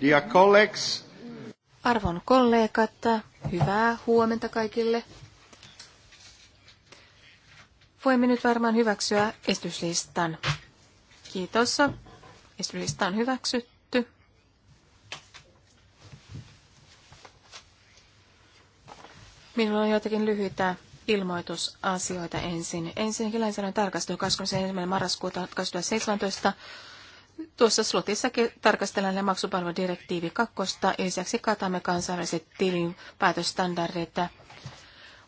Dear colleagues. Arvon kollegat, hyvää huomenta kaikille. Voimme nyt varmaan hyväksyä esityslistan. Kiitos. Esityslista on hyväksytty. Minulla on jotakin lyhyitä ilmoitusasioita ensin. Ensinnäkin lainsäädännön tarkastelu 21. marraskuuta 2017 Tuossa slotissa tarkastellaan ne maksupalveludirektiivi kakkosta ja lisäksi katamme kansainväliset tilinpäätöstandardit.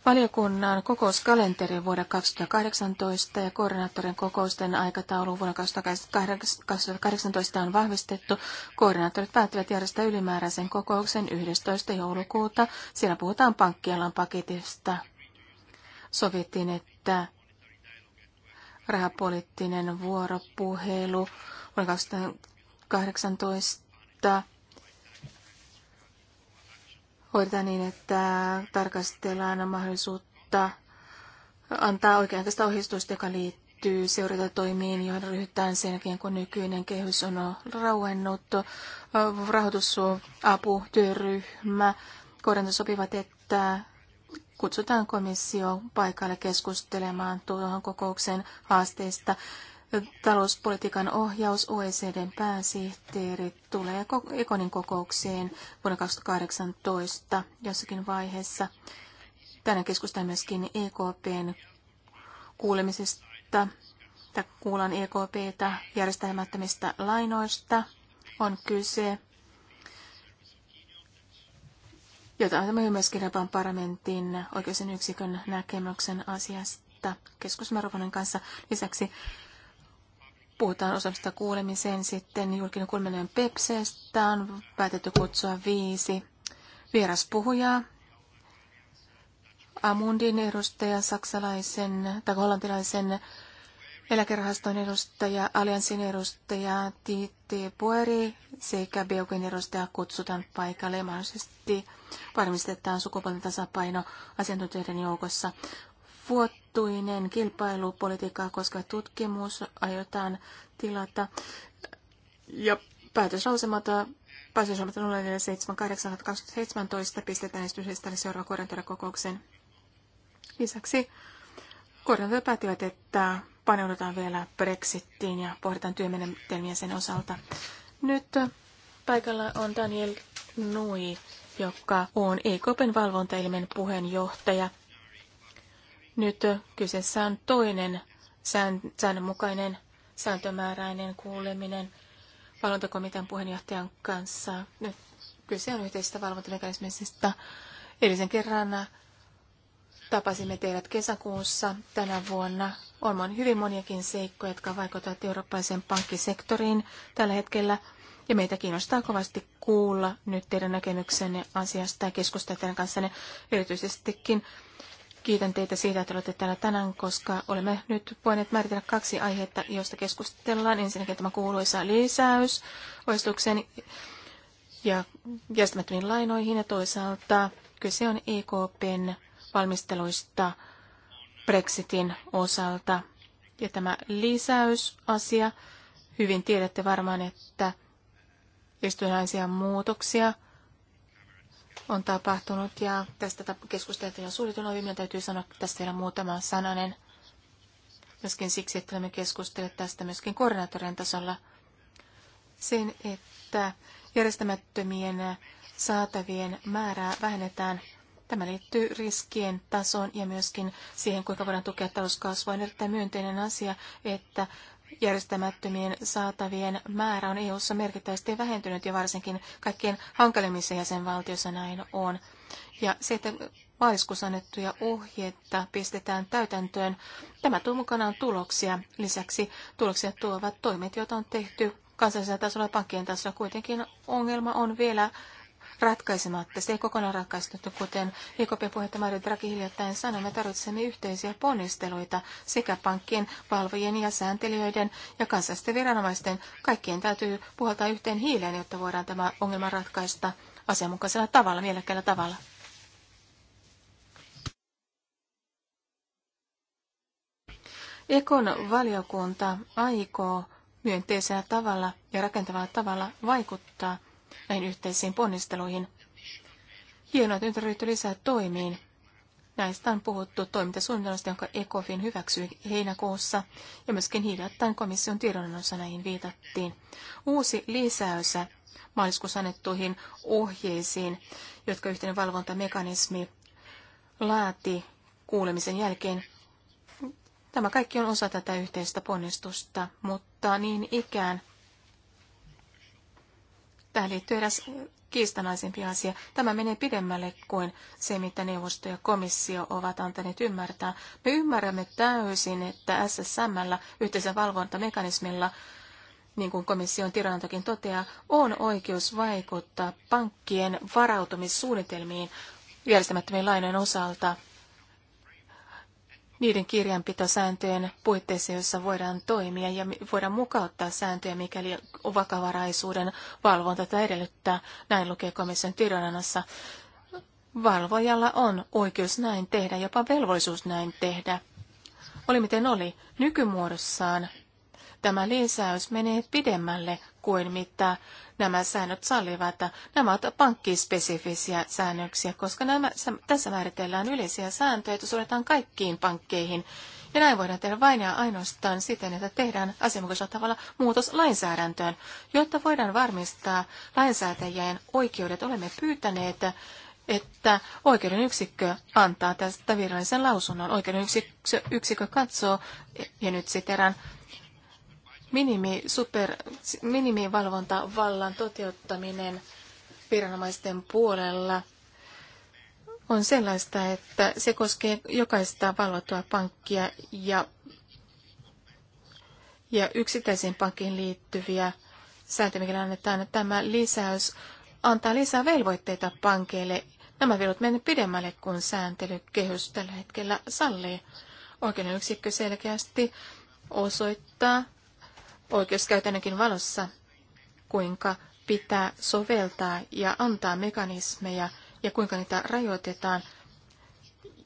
Valiokunnan kokouskalenteri vuoden 2018 ja koordinaattorin kokousten aikataulu vuonna 2018 on vahvistettu. Koordinaattorit päättävät järjestää ylimääräisen kokouksen 11. joulukuuta. Siellä puhutaan pankkialan paketista. Sovittiin, että rahapoliittinen vuoropuhelu vuonna 2018 hoidetaan niin, että tarkastellaan mahdollisuutta antaa tästä ohjeistusta, joka liittyy seurantatoimiin, joihin ryhdytään sen jälkeen, kun nykyinen kehys on rauennut. Rahoitusapu, työryhmä, kohdanta sopivat, että kutsutaan komissio paikalle keskustelemaan tuohon kokouksen haasteista Talouspolitiikan ohjaus OECDn pääsihteeri tulee Ekonin kokoukseen vuonna 2018 jossakin vaiheessa. Tänään keskustellaan myöskin EKPn kuulemisesta, tai kuullaan EKPtä järjestelmättömistä lainoista. On kyse, jota on myöskin Euroopan parlamentin oikeusen yksikön näkemyksen asiasta keskusmarokonen kanssa. Lisäksi puhutaan osaamista kuulemiseen sitten julkinen kuuleminen Pepseestä. On päätetty kutsua viisi vieraspuhujaa. Amundin edustaja, saksalaisen tai hollantilaisen eläkerahaston edustaja, Allianssin edustaja Tiitti Pueri sekä Beukin edustaja kutsutaan paikalle. Mahdollisesti varmistetaan sukupuolten tasapaino asiantuntijoiden joukossa vuotuinen kilpailupolitiikkaa koska tutkimus aiotaan tilata. Ja päätöslausemata päätöslausemat 047.2017 pistetään esityslistalle seuraava koordinaattorikokouksen. Lisäksi koordinaattorit päättivät, että paneudutaan vielä Brexittiin ja pohditaan työmenetelmiä sen osalta. Nyt paikalla on Daniel Nui, joka on EKPn valvontaelimen puheenjohtaja. Nyt kyseessä on toinen säännönmukainen sääntömääräinen kuuleminen valvontakomitean puheenjohtajan kanssa. Nyt kyse on yhteisestä valvontamekanismista. Edellisen kerran tapasimme teidät kesäkuussa tänä vuonna. On hyvin moniakin seikkoja, jotka vaikuttavat eurooppaiseen pankkisektoriin tällä hetkellä. Ja meitä kiinnostaa kovasti kuulla nyt teidän näkemyksenne asiasta ja keskustella teidän kanssanne erityisestikin Kiitän teitä siitä, että olette täällä tänään, koska olemme nyt voineet määritellä kaksi aihetta, joista keskustellaan. Ensinnäkin tämä kuuluisa lisäys oistukseen ja järjestämättömiin lainoihin ja toisaalta kyse on EKPn valmisteluista Brexitin osalta. Ja tämä lisäysasia, hyvin tiedätte varmaan, että istuinaisia muutoksia – on tapahtunut ja tästä keskusteltiin jo suunnitelma. No, minun täytyy sanoa tästä vielä muutama sananen. Myöskin siksi, että olemme keskustelleet tästä myöskin koordinaattorien tasolla. Sen, että järjestämättömien saatavien määrää vähennetään. Tämä liittyy riskien tasoon ja myöskin siihen, kuinka voidaan tukea talouskasvua. On erittäin myönteinen asia, että järjestämättömien saatavien määrä on EU-ssa merkittävästi vähentynyt ja varsinkin kaikkien hankalimmissa jäsenvaltioissa näin on. Ja se, että maaliskuussa annettuja ohjeita pistetään täytäntöön, tämä tuo mukanaan tuloksia. Lisäksi tuloksia tuovat toimet, joita on tehty kansallisella tasolla ja pankkien tasolla. Kuitenkin ongelma on vielä ratkaisematta. Se ei kokonaan ratkaistu, kuten EKP puhetta Mario Draghi hiljattain sanoi, me tarvitsemme yhteisiä ponnisteluita sekä pankkien, valvojien ja sääntelijöiden ja kansallisten viranomaisten. Kaikkien täytyy puhaltaa yhteen hiileen, jotta voidaan tämä ongelma ratkaista asianmukaisella tavalla, mielekkäällä tavalla. Ekon valiokunta aikoo myönteisellä tavalla ja rakentavalla tavalla vaikuttaa – näihin yhteisiin ponnisteluihin. Hienoa, että nyt ryhty lisää toimiin. Näistä on puhuttu toimintasuunnitelmasta, jonka ECOFIN hyväksyi heinäkuussa, ja myöskin hiljattain komission tiedonannossa näihin viitattiin. Uusi lisäys maaliskuussa annettuihin ohjeisiin, jotka yhteinen valvontamekanismi laati kuulemisen jälkeen. Tämä kaikki on osa tätä yhteistä ponnistusta, mutta niin ikään Tähän liittyy eräs kiistanaisempi asia. Tämä menee pidemmälle kuin se, mitä neuvosto ja komissio ovat antaneet ymmärtää. Me ymmärrämme täysin, että SSM, yhteisen valvontamekanismilla, niin kuin komission tiedonantokin toteaa, on oikeus vaikuttaa pankkien varautumissuunnitelmiin järjestämättömiin lainojen osalta – niiden kirjanpitosääntöjen puitteissa, joissa voidaan toimia ja voidaan mukauttaa sääntöjä, mikäli vakavaraisuuden valvonta tätä edellyttää. Näin lukee komission tiedonannossa. Valvojalla on oikeus näin tehdä, jopa velvollisuus näin tehdä. Oli miten oli, nykymuodossaan tämä lisäys menee pidemmälle kuin mitä nämä säännöt sallivat. Nämä ovat pankkispesifisiä säännöksiä, koska nämä, tässä määritellään yleisiä sääntöjä, että suunnataan kaikkiin pankkeihin. Ja näin voidaan tehdä vain ja ainoastaan siten, että tehdään asianmukaisella tavalla muutos lainsäädäntöön, jotta voidaan varmistaa lainsäätäjien oikeudet. Olemme pyytäneet, että oikeuden yksikkö antaa tästä virallisen lausunnon. Oikeuden yksikkö, yksikkö katsoo, ja nyt siteran Minimi, super, minimivalvontavallan toteuttaminen viranomaisten puolella on sellaista, että se koskee jokaista valvottua pankkia ja, ja yksittäisiin pankkiin liittyviä sääntöjä, mikä annetaan. Tämä lisäys antaa lisää velvoitteita pankeille. Nämä velvoit menevät pidemmälle kuin sääntelykehys tällä hetkellä sallii. Oikeuden yksikkö selkeästi osoittaa, oikeuskäytännönkin valossa, kuinka pitää soveltaa ja antaa mekanismeja ja kuinka niitä rajoitetaan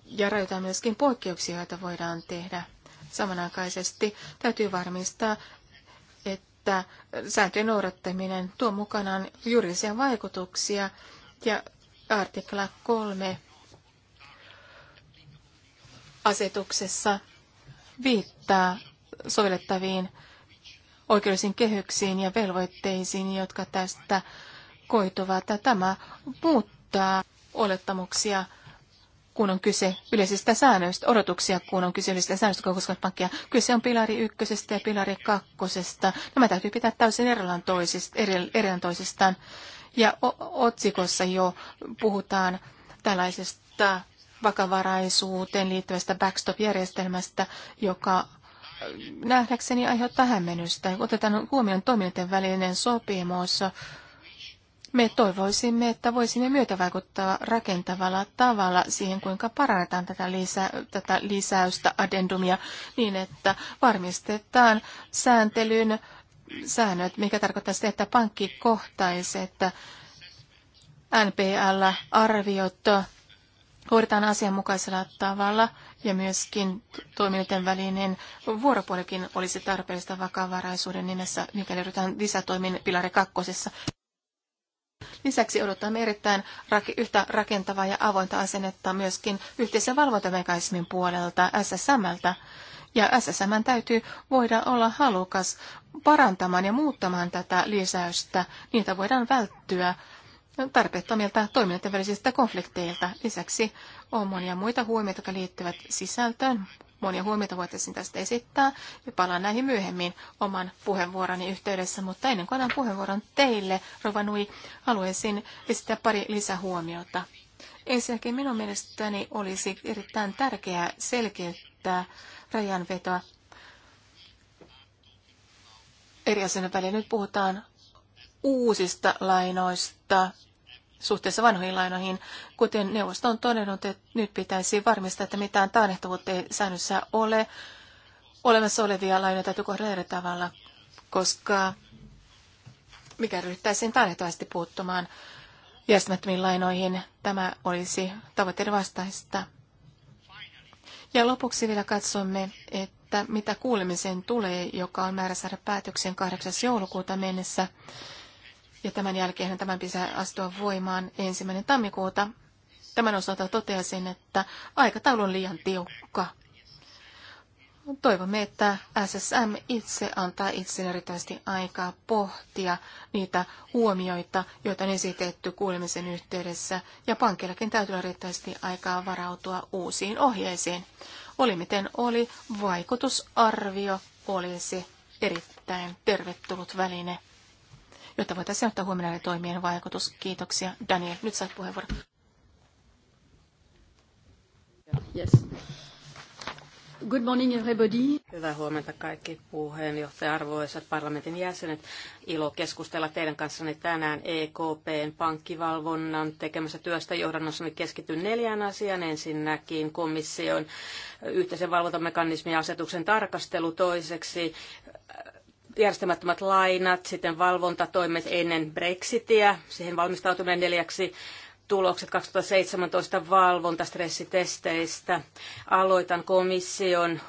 ja rajoitetaan myöskin poikkeuksia, joita voidaan tehdä. Samanaikaisesti täytyy varmistaa, että sääntöjen noudattaminen tuo mukanaan juridisia vaikutuksia ja artikla 3 asetuksessa viittaa sovellettaviin oikeudellisiin kehyksiin ja velvoitteisiin, jotka tästä koituvat. Tämä muuttaa olettamuksia, kun on kyse yleisistä säännöistä, odotuksia, kun on kyse yleisistä säännöistä, kun koskevat pankkia. Kyse on pilari ykkösestä ja pilari kakkosesta. Nämä täytyy pitää täysin erillään toisist, toisistaan. Ja otsikossa jo puhutaan tällaisesta vakavaraisuuteen liittyvästä backstop-järjestelmästä, joka nähdäkseni aiheuttaa hämmennystä. Otetaan huomioon toimijoiden välinen sopimus. Me toivoisimme, että voisimme myötävaikuttaa rakentavalla tavalla siihen, kuinka parannetaan tätä, lisä, tätä lisäystä, addendumia, niin että varmistetaan sääntelyn säännöt, mikä tarkoittaa sitä, että pankkikohtaiset NPL-arviot hoidetaan asianmukaisella tavalla ja myöskin toimijoiden välinen vuoropuolikin olisi tarpeellista vakavaraisuuden nimessä, mikäli ryhdytään lisätoimin pilari kakkosessa. Lisäksi odotamme erittäin rak- yhtä rakentavaa ja avointa asennetta myöskin yhteisen valvontamekanismin puolelta SSMltä. Ja SSM täytyy voida olla halukas parantamaan ja muuttamaan tätä lisäystä. Niitä voidaan välttyä tarpeettomilta toimijoiden välisistä konflikteilta. Lisäksi on monia muita huomioita, jotka liittyvät sisältöön. Monia huomioita voitaisiin tästä esittää ja palaan näihin myöhemmin oman puheenvuoroni yhteydessä, mutta ennen kuin annan puheenvuoron teille, Rovanui, haluaisin esittää pari lisähuomiota. Ensinnäkin minun mielestäni olisi erittäin tärkeää selkeyttää rajanvetoa eri asioiden välillä. Nyt puhutaan uusista lainoista suhteessa vanhoihin lainoihin, kuten neuvosto on todennut, että nyt pitäisi varmistaa, että mitään taannehtavuutta ei säännössä ole. Olemassa olevia lainoja täytyy kohdella eri tavalla, koska mikä ryhtäisiin taannehtavasti puuttumaan järjestämättömiin lainoihin, tämä olisi tavoitteiden vastaista. Ja lopuksi vielä katsomme, että mitä kuulemisen tulee, joka on määrä saada päätöksen 8. joulukuuta mennessä. Ja tämän jälkeen tämän pitää astua voimaan ensimmäinen tammikuuta. Tämän osalta toteasin, että aikataulu on liian tiukka. Toivomme, että SSM itse antaa itselle riittävästi aikaa pohtia niitä huomioita, joita on esitetty kuulemisen yhteydessä, ja pankillakin täytyy olla riittävästi aikaa varautua uusiin ohjeisiin. Oli miten oli, vaikutusarvio olisi erittäin tervetullut väline jotta voitaisiin ottaa huomioon näiden toimien vaikutus. Kiitoksia. Daniel, nyt saat puheenvuoron. Yes. Good morning everybody. Hyvää huomenta kaikki puheenjohtaja, arvoisat parlamentin jäsenet. Ilo keskustella teidän kanssanne tänään EKPn pankkivalvonnan tekemässä työstä johdannossa. Me keskityn neljään asiaan. Ensinnäkin komission yhteisen valvontamekanismin asetuksen tarkastelu toiseksi järjestämättömät lainat, sitten valvontatoimet ennen Brexitiä, siihen valmistautuminen neljäksi tulokset 2017 valvontastressitesteistä. Aloitan komission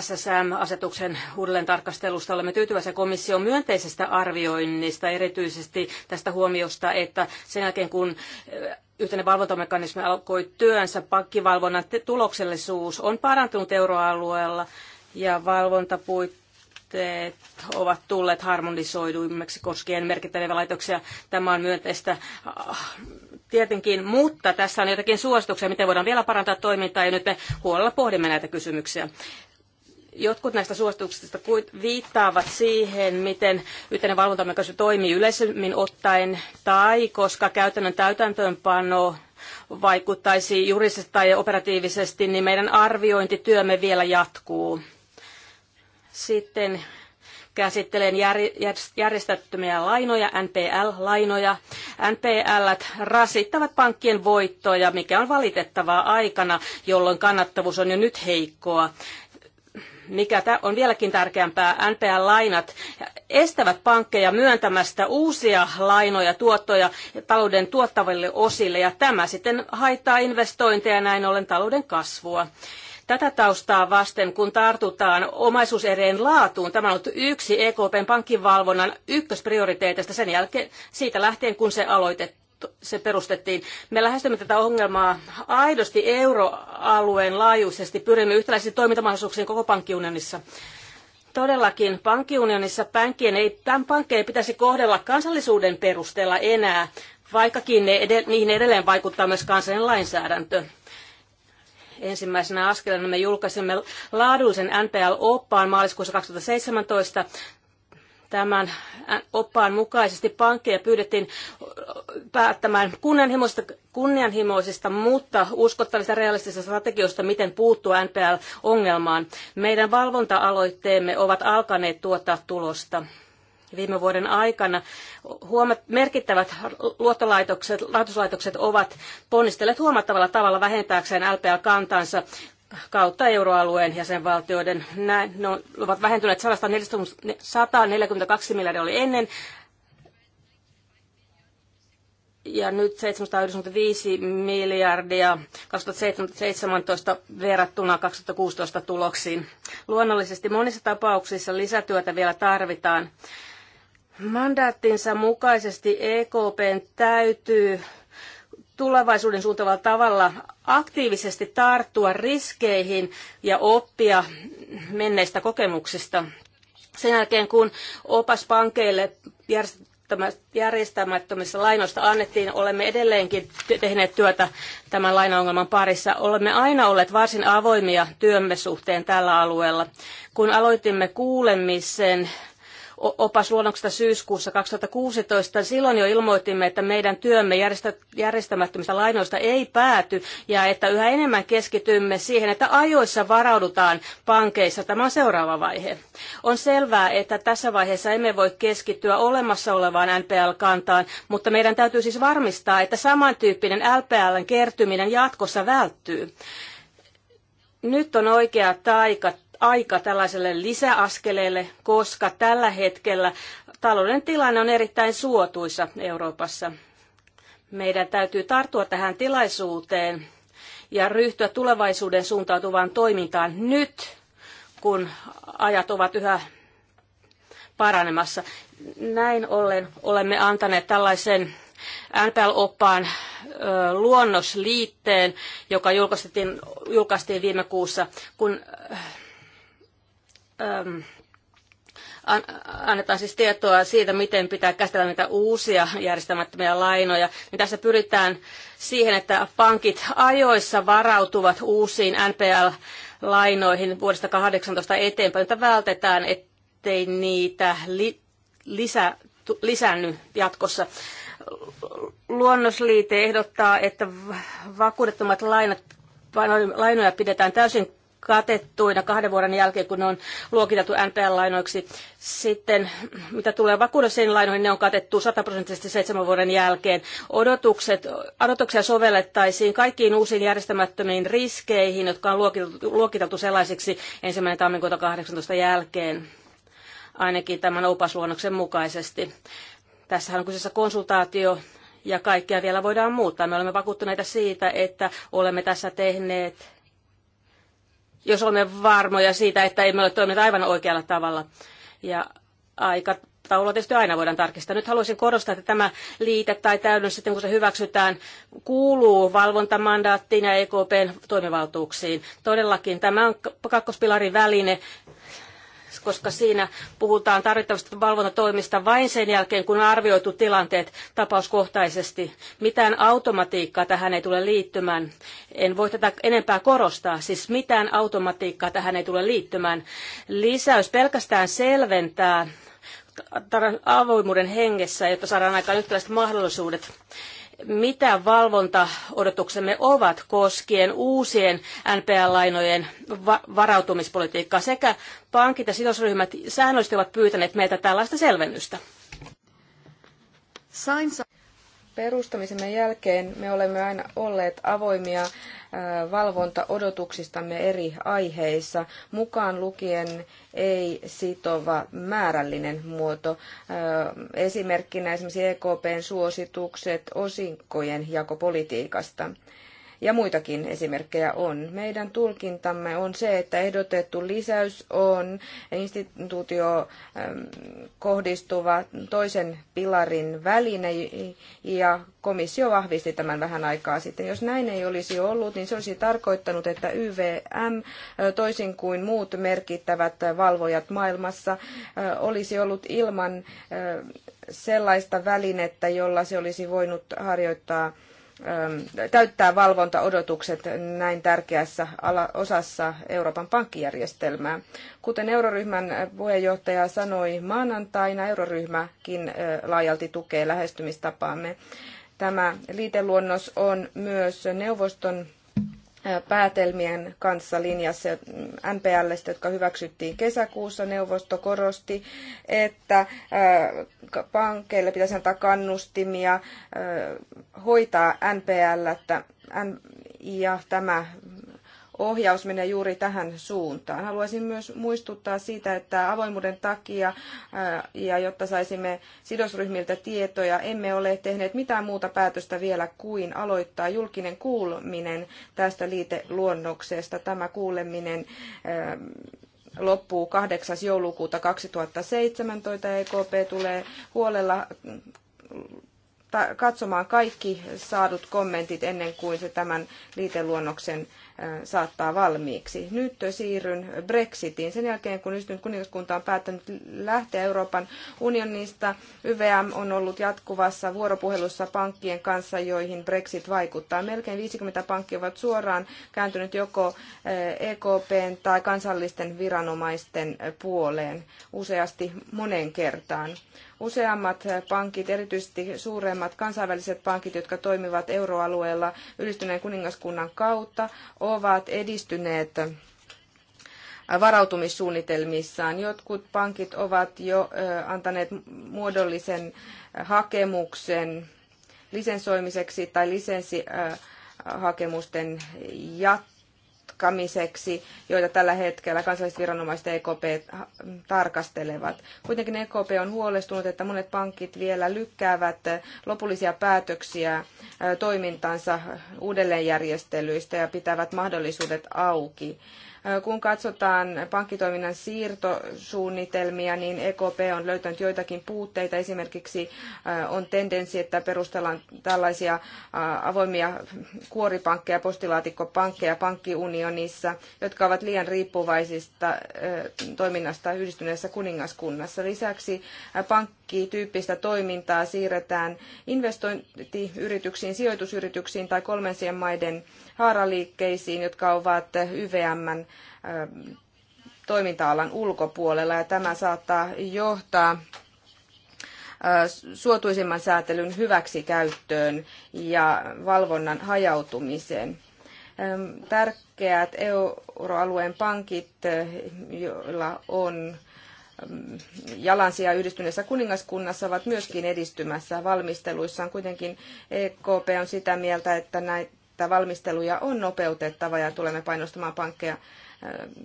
SSM-asetuksen uudelleen tarkastelusta olemme tyytyväisiä komission myönteisestä arvioinnista, erityisesti tästä huomiosta, että sen jälkeen kun eh, yhteinen valvontamekanismi alkoi työnsä, pankkivalvonnan tuloksellisuus on parantunut euroalueella ja valvontapuitteet tavoitteet ovat tulleet harmonisoiduimmiksi koskien merkittäviä laitoksia. Tämä on myönteistä ah, tietenkin, mutta tässä on jotakin suosituksia, miten voidaan vielä parantaa toimintaa ja nyt me huolella pohdimme näitä kysymyksiä jotkut näistä suosituksista viittaavat siihen, miten yhteinen valvontamekanismi toimii yleisemmin ottaen, tai koska käytännön täytäntöönpano vaikuttaisi juridisesti tai operatiivisesti, niin meidän arviointityömme vielä jatkuu. Sitten käsittelen järjestäytymiä lainoja, NPL-lainoja. NPL rasittavat pankkien voittoja, mikä on valitettavaa aikana, jolloin kannattavuus on jo nyt heikkoa. Mikä on vieläkin tärkeämpää, NPL-lainat estävät pankkeja myöntämästä uusia lainoja, tuottoja talouden tuottaville osille, ja tämä sitten haittaa investointeja ja näin ollen talouden kasvua. Tätä taustaa vasten, kun tartutaan omaisuuserien laatuun, tämä on ollut yksi EKPn pankkivalvonnan ykkösprioriteeteista sen jälkeen, siitä lähtien kun se aloitettiin se perustettiin. Me lähestymme tätä ongelmaa aidosti euroalueen laajuisesti. Pyrimme yhtäläisiin toimintamahdollisuuksiin koko pankkiunionissa. Todellakin pankkiunionissa pankkien ei, tämän pankkeja pitäisi kohdella kansallisuuden perusteella enää, vaikkakin ne niihin edelleen vaikuttaa myös kansallinen lainsäädäntö ensimmäisenä askeleena me julkaisimme laadullisen NPL-oppaan maaliskuussa 2017. Tämän oppaan mukaisesti pankkeja pyydettiin päättämään kunnianhimoisista, kunnianhimoisista mutta uskottavista realistisista strategioista, miten puuttua NPL-ongelmaan. Meidän valvonta-aloitteemme ovat alkaneet tuottaa tulosta viime vuoden aikana. Huomat, merkittävät luottolaitokset, rahoituslaitokset ovat ponnistelleet huomattavalla tavalla vähentääkseen LPL-kantansa kautta euroalueen jäsenvaltioiden. Näin, ne ovat vähentyneet 142 miljardia oli ennen ja nyt 795 miljardia 2017 verrattuna 2016 tuloksiin. Luonnollisesti monissa tapauksissa lisätyötä vielä tarvitaan Mandaattinsa mukaisesti EKPn täytyy tulevaisuuden suuntaavalla tavalla aktiivisesti tarttua riskeihin ja oppia menneistä kokemuksista. Sen jälkeen, kun opas pankeille järjestämättömissä lainoista annettiin, olemme edelleenkin tehneet työtä tämän lainaongelman parissa. Olemme aina olleet varsin avoimia työmme suhteen tällä alueella. Kun aloitimme kuulemisen opasluonnoksesta syyskuussa 2016. Silloin jo ilmoitimme, että meidän työmme järjestämättömistä lainoista ei pääty ja että yhä enemmän keskitymme siihen, että ajoissa varaudutaan pankeissa. Tämä on seuraava vaihe. On selvää, että tässä vaiheessa emme voi keskittyä olemassa olevaan NPL-kantaan, mutta meidän täytyy siis varmistaa, että samantyyppinen LPLn kertyminen jatkossa välttyy nyt on oikea taika aika tällaiselle lisäaskeleelle, koska tällä hetkellä talouden tilanne on erittäin suotuisa Euroopassa. Meidän täytyy tarttua tähän tilaisuuteen ja ryhtyä tulevaisuuden suuntautuvaan toimintaan nyt, kun ajat ovat yhä paranemassa. Näin ollen olemme antaneet tällaisen NPL-oppaan luonnosliitteen, joka julkaistiin, julkaistiin viime kuussa, kun annetaan siis tietoa siitä, miten pitää käsitellä niitä uusia järjestämättömiä lainoja, niin tässä pyritään siihen, että pankit ajoissa varautuvat uusiin NPL-lainoihin vuodesta 18 eteenpäin, että vältetään, ettei niitä li- lisä, lisänny jatkossa. Luonnosliite ehdottaa, että vakuudettomat lainat lainoja pidetään täysin katettuina kahden vuoden jälkeen, kun ne on luokiteltu NPL-lainoiksi. Sitten mitä tulee vakuudellisiin lainoihin, ne on katettu sataprosenttisesti seitsemän vuoden jälkeen. Odotukset, odotuksia sovellettaisiin kaikkiin uusiin järjestämättömiin riskeihin, jotka on luokiteltu, luokiteltu sellaisiksi ensimmäinen tammikuuta 18 jälkeen, ainakin tämän opasluonnoksen mukaisesti. Tässähän on kyseessä konsultaatio ja kaikkea vielä voidaan muuttaa. Me olemme vakuuttuneita siitä, että olemme tässä tehneet jos olemme varmoja siitä, että emme ole toimineet aivan oikealla tavalla. Ja aikataulua tietysti aina voidaan tarkistaa. Nyt haluaisin korostaa, että tämä liite tai täydennys sitten, kun se hyväksytään, kuuluu valvontamandaattiin ja EKPn toimivaltuuksiin. Todellakin tämä on kakkospilarin väline koska siinä puhutaan tarvittavista valvontatoimista vain sen jälkeen, kun on arvioitu tilanteet tapauskohtaisesti. Mitään automatiikkaa tähän ei tule liittymään. En voi tätä enempää korostaa, siis mitään automatiikkaa tähän ei tule liittymään. Lisäys pelkästään selventää avoimuuden hengessä, jotta saadaan aikaan yhtäläiset mahdollisuudet mitä valvontaodotuksemme ovat koskien uusien NPL-lainojen varautumispolitiikkaa. Sekä pankit ja sidosryhmät säännöllisesti ovat pyytäneet meiltä tällaista selvennystä. Sainsa perustamisemme jälkeen me olemme aina olleet avoimia äh, valvontaodotuksistamme eri aiheissa, mukaan lukien ei-sitova määrällinen muoto. Äh, esimerkkinä esimerkiksi EKPn suositukset osinkojen jakopolitiikasta ja muitakin esimerkkejä on. Meidän tulkintamme on se, että ehdotettu lisäys on instituutio kohdistuva toisen pilarin väline ja komissio vahvisti tämän vähän aikaa sitten. Jos näin ei olisi ollut, niin se olisi tarkoittanut, että YVM toisin kuin muut merkittävät valvojat maailmassa olisi ollut ilman sellaista välinettä, jolla se olisi voinut harjoittaa Ähm, täyttää valvontaodotukset näin tärkeässä osassa Euroopan pankkijärjestelmää. Kuten euroryhmän puheenjohtaja sanoi maanantaina, euroryhmäkin äh, laajalti tukee lähestymistapaamme. Tämä liiteluonnos on myös neuvoston päätelmien kanssa linjassa MPLstä, jotka hyväksyttiin kesäkuussa. Neuvosto korosti, että pankeille pitäisi antaa kannustimia hoitaa NPL, ja tämä ohjaus menee juuri tähän suuntaan. Haluaisin myös muistuttaa siitä, että avoimuuden takia ja jotta saisimme sidosryhmiltä tietoja, emme ole tehneet mitään muuta päätöstä vielä kuin aloittaa julkinen kuuleminen tästä liiteluonnoksesta. Tämä kuuleminen loppuu 8. joulukuuta 2017. EKP tulee huolella katsomaan kaikki saadut kommentit ennen kuin se tämän liiteluonnoksen saattaa valmiiksi. Nyt siirryn Brexitiin. Sen jälkeen, kun yhdistynyt kuningaskunta on päättänyt lähteä Euroopan unionista, YVM on ollut jatkuvassa vuoropuhelussa pankkien kanssa, joihin Brexit vaikuttaa. Melkein 50 pankkia ovat suoraan kääntynyt joko EKPn tai kansallisten viranomaisten puoleen useasti monen kertaan. Useammat pankit, erityisesti suuremmat kansainväliset pankit, jotka toimivat euroalueella yhdistyneen kuningaskunnan kautta, ovat edistyneet varautumissuunnitelmissaan. Jotkut pankit ovat jo antaneet muodollisen hakemuksen lisensoimiseksi tai lisenssihakemusten jat- jatkamiseksi, joita tällä hetkellä kansalliset viranomaiset ja EKP tarkastelevat. Kuitenkin EKP on huolestunut, että monet pankit vielä lykkäävät lopullisia päätöksiä toimintansa uudelleenjärjestelyistä ja pitävät mahdollisuudet auki kun katsotaan pankkitoiminnan siirtosuunnitelmia, niin EKP on löytänyt joitakin puutteita. Esimerkiksi on tendenssi, että perustellaan tällaisia avoimia kuoripankkeja, postilaatikkopankkeja pankkiunionissa, jotka ovat liian riippuvaisista toiminnasta yhdistyneessä kuningaskunnassa. Lisäksi pankkityyppistä toimintaa siirretään investointiyrityksiin, sijoitusyrityksiin tai kolmansien maiden haaraliikkeisiin, jotka ovat YVMn toiminta-alan ulkopuolella ja tämä saattaa johtaa suotuisimman säätelyn hyväksikäyttöön ja valvonnan hajautumiseen. Tärkeät euroalueen pankit, joilla on jalansia yhdistyneessä kuningaskunnassa ovat myöskin edistymässä valmisteluissaan. Kuitenkin EKP on sitä mieltä, että näitä että valmisteluja on nopeutettava ja tulemme painostamaan pankkeja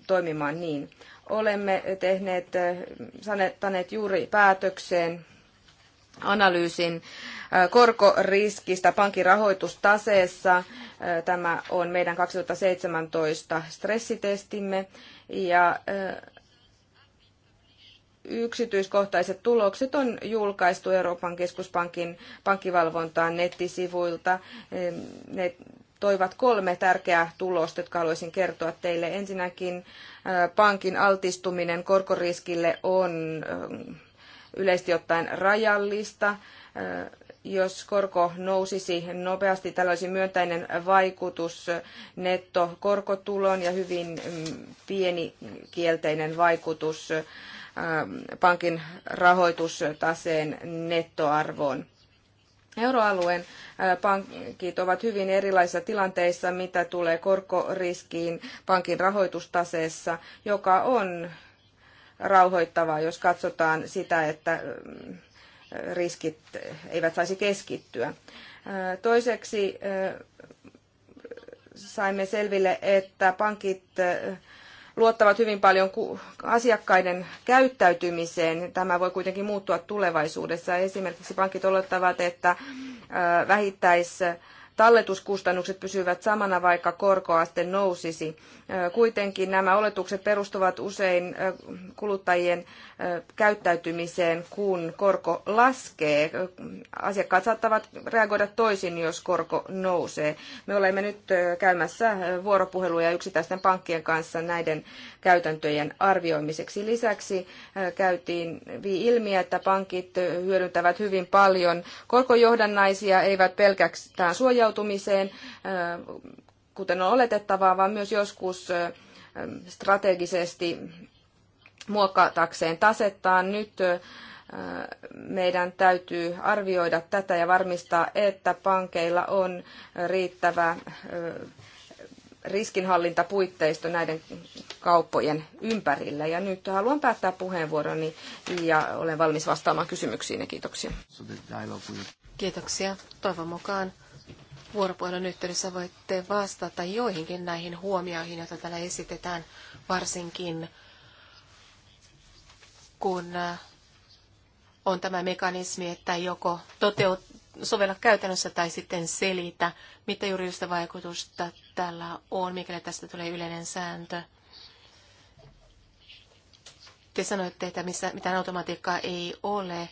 toimimaan niin. Olemme tehneet, sanettaneet juuri päätökseen analyysin korkoriskistä pankin rahoitustaseessa. Tämä on meidän 2017 stressitestimme ja yksityiskohtaiset tulokset on julkaistu Euroopan keskuspankin pankkivalvontaan nettisivuilta. Ne toivat kolme tärkeää tulosta, jotka haluaisin kertoa teille. Ensinnäkin pankin altistuminen korkoriskille on yleisesti ottaen rajallista. Jos korko nousisi nopeasti, tällä olisi myönteinen vaikutus nettokorkotuloon ja hyvin mm, pieni kielteinen vaikutus pankin rahoitustaseen nettoarvoon. Euroalueen pankit ovat hyvin erilaisissa tilanteissa, mitä tulee korkoriskiin pankin rahoitustaseessa, joka on rauhoittavaa, jos katsotaan sitä, että riskit eivät saisi keskittyä. Toiseksi saimme selville, että pankit luottavat hyvin paljon asiakkaiden käyttäytymiseen. Tämä voi kuitenkin muuttua tulevaisuudessa. Esimerkiksi pankit olettavat, että vähittäis talletuskustannukset pysyvät samana, vaikka korkoaste nousisi. Kuitenkin nämä oletukset perustuvat usein kuluttajien käyttäytymiseen, kun korko laskee. Asiakkaat saattavat reagoida toisin, jos korko nousee. Me olemme nyt käymässä vuoropuheluja yksittäisten pankkien kanssa näiden käytäntöjen arvioimiseksi. Lisäksi käytiin ilmi, että pankit hyödyntävät hyvin paljon korkojohdannaisia, eivät pelkästään suojautumiseen, kuten on oletettavaa, vaan myös joskus strategisesti muokkatakseen tasettaan. Nyt meidän täytyy arvioida tätä ja varmistaa, että pankeilla on riittävä riskinhallintapuitteisto näiden kauppojen ympärillä. Ja nyt haluan päättää puheenvuoroni ja olen valmis vastaamaan kysymyksiin ja kiitoksia. Kiitoksia. Toivon mukaan vuoropuhelun yhteydessä voitte vastata joihinkin näihin huomioihin, joita täällä esitetään, varsinkin kun äh, on tämä mekanismi, että joko toteut, sovella käytännössä tai sitten selitä, mitä juridista vaikutusta tällä on, mikäli tästä tulee yleinen sääntö. Te sanoitte, että missä, mitään automatiikkaa ei ole,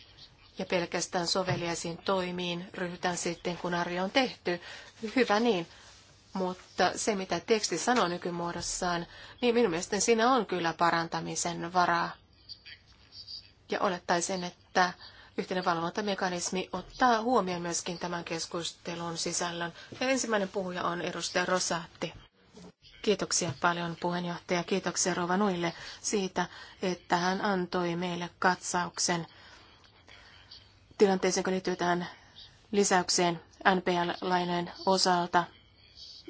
ja pelkästään soveliaisiin toimiin ryhdytään sitten, kun arvio on tehty. Hyvä niin, mutta se mitä teksti sanoo nykymuodossaan, niin minun mielestäni siinä on kyllä parantamisen varaa. Ja olettaisin, että yhteinen valvontamekanismi ottaa huomioon myöskin tämän keskustelun sisällön. Ja ensimmäinen puhuja on edustaja Rosatti. Kiitoksia paljon puheenjohtaja, kiitoksia Rova Nuille siitä, että hän antoi meille katsauksen – tilanteeseen, joka liittyy tähän lisäykseen NPL-lainojen osalta.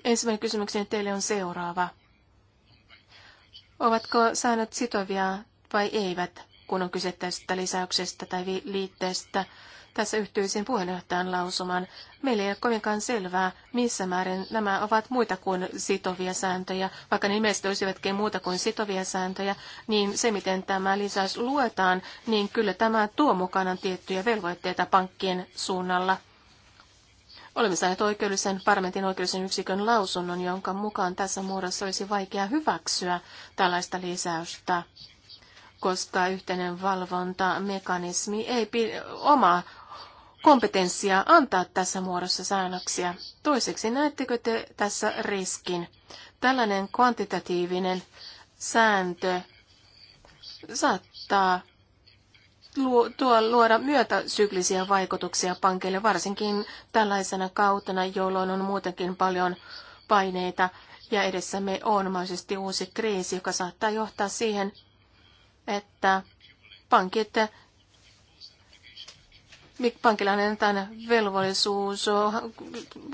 Ensimmäinen kysymykseni teille on seuraava. Ovatko säännöt sitovia vai eivät, kun on kyse tästä lisäyksestä tai liitteestä? Tässä yhtyisin puheenjohtajan lausuman. Meille ei ole kovinkaan selvää, missä määrin nämä ovat muita kuin sitovia sääntöjä. Vaikka ne nimestä olisivatkin muuta kuin sitovia sääntöjä, niin se, miten tämä lisäys luetaan, niin kyllä tämä tuo mukanaan tiettyjä velvoitteita pankkien suunnalla. Olemme saaneet oikeudellisen parlamentin oikeudellisen yksikön lausunnon, jonka mukaan tässä muodossa olisi vaikea hyväksyä tällaista lisäystä koska yhteinen valvontamekanismi ei oma kompetenssia antaa tässä muodossa säännöksiä. Toiseksi, näettekö te tässä riskin? Tällainen kvantitatiivinen sääntö saattaa luo, tuo, luoda myötäsyklisiä vaikutuksia pankeille, varsinkin tällaisena kautena, jolloin on muutenkin paljon paineita ja edessämme on mahdollisesti uusi kriisi, joka saattaa johtaa siihen, että pankit pankilainen on aina velvollisuus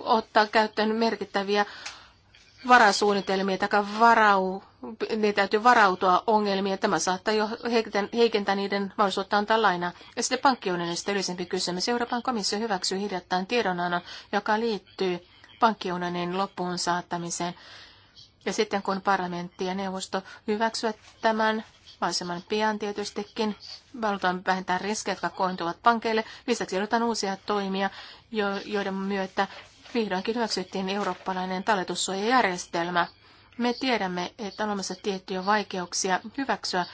ottaa käyttöön merkittäviä varasuunnitelmia tai varau, ne täytyy varautua ongelmiin. Tämä saattaa jo heikentää niiden mahdollisuutta antaa lainaa. Ja sitten pankkiunionista yleisempi kysymys. Euroopan komissio hyväksyy hiljattain tiedonannon, joka liittyy pankkiunionin loppuun saattamiseen. Ja sitten kun parlamentti ja neuvosto hyväksyvät tämän mahdollisimman pian tietystikin. Halutaan vähentää riskejä, jotka kointuvat pankeille. Lisäksi odotetaan uusia toimia, joiden myötä vihdoinkin hyväksyttiin eurooppalainen talletussuojajärjestelmä. Me tiedämme, että on olemassa tiettyjä vaikeuksia hyväksyä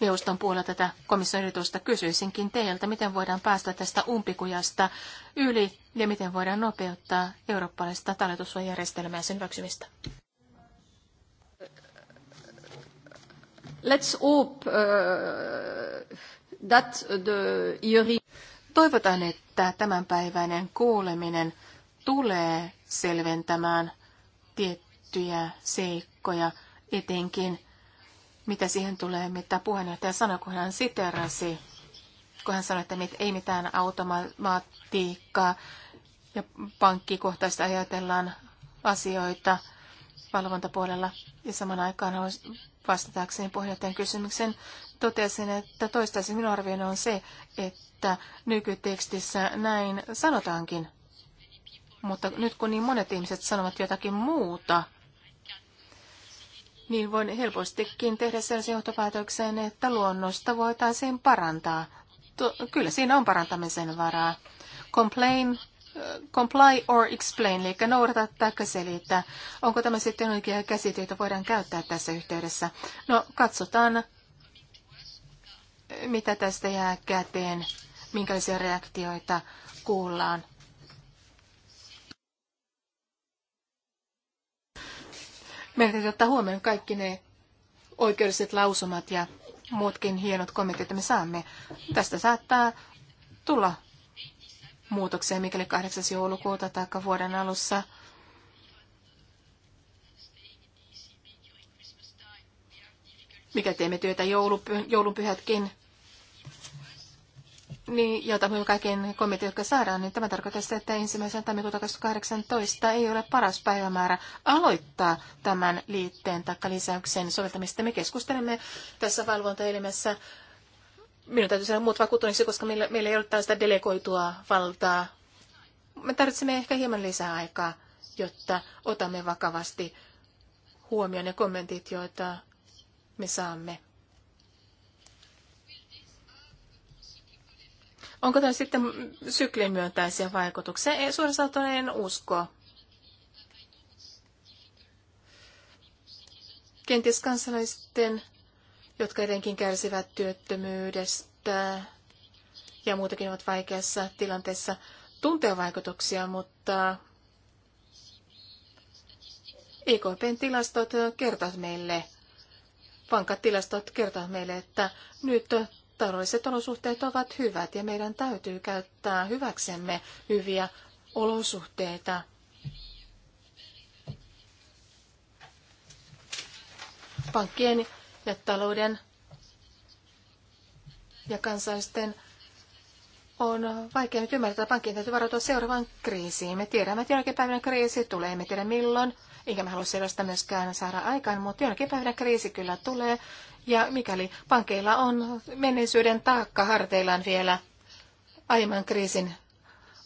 neuvoston puolella tätä komission ehdotusta. Kysyisinkin teiltä, miten voidaan päästä tästä umpikujasta yli ja miten voidaan nopeuttaa eurooppalaista talletussuojajärjestelmää sen hyväksymistä. Let's hope uh, that the hearing... Toivotaan, että tämänpäiväinen kuuleminen tulee selventämään tiettyjä seikkoja, etenkin mitä siihen tulee, mitä puheenjohtaja sanoi, kun hän siterasi, kun hän sanoi, että ei mitään automatiikkaa ja pankkikohtaista ajatellaan asioita valvontapuolella. Ja samaan aikaan Vastataakseen pohjoittajan kysymyksen totesin, että toistaiseksi minun arvioni on se, että nykytekstissä näin sanotaankin. Mutta nyt kun niin monet ihmiset sanovat jotakin muuta, niin voin helpostikin tehdä sellaisen johtopäätöksen, että luonnosta voitaisiin parantaa. To- kyllä siinä on parantamisen varaa. Complain comply or explain, eli noudata tai selittää, Onko tämä sitten oikea käsite, jota voidaan käyttää tässä yhteydessä? No, katsotaan, mitä tästä jää käteen, minkälaisia reaktioita kuullaan. Meidän täytyy ottaa huomioon kaikki ne oikeudelliset lausumat ja muutkin hienot kommentit, joita me saamme. Tästä saattaa tulla muutoksia, mikäli 8. joulukuuta tai vuoden alussa mikä teemme työtä joulupy, joulunpyhätkin, niin, ja otamme kaiken komiteat, jotka saadaan, niin tämä tarkoittaa sitä, että ensimmäisen tammikuuta 2018 ei ole paras päivämäärä aloittaa tämän liitteen tai lisäyksen soveltamista. Me keskustelemme tässä valvontaelimessä minun täytyy saada muut vakuuttuneeksi, koska meillä, meillä ei ole tällaista delegoitua valtaa. Me tarvitsemme ehkä hieman lisää aikaa, jotta otamme vakavasti huomioon ne kommentit, joita me saamme. Onko tämä sitten syklin myöntäisiä vaikutuksia? Ei suoraan en usko. Kenties kansalaisten jotka etenkin kärsivät työttömyydestä ja muutakin ovat vaikeassa tilanteessa tuntea vaikutuksia, mutta EKPn tilastot kertovat meille, vankat tilastot kertovat meille, että nyt taloudelliset olosuhteet ovat hyvät ja meidän täytyy käyttää hyväksemme hyviä olosuhteita. Pankkien ja talouden ja kansalaisten on vaikea nyt ymmärtää, että pankkien täytyy varautua seuraavaan kriisiin. Me tiedämme, että jonakin päivänä kriisi tulee, emme tiedä milloin, eikä me halua sellaista myöskään saada aikaan, mutta jonakin päivänä kriisi kyllä tulee. Ja mikäli pankeilla on menneisyyden taakka harteillaan vielä aiemman kriisin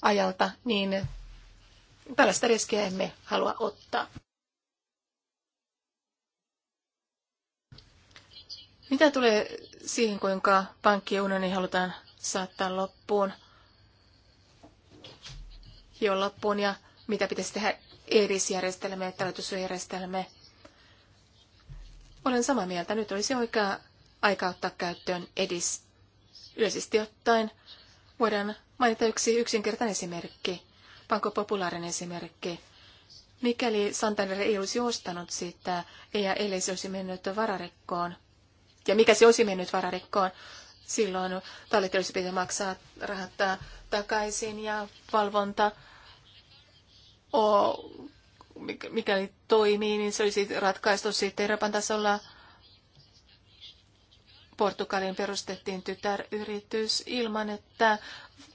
ajalta, niin tällaista riskiä emme halua ottaa. Mitä tulee siihen, kuinka pankkiunioni halutaan saattaa loppuun, jo loppuun ja mitä pitäisi tehdä erisjärjestelmä ja talletusjärjestelmä. Olen samaa mieltä. Nyt olisi oikea aika ottaa käyttöön edis. Yleisesti ottaen voidaan mainita yksi yksinkertainen esimerkki, Banco Populaarin esimerkki. Mikäli Santander ei olisi ostanut sitä, ja ellei se olisi mennyt vararekkoon, ja mikä se olisi mennyt vararikkoon? Silloin tallettelu olisi pitänyt maksaa rahat takaisin ja valvonta, o, mikäli toimii, niin se olisi ratkaistu sitten Euroopan tasolla. Portugaliin perustettiin tytäryritys ilman, että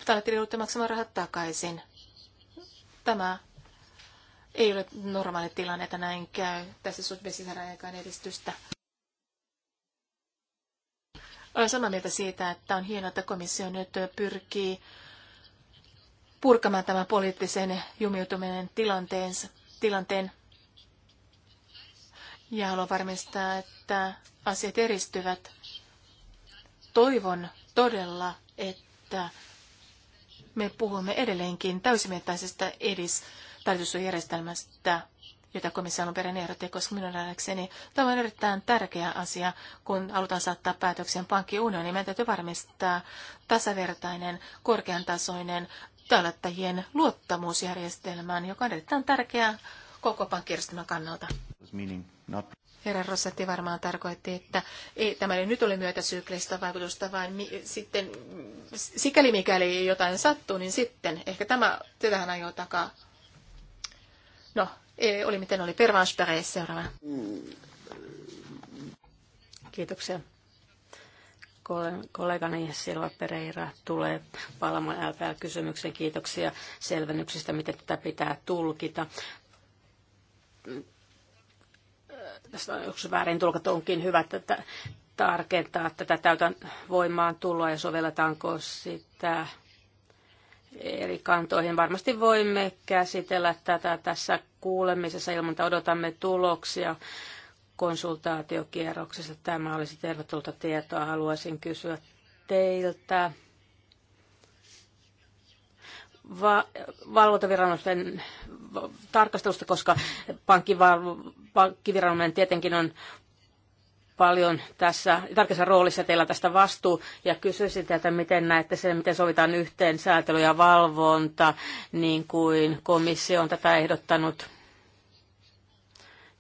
tallettelu olisi maksamaan rahat takaisin. Tämä ei ole normaali tilanne, että näin käy. Tässä suhteessa saadaan edistystä. Olen samaa mieltä siitä, että on hienoa, että komissio nyt pyrkii purkamaan tämän poliittisen jumiutuminen tilanteensa, tilanteen. Ja haluan varmistaa, että asiat eristyvät. Toivon todella, että me puhumme edelleenkin täysimittaisesta edis- jota komissio on perin ehdotti, koska minun nähdäkseni tämä on erittäin tärkeä asia, kun halutaan saattaa päätöksen pankkiunioni. Meidän täytyy varmistaa tasavertainen, korkean tasoinen tallettajien luottamusjärjestelmään, joka on erittäin tärkeä koko pankkijärjestelmän kannalta. Herra Rossetti varmaan tarkoitti, että ei, tämä ei nyt ole myötäsyklistä vaikutusta, vaan mi, sitten, sikäli mikäli jotain sattuu, niin sitten ehkä tämä, tätähän ajoo takaa. No, Eh, oli miten oli. Pervans seuraava. Kiitoksia. Kollegani Silva Pereira tulee palaamaan LPL-kysymykseen. Kiitoksia selvennyksistä, miten tätä pitää tulkita tässä on yksi väärin tulkattu, onkin hyvä tätä, tarkentaa tätä täytän voimaan tuloa ja sovelletaanko sitä eri kantoihin. Varmasti voimme käsitellä tätä tässä kuulemisessa ilman, että odotamme tuloksia konsultaatiokierroksessa. Tämä olisi tervetulta tietoa. Haluaisin kysyä teiltä va- valvontaviranomaisten tarkastelusta, koska pankkiviranomainen tietenkin on paljon tässä tärkeässä roolissa teillä tästä vastuu ja kysyisin teiltä, miten näette sen, miten sovitaan yhteen säätely ja valvonta, niin kuin komissio on tätä ehdottanut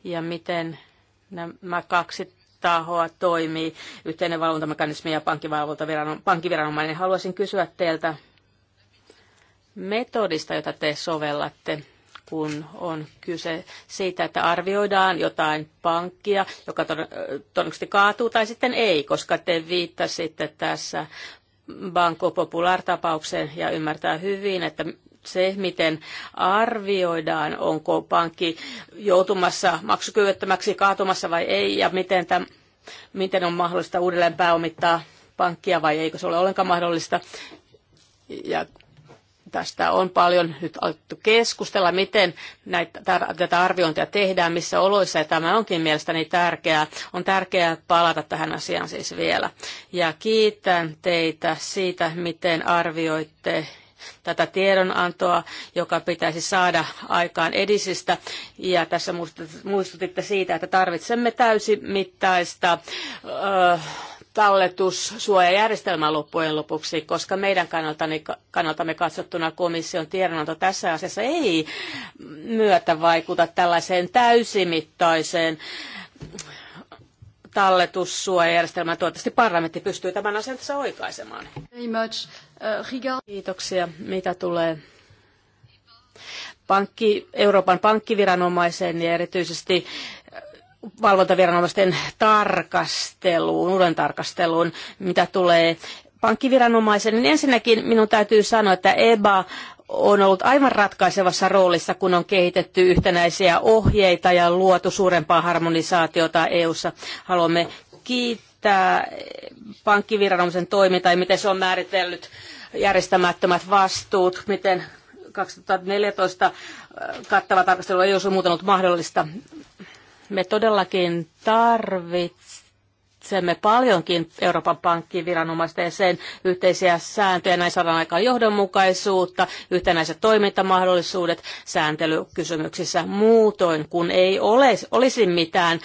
ja miten nämä kaksi tahoa toimii, yhteinen valvontamekanismi ja pankkiviranomainen. Haluaisin kysyä teiltä metodista, jota te sovellatte kun on kyse siitä, että arvioidaan jotain pankkia, joka todennäköisesti kaatuu tai sitten ei, koska te viittasitte tässä Banco Popular-tapaukseen ja ymmärtää hyvin, että se, miten arvioidaan, onko pankki joutumassa maksukyvyttömäksi, kaatumassa vai ei, ja miten, tämän, miten on mahdollista uudelleen pääomittaa pankkia vai eikö se ole ollenkaan mahdollista. Ja Tästä on paljon nyt alettu keskustella, miten näitä, tätä arviointia tehdään, missä oloissa, ja tämä onkin mielestäni tärkeää. On tärkeää palata tähän asiaan siis vielä. Ja kiitän teitä siitä, miten arvioitte tätä tiedonantoa, joka pitäisi saada aikaan edisistä. Ja tässä muistutitte siitä, että tarvitsemme täysimittaista... Öö, Talletussuojajärjestelmä loppujen lopuksi, koska meidän kannaltani, kannaltamme katsottuna komission tiedonanto tässä asiassa ei myötä vaikuta tällaiseen täysimittaiseen talletussuojajärjestelmään. Toivottavasti parlamentti pystyy tämän asian tässä oikaisemaan. Uh, Kiitoksia. Mitä tulee pankki, Euroopan pankkiviranomaiseen ja niin erityisesti valvontaviranomaisten tarkasteluun, uuden tarkasteluun, mitä tulee pankkiviranomaisen, niin ensinnäkin minun täytyy sanoa, että EBA on ollut aivan ratkaisevassa roolissa, kun on kehitetty yhtenäisiä ohjeita ja luotu suurempaa harmonisaatiota EU:ssa. Haluamme kiittää pankkiviranomaisen toimintaa ja miten se on määritellyt järjestämättömät vastuut, miten 2014 kattava tarkastelu ei olisi muuten ollut mahdollista. Me todellakin tarvitsemme paljonkin Euroopan pankkiin viranomaisten sen yhteisiä sääntöjä. Näin saadaan aikaan johdonmukaisuutta, yhtenäiset toimintamahdollisuudet sääntelykysymyksissä muutoin, kun ei ole, olisi mitään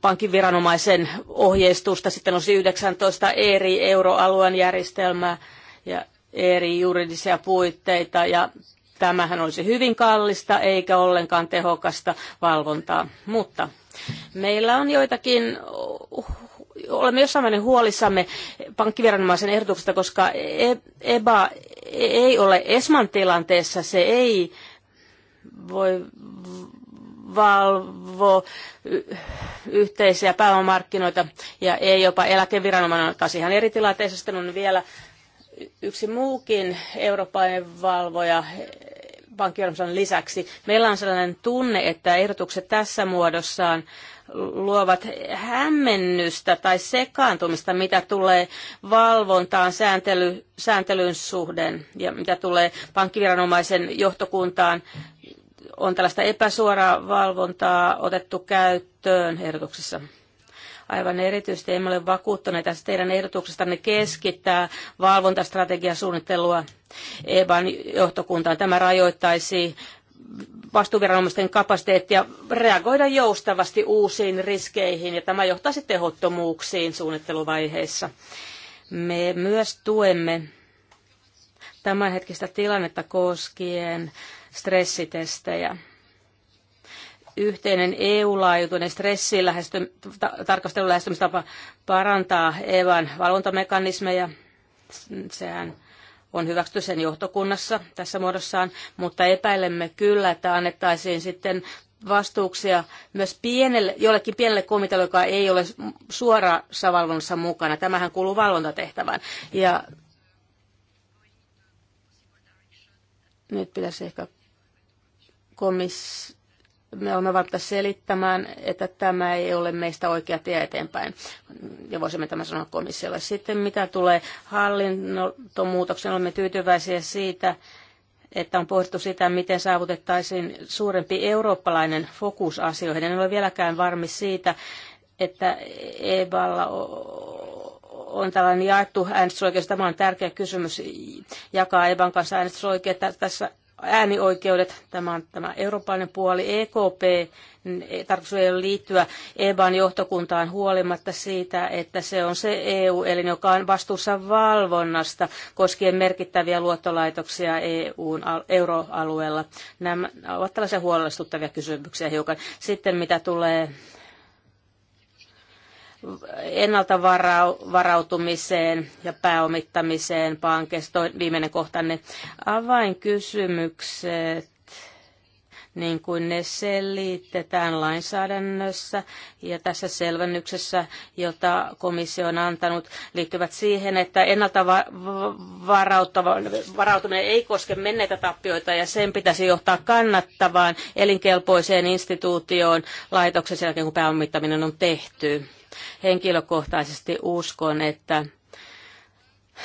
pankin viranomaisen ohjeistusta. Sitten olisi 19 eri euroalueen järjestelmää ja eri juridisia puitteita ja Tämähän olisi hyvin kallista eikä ollenkaan tehokasta valvontaa, mutta meillä on joitakin olemme jossain määrin huolissamme pankkiviranomaisen ehdotuksesta, koska EBA e ei ole ESMAn tilanteessa, se ei voi valvo yhteisiä pääomamarkkinoita ja ei jopa eläkeviranomainen taas ihan eri tilanteessa. Sitten on vielä yksi muukin eurooppalainen valvoja, pankkiohjelman lisäksi. Meillä on sellainen tunne, että ehdotukset tässä muodossaan luovat hämmennystä tai sekaantumista, mitä tulee valvontaan, sääntely, sääntelyn suhden ja mitä tulee pankkiviranomaisen johtokuntaan. On tällaista epäsuoraa valvontaa otettu käyttöön ehdotuksessa. Aivan erityisesti emme ole vakuuttuneita teidän ehdotuksestanne keskittää valvontastrategiasuunnittelua EBAn johtokuntaan. Tämä rajoittaisi vastuuviranomaisten kapasiteettia reagoida joustavasti uusiin riskeihin ja tämä johtaisi tehottomuuksiin suunnitteluvaiheessa. Me myös tuemme tämänhetkistä tilannetta koskien stressitestejä yhteinen EU-laajuinen stressin lähesty, tarkastelun lähestymistapa parantaa EVAn valvontamekanismeja. Sehän on hyväksytty sen johtokunnassa tässä muodossaan, mutta epäilemme kyllä, että annettaisiin sitten vastuuksia myös pienelle, jollekin pienelle komitealle, joka ei ole suorassa valvonnassa mukana. Tämähän kuuluu valvontatehtävään. Ja nyt pitäisi ehkä komis, me olemme valmiita selittämään, että tämä ei ole meistä oikea tie eteenpäin. Ja voisimme tämän sanoa komissiolle. Sitten mitä tulee hallintomuutokseen, olemme tyytyväisiä siitä, että on pohdittu sitä, miten saavutettaisiin suurempi eurooppalainen fokus asioihin. En ole vieläkään varmi siitä, että EBAlla on tällainen jaettu äänestysoikeus. Tämä on tärkeä kysymys jakaa EBAn kanssa äänestysoikeutta. Tässä äänioikeudet, tämä on tämä eurooppalainen puoli, EKP, e, tarkoitus ei ole liittyä EBAn johtokuntaan huolimatta siitä, että se on se eu eli joka on vastuussa valvonnasta koskien merkittäviä luottolaitoksia EUn euroalueella. Nämä ovat tällaisia huolestuttavia kysymyksiä hiukan. Sitten mitä tulee ennalta varautumiseen ja pääomittamiseen pankeista, viimeinen kohtanne, avainkysymykset niin kuin ne selitetään lainsäädännössä ja tässä selvennyksessä, jota komissio on antanut, liittyvät siihen, että ennalta varautuminen ei koske menneitä tappioita ja sen pitäisi johtaa kannattavaan elinkelpoiseen instituutioon laitoksen sen jälkeen, kun pääomittaminen on tehty. Henkilökohtaisesti uskon, että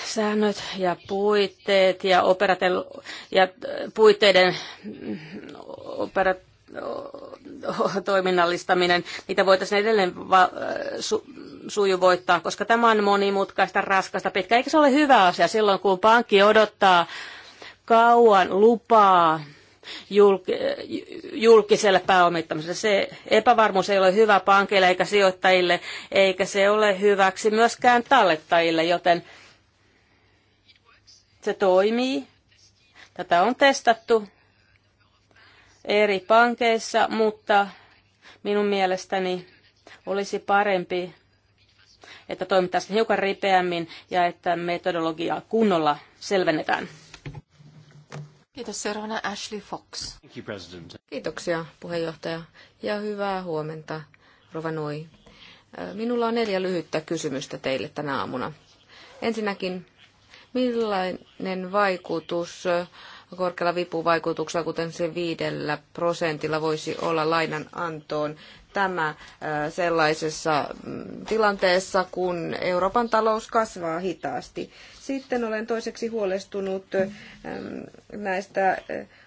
säännöt ja puitteet ja, operatel- ja äh, puitteiden mm, opera toiminnallistaminen, niitä voitaisiin edelleen va- äh, su- sujuvoittaa, koska tämä on monimutkaista, raskasta, pitkä. Eikö se ole hyvä asia silloin, kun pankki odottaa kauan lupaa julkiselle pääomittamiselle. Se epävarmuus ei ole hyvä pankeille eikä sijoittajille, eikä se ole hyväksi myöskään tallettajille, joten se toimii. Tätä on testattu eri pankeissa, mutta minun mielestäni olisi parempi, että toimittaisiin hiukan ripeämmin ja että metodologiaa kunnolla selvennetään. Kiitos seuraavana Ashley Fox. Kiitoksia puheenjohtaja ja hyvää huomenta Rovanoi. Minulla on neljä lyhyttä kysymystä teille tänä aamuna. Ensinnäkin, millainen vaikutus korkealla vipuvaikutuksella, kuten se viidellä prosentilla, voisi olla lainan antoon tämä sellaisessa mm, tilanteessa, kun Euroopan talous kasvaa hitaasti. Sitten olen toiseksi huolestunut mm, näistä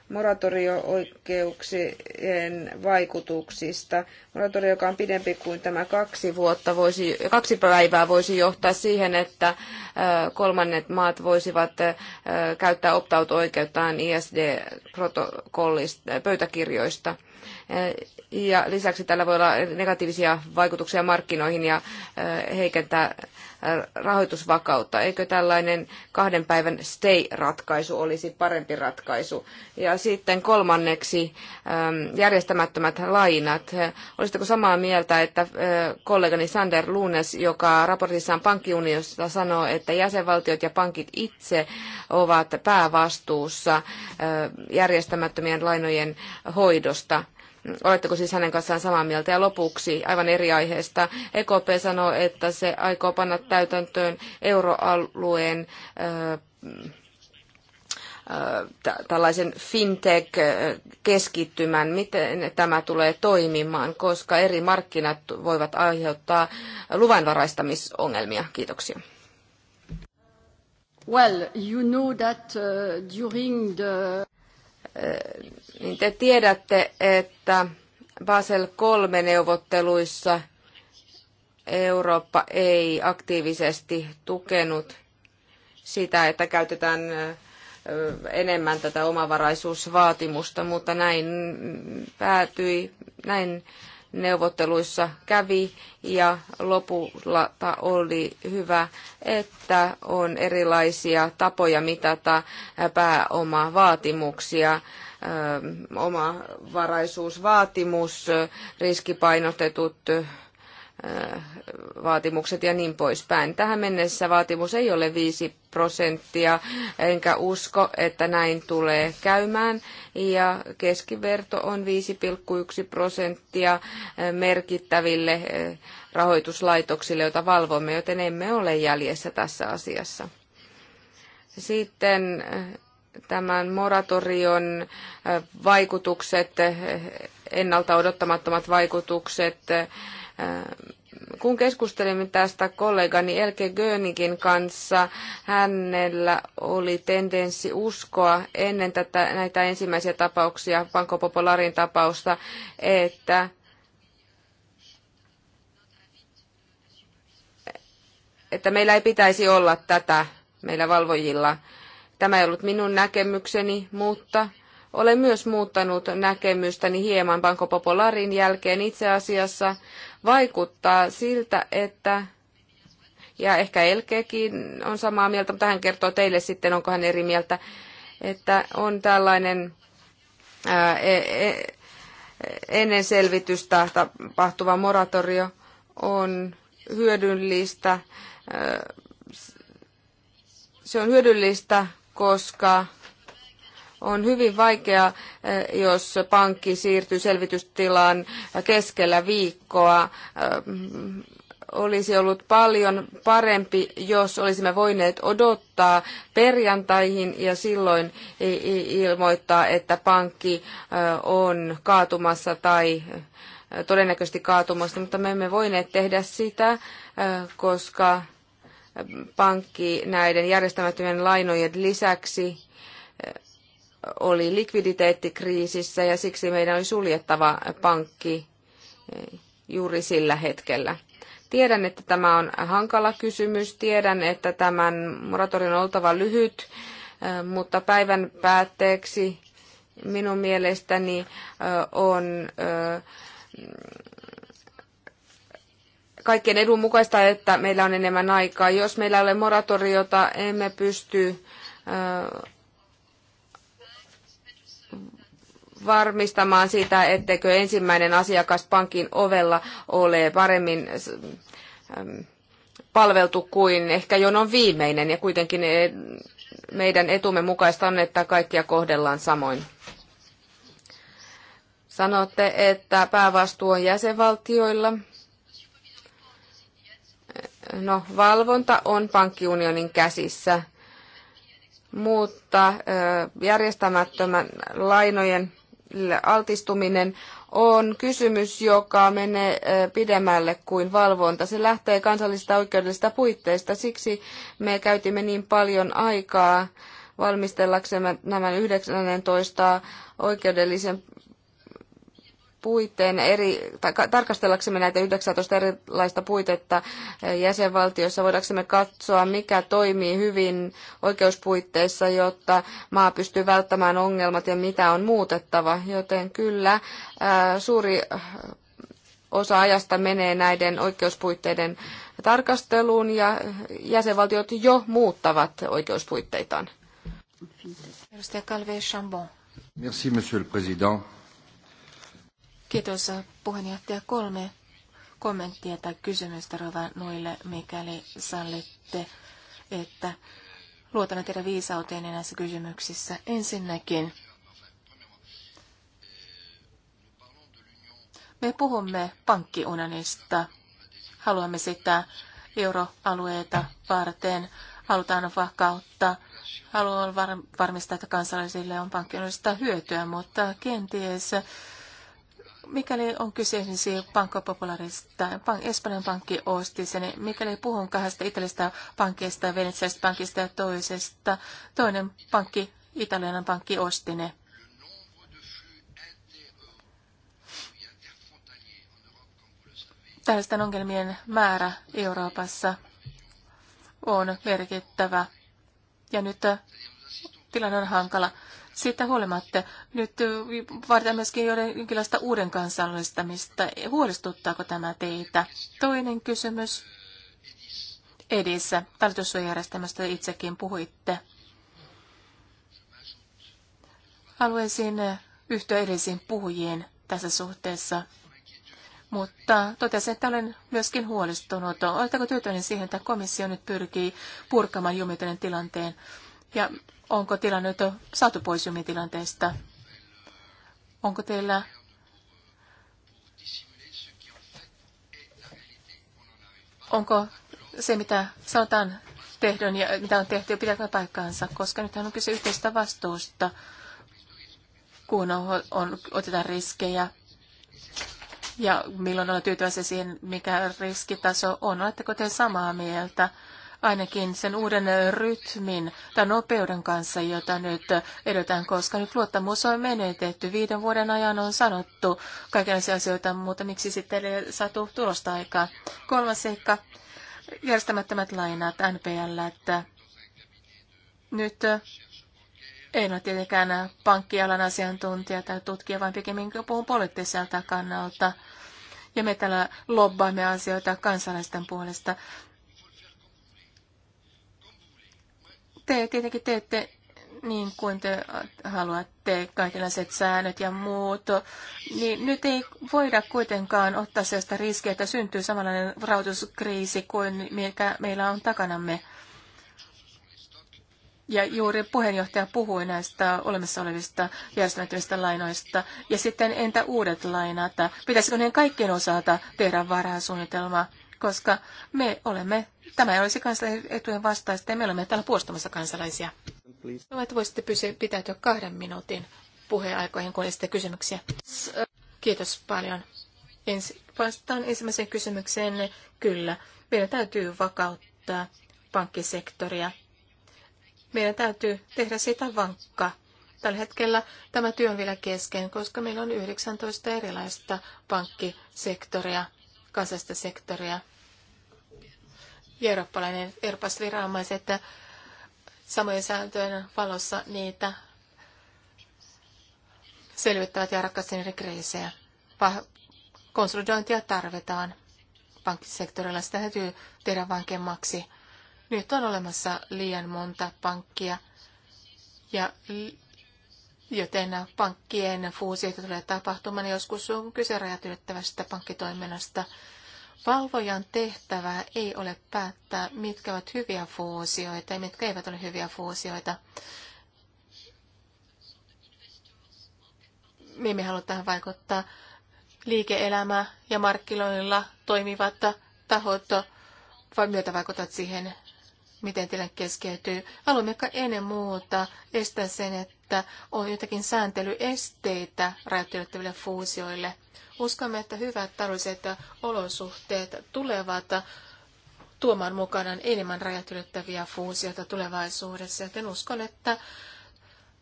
moratorio-oikeuksien vaikutuksista. Moratorio, joka on pidempi kuin tämä kaksi, vuotta, voisi, kaksi päivää, voisi johtaa siihen, että kolmannet maat voisivat käyttää opt-out-oikeuttaan ISD-pöytäkirjoista Eh, ja lisäksi tällä voi olla negatiivisia vaikutuksia markkinoihin ja eh, heikentää eh, rahoitusvakautta. Eikö tällainen kahden päivän stay-ratkaisu olisi parempi ratkaisu? Ja sitten kolmanneksi järjestämättömät lainat. Olisitteko samaa mieltä, että kollegani Sander Lunes, joka raportissaan pankkiunionista sanoo, että jäsenvaltiot ja pankit itse ovat päävastuussa järjestämättömien lainojen hoidosta, Oletteko siis hänen kanssaan samaa mieltä? Ja lopuksi aivan eri aiheesta. EKP sanoo, että se aikoo panna täytäntöön euroalueen tällaisen fintech-keskittymän, miten tämä tulee toimimaan, koska eri markkinat voivat aiheuttaa luvanvaraistamisongelmia. Kiitoksia. Well, you know that uh, during the niin te tiedätte, että Basel 3 neuvotteluissa Eurooppa ei aktiivisesti tukenut sitä, että käytetään enemmän tätä omavaraisuusvaatimusta, mutta näin päätyi, näin neuvotteluissa kävi ja lopulla oli hyvä, että on erilaisia tapoja mitata pääomaa vaatimuksia oma varaisuusvaatimus, riskipainotetut vaatimukset ja niin poispäin. Tähän mennessä vaatimus ei ole 5 prosenttia, enkä usko, että näin tulee käymään. Ja keskiverto on 5,1 prosenttia merkittäville rahoituslaitoksille, joita valvomme, joten emme ole jäljessä tässä asiassa. Sitten tämän moratorion vaikutukset, ennalta odottamattomat vaikutukset kun keskustelimme tästä kollegani Elke Gönikin kanssa, hänellä oli tendenssi uskoa ennen tätä, näitä ensimmäisiä tapauksia, Banco Popularin tapausta, että että meillä ei pitäisi olla tätä meillä valvojilla. Tämä ei ollut minun näkemykseni, mutta olen myös muuttanut näkemystäni hieman Banco Popularin jälkeen. Itse asiassa vaikuttaa siltä, että ja ehkä Elkeekin on samaa mieltä, mutta hän kertoo teille sitten, onko hän eri mieltä, että on tällainen ää, e, e, ennen selvitystä tapahtuva moratorio on hyödyllistä. se on hyödyllistä, koska on hyvin vaikea, eh, jos pankki siirtyy selvitystilaan keskellä viikkoa. Eh, olisi ollut paljon parempi, jos olisimme voineet odottaa perjantaihin ja silloin ilmoittaa, että pankki eh, on kaatumassa tai todennäköisesti kaatumassa, mutta me emme voineet tehdä sitä, koska pankki näiden järjestämättömien lainojen lisäksi oli likviditeettikriisissä ja siksi meidän oli suljettava pankki eh, juuri sillä hetkellä. Tiedän, että tämä on hankala kysymys. Tiedän, että tämän moratorion on oltava lyhyt, eh, mutta päivän päätteeksi minun mielestäni eh, on kaikkien edun mukaista, että meillä on enemmän aikaa. Jos meillä ei ole moratoriota, emme pysty varmistamaan sitä, etteikö ensimmäinen asiakas pankin ovella ole paremmin ähm, palveltu kuin ehkä jonon viimeinen. Ja kuitenkin eh, meidän etumme mukaista on, että kaikkia kohdellaan samoin. Sanotte, että päävastuu on jäsenvaltioilla. No, valvonta on pankkiunionin käsissä, mutta eh, järjestämättömän lainojen altistuminen on kysymys, joka menee pidemmälle kuin valvonta. Se lähtee kansallisista oikeudellisista puitteista. Siksi me käytimme niin paljon aikaa valmistellaksemme nämä 19 oikeudellisen puitteen eri, tai tarkastellaksemme näitä 19 erilaista puitetta eh, jäsenvaltioissa, voidaanko me katsoa, mikä toimii hyvin oikeuspuitteissa, jotta maa pystyy välttämään ongelmat ja mitä on muutettava. Joten kyllä eh, suuri eh, osa ajasta menee näiden oikeuspuitteiden tarkasteluun ja jäsenvaltiot jo muuttavat oikeuspuitteitaan. Edustaja Calvé Chambon. Merci, monsieur le président. Kiitos puheenjohtaja. Kolme kommenttia tai kysymystä Rova Nuille, mikäli sallitte, että luotamme teidän viisauteen näissä kysymyksissä. Ensinnäkin, me puhumme pankkiunanista. Haluamme sitä euroalueita varten. Halutaan vakautta. Haluan varmistaa, että kansalaisille on pankkiunanista hyötyä, mutta kenties mikäli on kyse esimerkiksi Banco Popularista, pank, Espanjan pankki osti sen, niin mikäli puhun kahdesta italiasta pankista ja pankista ja toisesta, toinen pankki, italialainen pankki osti ne. Tällaisten ongelmien määrä Euroopassa on merkittävä. Ja nyt tilanne on hankala. Siitä huolimatta nyt vaaditaan myöskin jonkinlaista uuden kansallistamista. Huolestuttaako tämä teitä? Toinen kysymys. Edissä Talitussuojärjestelmästä itsekin puhuitte. Haluaisin yhtyä edellisiin puhujiin tässä suhteessa mutta totesin, että olen myöskin huolestunut. Oletteko tyytyväinen siihen, että komissio nyt pyrkii purkamaan jumitellen tilanteen? Ja Onko tilanne jo saatu pois jumitilanteesta? Onko teillä onko se, mitä sanotaan tehdön ja mitä on tehty, ja pitääkö paikkaansa, koska nythän on kyse yhteistä vastuusta, kun on, on, otetaan riskejä ja milloin olla tyytyväisiä siihen, mikä riskitaso on. Oletteko te samaa mieltä ainakin sen uuden rytmin tai nopeuden kanssa, jota nyt edetään, koska nyt luottamus on menetetty. Viiden vuoden ajan on sanottu kaikenlaisia asioita, mutta miksi sitten ei saatu tulosta aikaa? Kolmas seikka, järjestämättömät lainat NPL, että nyt ei ole tietenkään pankkialan asiantuntija tai tutkija, vaan pikemminkin puhun poliittiselta kannalta. Ja me täällä lobbaamme asioita kansalaisten puolesta. Te tietenkin teette niin kuin te haluatte, kaikenlaiset säännöt ja muut, niin nyt ei voida kuitenkaan ottaa sellaista riskiä, että syntyy samanlainen rahoituskriisi kuin mikä meillä on takanamme. Ja juuri puheenjohtaja puhui näistä olemassa olevista järjestelmättömistä lainoista. Ja sitten entä uudet lainat? Pitäisikö ne kaikkien osalta tehdä varasuunnitelma? koska me olemme, tämä ei olisi kansalaisen etujen vastaista ja me olemme täällä puostamassa kansalaisia. No, että voisitte pysyä, pitäytyä kahden minuutin puheaikoihin, kun olisitte kysymyksiä. Kiitos paljon. Ensi, vastaan ensimmäiseen kysymykseen. Kyllä, meidän täytyy vakauttaa pankkisektoria. Meidän täytyy tehdä sitä vankka. Tällä hetkellä tämä työ on vielä kesken, koska meillä on 19 erilaista pankkisektoria – kasasta sektoria. Ja eurooppalainen, eurooppalaiset viranomaiset samojen sääntöjen valossa niitä selvittävät ja rakastavat eri kriisejä. Konsolidointia tarvitaan pankkisektorilla. Sitä täytyy tehdä vankemmaksi. Nyt on olemassa liian monta pankkia ja Joten pankkien fuusioita tulee tapahtumaan joskus on kyse rajatyöttävästä pankkitoiminnasta. Valvojan tehtävä ei ole päättää, mitkä ovat hyviä fuusioita ja mitkä eivät ole hyviä fuusioita. Me emme halua tähän vaikuttaa. Liike-elämä ja markkinoilla toimivat tahot vai myötä vaikutat siihen, miten tilanne keskeytyy. Haluamme ennen muuta estää sen, että että on jotakin sääntelyesteitä rajoittelettaville fuusioille. Uskomme, että hyvät taloudelliset olosuhteet tulevat tuomaan mukanaan enemmän rajatylyttäviä fuusioita tulevaisuudessa, joten uskon, että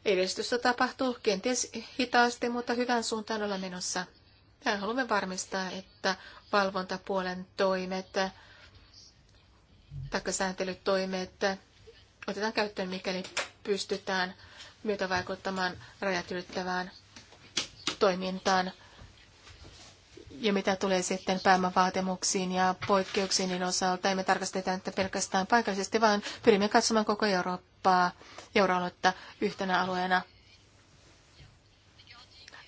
edistystä tapahtuu kenties hitaasti, mutta hyvän suuntaan olla menossa. Ja haluamme varmistaa, että valvontapuolen toimet tai sääntelytoimet otetaan käyttöön, mikäli pystytään myötävaikuttamaan rajat ylittävään toimintaan. Ja mitä tulee sitten pääomavaatimuksiin ja poikkeuksiin niin osalta, emme tarkasteta että pelkästään paikallisesti, vaan pyrimme katsomaan koko Eurooppaa, euroaluetta yhtenä alueena.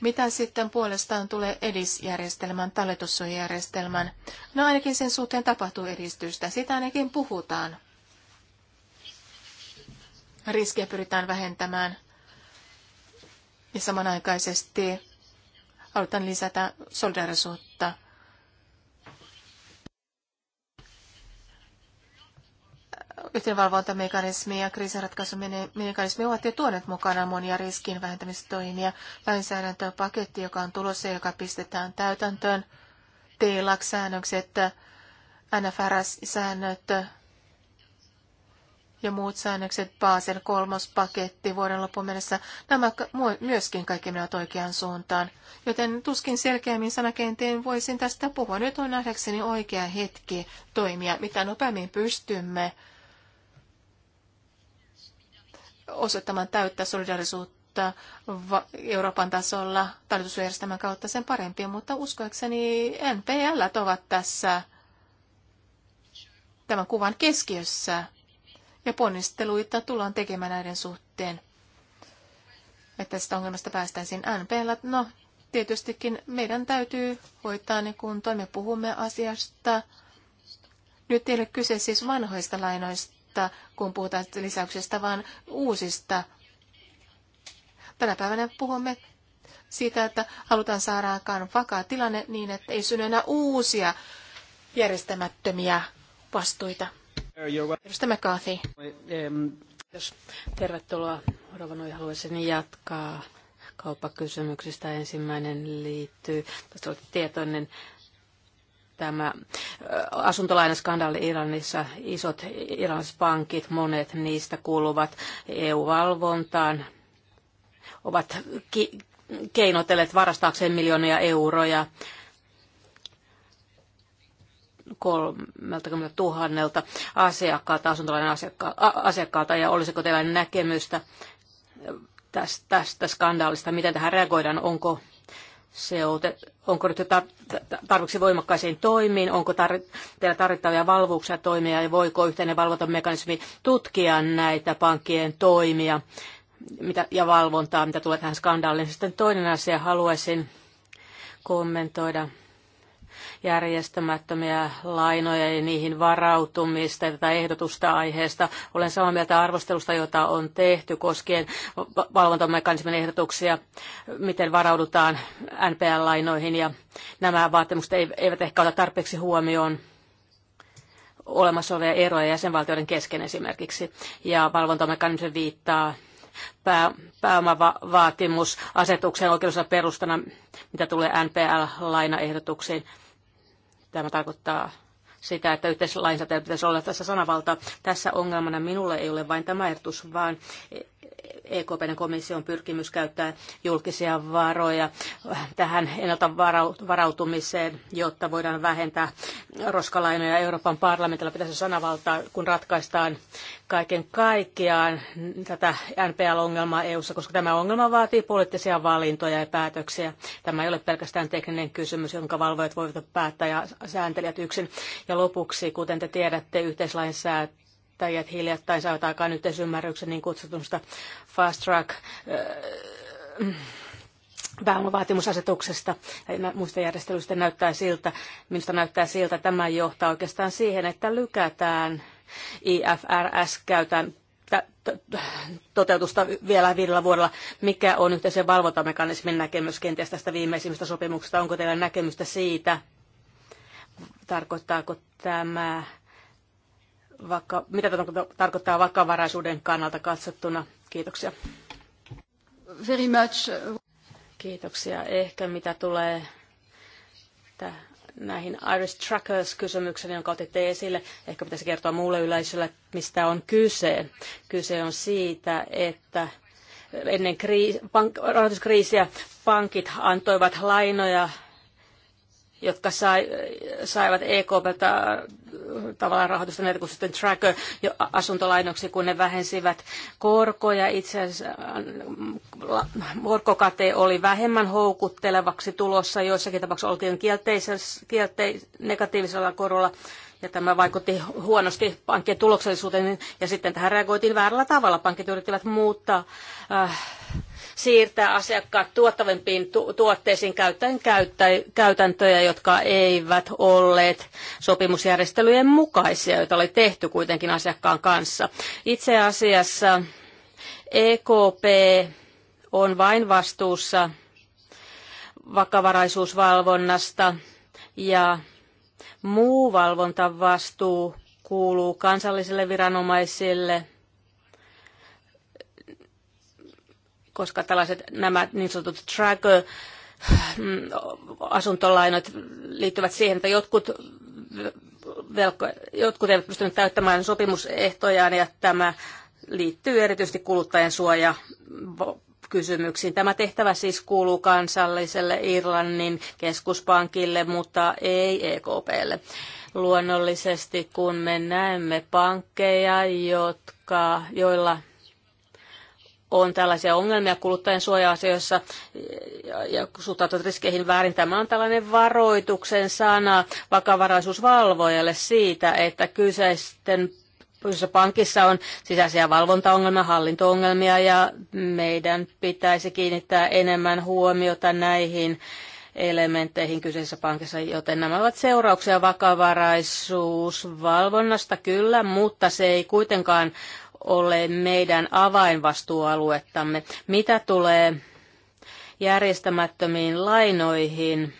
Mitä sitten puolestaan tulee edisjärjestelmän, talletussuojajärjestelmän? No ainakin sen suhteen tapahtuu edistystä, sitä ainakin puhutaan riskejä pyritään vähentämään ja samanaikaisesti halutaan lisätä solidarisuutta. Yhteenvalvontamekanismi ja kriisinratkaisumekanismi ovat jo tuoneet mukana monia riskin vähentämistoimia. Lainsäädäntöpaketti, joka on tulossa, joka pistetään täytäntöön, tilac säännökset NFRS-säännöt ja muut säännökset, Basel kolmospaketti vuoden loppuun mennessä, nämä myöskin kaikki menevät oikeaan suuntaan. Joten tuskin selkeämmin sanakenteen voisin tästä puhua. Nyt on nähdäkseni oikea hetki toimia, mitä nopeammin pystymme osoittamaan täyttä solidarisuutta Euroopan tasolla talitusjärjestelmän kautta sen parempi, mutta uskoakseni NPL ovat tässä tämän kuvan keskiössä ja ponnisteluita tullaan tekemään näiden suhteen, että tästä ongelmasta päästäisiin NPL. No, tietystikin meidän täytyy hoitaa, niin kun me puhumme asiasta. Nyt ei ole kyse siis vanhoista lainoista, kun puhutaan lisäyksestä, vaan uusista. Tänä päivänä puhumme siitä, että halutaan saada aikaan vakaa tilanne niin, että ei synny enää uusia järjestämättömiä vastuita. Uh, Edustaja McCarthy. Um, Jos tervetuloa. Rovanoja haluaisin jatkaa kauppakysymyksistä. Ensimmäinen liittyy, tästä olette tietoinen, tämä uh, asuntolainaskandaali Iranissa, isot iranilaiset pankit, monet niistä kuuluvat EU-valvontaan, ovat ki- keinotelleet varastaakseen miljoonia euroja 30 000 asiakkaalta, asuntolainen asiakka- asiakkaalta, ja olisiko teillä näkemystä tästä, tästä skandaalista, miten tähän reagoidaan, onko se ote, onko nyt tarvitsi voimakkaisiin toimiin, onko tar- teillä tarvittavia valvuuksia toimia ja voiko yhteinen valvontamekanismi tutkia näitä pankkien toimia mitä, ja valvontaa, mitä tulee tähän skandaaliin. Sitten toinen asia haluaisin kommentoida järjestämättömiä lainoja ja niihin varautumista ja tätä ehdotusta aiheesta. Olen samaa mieltä arvostelusta, jota on tehty koskien valvontamekanismin ehdotuksia, miten varaudutaan NPL-lainoihin ja nämä vaatimukset eivät ehkä ota tarpeeksi huomioon olemassa olevia eroja jäsenvaltioiden kesken esimerkiksi. Ja valvontamekanismi viittaa pää, pääomavaatimusasetuksen oikeudessa perustana, mitä tulee NPL-lainaehdotuksiin. Tämä tarkoittaa sitä, että yhteislainsäätäjä pitäisi olla tässä sanavalta. Tässä ongelmana minulle ei ole vain tämä ehdotus, vaan EKPn komission pyrkimys käyttää julkisia varoja tähän ennalta varautumiseen, jotta voidaan vähentää roskalainoja. Euroopan parlamentilla pitäisi sanavaltaa, kun ratkaistaan kaiken kaikkiaan tätä NPL-ongelmaa EU:ssa, koska tämä ongelma vaatii poliittisia valintoja ja päätöksiä. Tämä ei ole pelkästään tekninen kysymys, jonka valvojat voivat päättää ja sääntelijät yksin. Ja lopuksi, kuten te tiedätte, yhteislainsäädäntö päättäjät hiljattain saivat aikaan yhteisymmärryksen niin kutsutusta fast track äh, pääomavaatimusasetuksesta ja muista järjestelyistä näyttää siltä, minusta näyttää siltä, että tämä johtaa oikeastaan siihen, että lykätään IFRS käytän toteutusta vielä viidellä vuodella. Mikä on yhteisen valvontamekanismin näkemys kenties tästä viimeisimmästä sopimuksesta? Onko teillä näkemystä siitä? Tarkoittaako tämä vaka- mitä tämä tarkoittaa vakavaraisuuden kannalta katsottuna. Kiitoksia. Very much. Kiitoksia. Ehkä mitä tulee näihin Irish Trackers-kysymykseen, jonka otitte esille, ehkä pitäisi kertoa muulle yleisölle, mistä on kyse. Kyse on siitä, että ennen kriis- pank- rahoituskriisiä pankit antoivat lainoja jotka sai, saivat EKPltä äh, tavallaan rahoitusta näitä kuin sitten tracker asuntolainoksi, kun ne vähensivät korkoja. Itse asiassa äh, korkokate oli vähemmän houkuttelevaksi tulossa, joissakin tapauksissa oltiin kieltei, negatiivisella korolla ja tämä vaikutti huonosti pankkien tuloksellisuuteen, ja sitten tähän reagoitiin väärällä tavalla. Pankit yrittivät muuttaa äh, siirtää asiakkaat tuottavimpiin tu- tuotteisiin käyttäen käyttä- käytäntöjä, jotka eivät olleet sopimusjärjestelyjen mukaisia, joita oli tehty kuitenkin asiakkaan kanssa. Itse asiassa EKP on vain vastuussa vakavaraisuusvalvonnasta ja muu valvontavastuu kuuluu kansallisille viranomaisille – koska tällaiset nämä niin sanotut tracker mm, asuntolainat liittyvät siihen, että jotkut, velko, jotkut eivät pystyneet täyttämään sopimusehtojaan ja tämä liittyy erityisesti kuluttajan suoja kysymyksiin. Tämä tehtävä siis kuuluu kansalliselle Irlannin keskuspankille, mutta ei EKPlle. Luonnollisesti, kun me näemme pankkeja, jotka, joilla on tällaisia ongelmia kuluttajan suoja-asioissa ja suhtautuvat riskeihin väärin. Tämä on tällainen varoituksen sana vakavaraisuusvalvojalle siitä, että kyseisten Pysyssä pankissa on sisäisiä valvontaongelmia, hallintoongelmia ja meidän pitäisi kiinnittää enemmän huomiota näihin elementteihin kyseisessä pankissa, joten nämä ovat seurauksia vakavaraisuusvalvonnasta kyllä, mutta se ei kuitenkaan ole meidän avainvastuualuettamme. Mitä tulee järjestämättömiin lainoihin,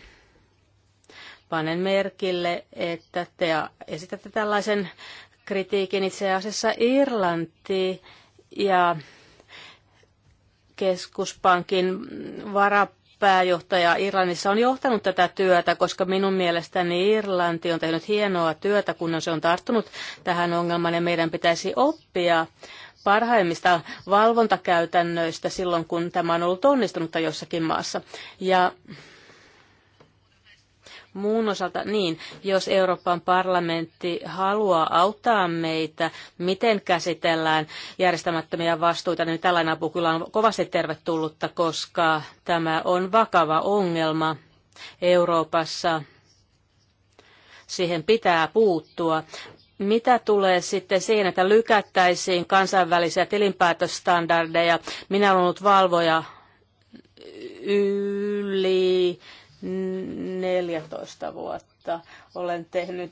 panen merkille, että te esitätte tällaisen kritiikin itse asiassa Irlanti ja keskuspankin varap pääjohtaja Irlannissa on johtanut tätä työtä, koska minun mielestäni Irlanti on tehnyt hienoa työtä, kun se on tarttunut tähän ongelmaan ja meidän pitäisi oppia parhaimmista valvontakäytännöistä silloin, kun tämä on ollut onnistunutta jossakin maassa. Ja Muun osalta niin, jos Euroopan parlamentti haluaa auttaa meitä, miten käsitellään järjestämättömiä vastuita, niin tällainen apu kyllä on kovasti tervetullutta, koska tämä on vakava ongelma Euroopassa. Siihen pitää puuttua. Mitä tulee sitten siihen, että lykättäisiin kansainvälisiä tilinpäätösstandardeja? Minä olen ollut valvoja yli 14 vuotta. Olen tehnyt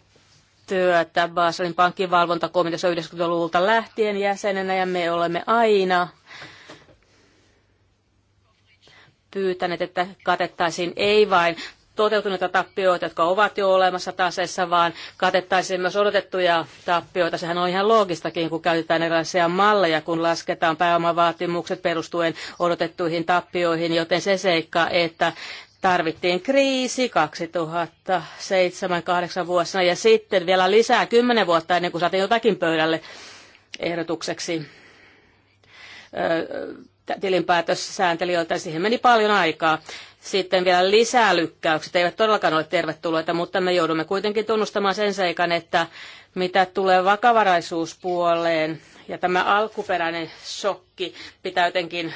työtä Baselin valvontakomiteassa 90-luvulta lähtien jäsenenä ja me olemme aina pyytäneet, että katettaisiin ei vain toteutuneita tappioita, jotka ovat jo olemassa taseessa, vaan katettaisiin myös odotettuja tappioita. Sehän on ihan loogistakin, kun käytetään erilaisia malleja, kun lasketaan pääomavaatimukset perustuen odotettuihin tappioihin, joten se seikka, että tarvittiin kriisi 2007-2008 vuosina ja sitten vielä lisää kymmenen vuotta ennen kuin saatiin jotakin pöydälle ehdotukseksi tilinpäätössääntelijöiltä. Siihen meni paljon aikaa. Sitten vielä lisää lykkäykset eivät todellakaan ole tervetulleita, mutta me joudumme kuitenkin tunnustamaan sen seikan, että mitä tulee vakavaraisuuspuoleen, ja tämä alkuperäinen shokki pitää jotenkin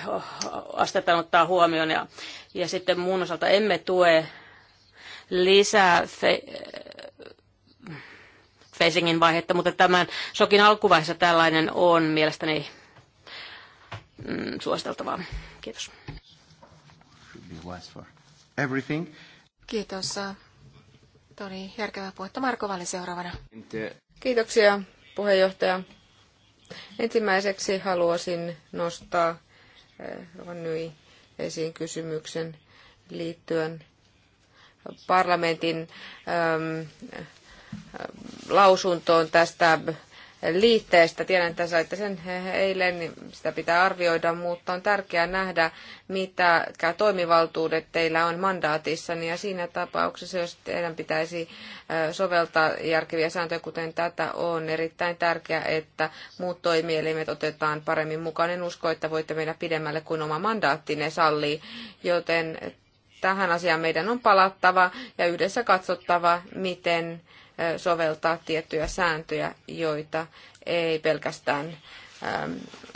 astetta ottaa huomioon. Ja, ja sitten muun osalta emme tue lisää fe- facingin vaihetta, mutta tämän shokin alkuvaiheessa tällainen on mielestäni mm, suositeltavaa. Kiitos. Kiitos. Äh, Toni, järkevää puhetta. Marko Valli seuraavana. Kiitoksia puheenjohtaja. Ensimmäiseksi haluaisin nostaa eh, Nyi esiin kysymyksen liittyen parlamentin ehm, lausuntoon tästä liitteestä. Tiedän, että saitte sen eilen, niin sitä pitää arvioida, mutta on tärkeää nähdä, mitä toimivaltuudet teillä on mandaatissa. Ja siinä tapauksessa, jos teidän pitäisi soveltaa järkeviä sääntöjä, kuten tätä, on erittäin tärkeää, että muut toimielimet otetaan paremmin mukaan. En usko, että voitte mennä pidemmälle kuin oma mandaattinne sallii, joten tähän asiaan meidän on palattava ja yhdessä katsottava, miten soveltaa tiettyjä sääntöjä, joita ei pelkästään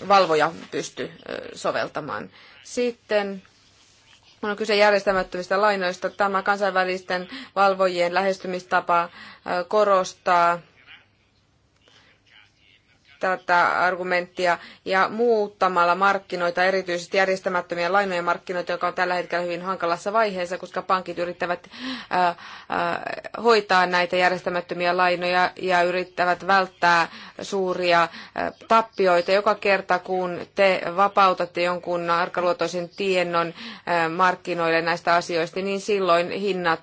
valvoja pysty soveltamaan. Sitten on kyse järjestämättömistä lainoista, tämä kansainvälisten valvojien lähestymistapa korostaa tätä argumenttia ja muuttamalla markkinoita, erityisesti järjestämättömien lainojen markkinoita, joka on tällä hetkellä hyvin hankalassa vaiheessa, koska pankit yrittävät ää, ää, hoitaa näitä järjestämättömiä lainoja ja yrittävät välttää suuria ää, tappioita. Joka kerta, kun te vapautatte jonkun arkaluotoisen tiennon ää, markkinoille näistä asioista, niin silloin hinnat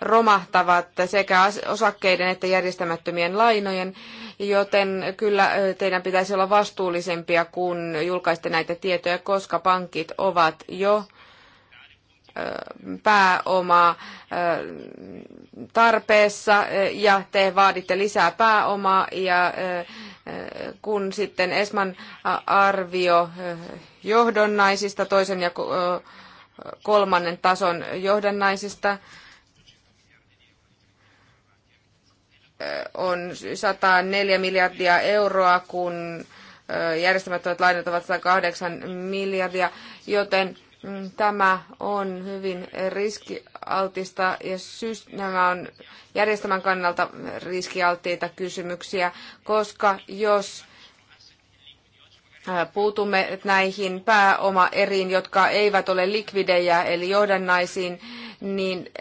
romahtavat sekä osakkeiden että järjestämättömien lainojen. Ää, joten kyllä teidän pitäisi olla vastuullisempia, kun julkaiste näitä tietoja, koska pankit ovat jo pääoma tarpeessa ja te vaaditte lisää pääomaa ja kun sitten Esman arvio johdonnaisista, toisen ja kolmannen tason johdonnaisista on 104 miljardia euroa, kun järjestämättömät lainat ovat 108 miljardia, joten mm, tämä on hyvin riskialtista ja syys, nämä on järjestelmän kannalta riskialttiita kysymyksiä, koska jos puutumme näihin pääomaeriin, jotka eivät ole likvidejä eli johdannaisiin, niin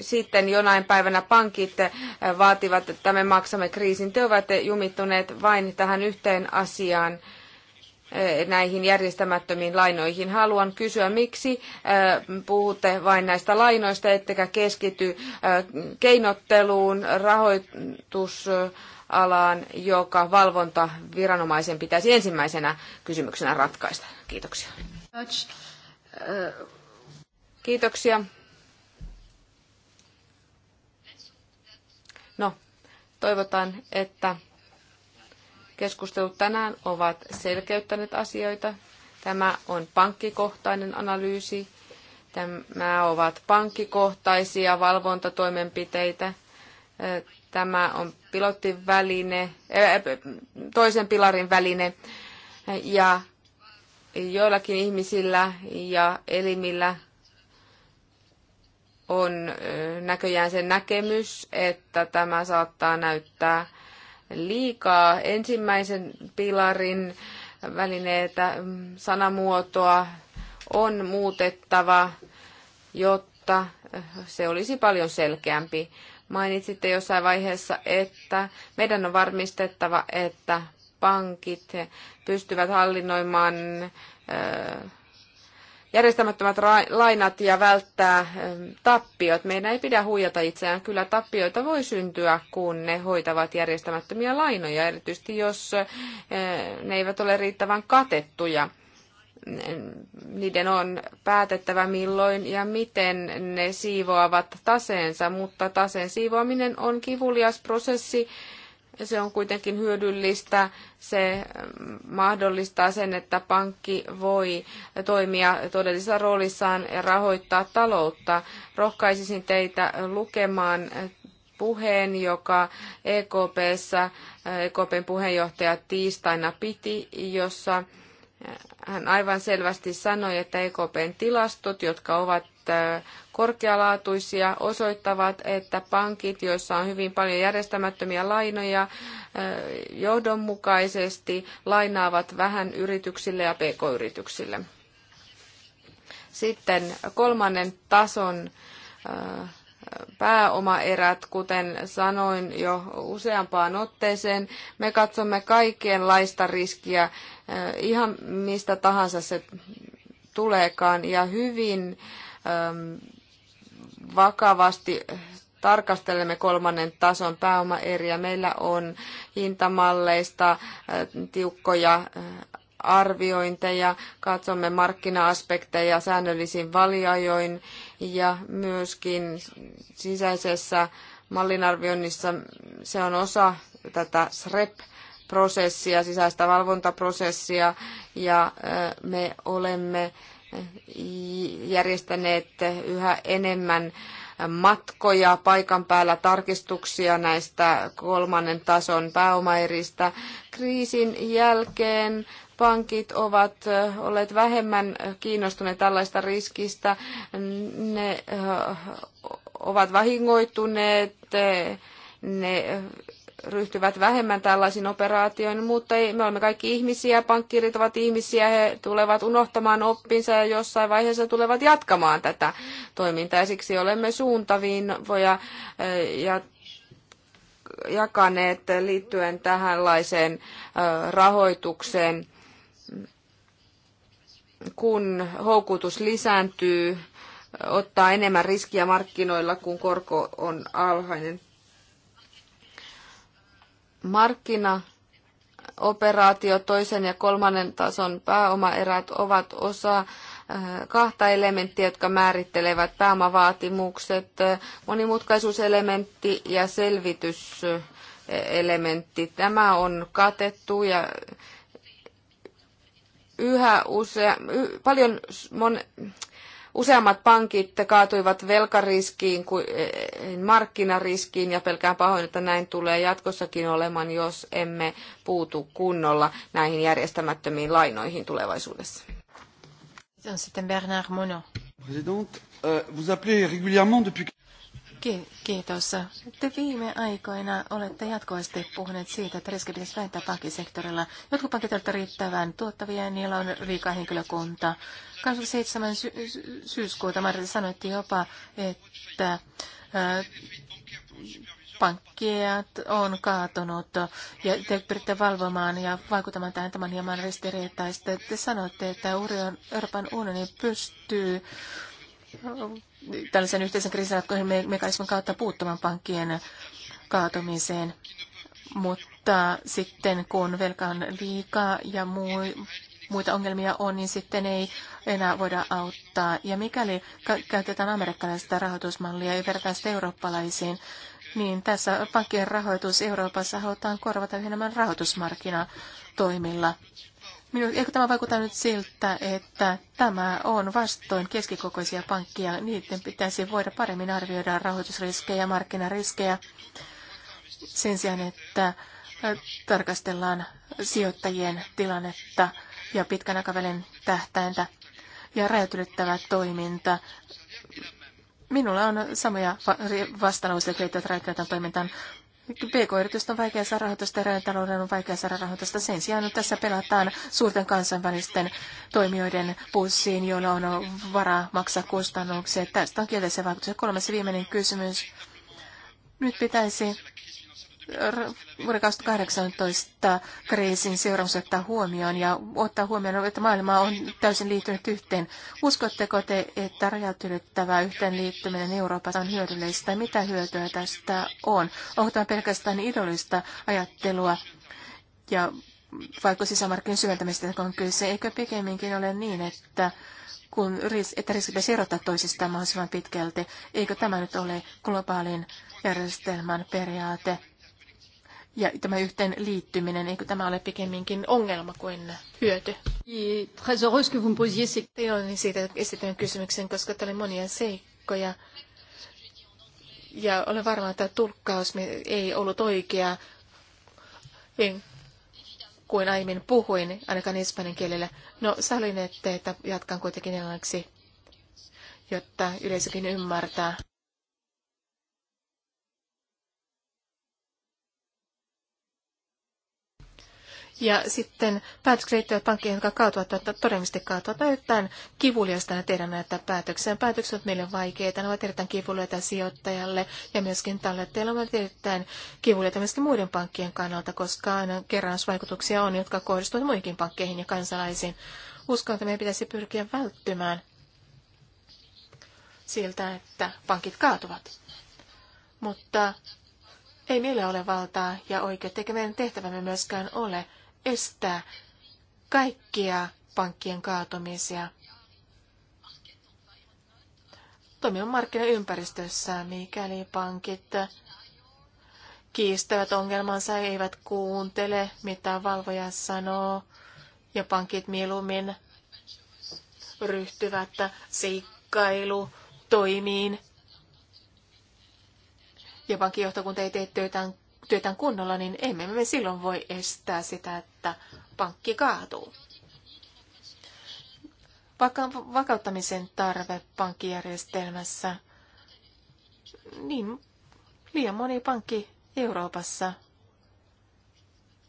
sitten jonain päivänä pankit äh, vaativat, että me maksamme kriisin. Te ovat jumittuneet vain tähän yhteen asiaan äh, näihin järjestämättömiin lainoihin. Haluan kysyä, miksi äh, puhutte vain näistä lainoista, ettekä keskity keinotteluun, rahoitusalaan, joka valvontaviranomaisen pitäisi ensimmäisenä kysymyksenä ratkaista. Kiitoksia. Kiitoksia. Toivotaan, että keskustelut tänään ovat selkeyttäneet asioita. Tämä on pankkikohtainen analyysi. Tämä ovat pankkikohtaisia valvontatoimenpiteitä. Tämä on pilotin väline, eh, eh, toisen pilarin väline. Ja joillakin ihmisillä ja elimillä on näköjään se näkemys, että tämä saattaa näyttää liikaa ensimmäisen pilarin välineitä, mm, sanamuotoa on muutettava, jotta se olisi paljon selkeämpi. Mainitsitte jossain vaiheessa, että meidän on varmistettava, että pankit pystyvät hallinnoimaan järjestämättömät lainat ja välttää eh, tappiot. Meidän ei pidä huijata itseään. Kyllä tappioita voi syntyä, kun ne hoitavat järjestämättömiä lainoja, erityisesti jos eh, ne eivät ole riittävän katettuja niiden on päätettävä milloin ja miten ne siivoavat taseensa, mutta taseen siivoaminen on kivulias prosessi se on kuitenkin hyödyllistä. Se mm, mahdollistaa sen, että pankki voi toimia todellisessa roolissaan ja rahoittaa taloutta. Rohkaisisin teitä lukemaan puheen, joka EKPssä, EKPn puheenjohtaja tiistaina piti, jossa hän aivan selvästi sanoi, että EKPn tilastot, jotka ovat korkealaatuisia, osoittavat, että pankit, joissa on hyvin paljon järjestämättömiä lainoja, johdonmukaisesti lainaavat vähän yrityksille ja pk-yrityksille. Sitten kolmannen tason pääomaerät, kuten sanoin jo useampaan otteeseen. Me katsomme kaikenlaista riskiä ihan mistä tahansa se tuleekaan ja hyvin vakavasti tarkastelemme kolmannen tason pääomaeriä. Meillä on hintamalleista tiukkoja arviointeja, katsomme markkina-aspekteja säännöllisin valiajoin ja myöskin sisäisessä mallinarvioinnissa se on osa tätä SREP prosessia, sisäistä valvontaprosessia ja me olemme järjestäneet yhä enemmän matkoja paikan päällä, tarkistuksia näistä kolmannen tason pääomaeristä. Kriisin jälkeen pankit ovat olleet vähemmän kiinnostuneet tällaista riskistä. Ne ovat vahingoituneet, ne ryhtyvät vähemmän tällaisiin operaatioihin, mutta ei, me olemme kaikki ihmisiä, pankkiirit ovat ihmisiä, he tulevat unohtamaan oppinsa ja jossain vaiheessa tulevat jatkamaan tätä toimintaa. Ja siksi olemme voja ja jakaneet liittyen tähänlaiseen rahoitukseen, kun houkutus lisääntyy, ottaa enemmän riskiä markkinoilla, kun korko on alhainen Markkinaoperaatio toisen ja kolmannen tason pääomaerät ovat osa äh, kahta elementtiä, jotka määrittelevät pääomavaatimukset, monimutkaisuuselementti ja selvityselementti. Tämä on katettu ja yhä usea, paljon mon, Useammat pankit kaatuivat velkariskiin eh, markkinariskiin ja pelkään pahoin, että näin tulee jatkossakin olemaan, jos emme puutu kunnolla näihin järjestämättömiin lainoihin tulevaisuudessa. Sitten Bernard Monod. Présidente, euh, vous appelez régulièrement depuis... Kiitos. Te viime aikoina olette jatkuvasti puhuneet siitä, että riski pitäisi vähentää pankkisektorilla. Jotkut pankit ovat riittävän tuottavia ja niillä on liikaa henkilökunta. 27. Sy- syyskuuta Martti sanoitti jopa, että ää, pankkijat on kaatunut ja te pyritte valvomaan ja vaikuttamaan tähän tämän hieman ristiriitaista. Te sanoitte, että Euroopan unioni pystyy tällaisen yhteisen kriisinratkoihin mekanismin kautta puuttumaan pankkien kaatumiseen. Mutta sitten kun velka on liikaa ja muu, muita ongelmia on, niin sitten ei enää voida auttaa. Ja mikäli käytetään amerikkalaista rahoitusmallia ja verrataan sitä eurooppalaisiin, niin tässä pankkien rahoitus Euroopassa halutaan korvata yhden rahoitusmarkkinatoimilla. Minun, eikö tämä vaikuta nyt siltä, että tämä on vastoin keskikokoisia pankkia? Niiden pitäisi voida paremmin arvioida rahoitusriskejä ja markkinariskejä sen sijaan, että tarkastellaan sijoittajien tilannetta ja pitkän aikavälin tähtäintä ja rajatylittävä toiminta. Minulla on samoja vastalauseita, joita rajatylittävän toimintaan PK-yritystä on vaikea saada rahoitusta, talouden on vaikea saada rahoitusta. Sen sijaan tässä pelataan suurten kansainvälisten toimijoiden pussiin, joilla on varaa maksaa kustannuksia. Tästä on kielteisen vaikutus. Kolmas viimeinen kysymys. Nyt pitäisi vuoden 2018 kriisin seuraus ottaa huomioon ja ottaa huomioon, että maailma on täysin liittynyt yhteen. Uskotteko te, että rajat ylittävä yhteenliittyminen Euroopassa on hyödyllistä? Mitä hyötyä tästä on? Onko tämä pelkästään idollista ajattelua ja vaikka sisämarkkinoiden syventämistä on kyse? Eikö pikemminkin ole niin, että kun että riskit pitäisi erottaa toisistaan mahdollisimman pitkälti. Eikö tämä nyt ole globaalin järjestelmän periaate? ja tämä yhteen liittyminen, eikö tämä ole pikemminkin ongelma kuin hyöty? Olen siitä esittänyt kysymyksen, koska täällä oli monia seikkoja. Ja olen varma, että tulkkaus ei ollut oikea en, kuin aiemmin puhuin, ainakaan espanjan kielellä. No, sallin, että jatkan kuitenkin englanniksi, jotta yleisökin ymmärtää. ja sitten päätökset liittyvät pankkeihin, jotka kaatuvat että todennäköisesti kaatuvat. On erittäin kivuliasta tehdä näitä päätöksiä. Päätökset ovat meille vaikeita, ne ovat erittäin kivuliaita sijoittajalle ja myöskin tallettajille ovat erittäin kivuliaita myöskin muiden pankkien kannalta, koska aina kerransvaikutuksia on, jotka kohdistuvat muihinkin pankkeihin ja kansalaisiin. Uskon, että meidän pitäisi pyrkiä välttymään siltä, että pankit kaatuvat. Mutta ei meillä ole valtaa ja oikeutta, eikä meidän tehtävämme myöskään ole estää kaikkia pankkien kaatumisia. Toimivan markkinaympäristössä, mikäli pankit kiistävät ongelmansa, eivät kuuntele, mitä valvoja sanoo, ja pankit mieluummin ryhtyvät seikkailu toimiin. Ja pankkijohtokunta ei tee työtään, työtään kunnolla, niin emme me silloin voi estää sitä, että pankki kaatuu. Vaka- vakauttamisen tarve pankkijärjestelmässä, niin liian moni pankki Euroopassa,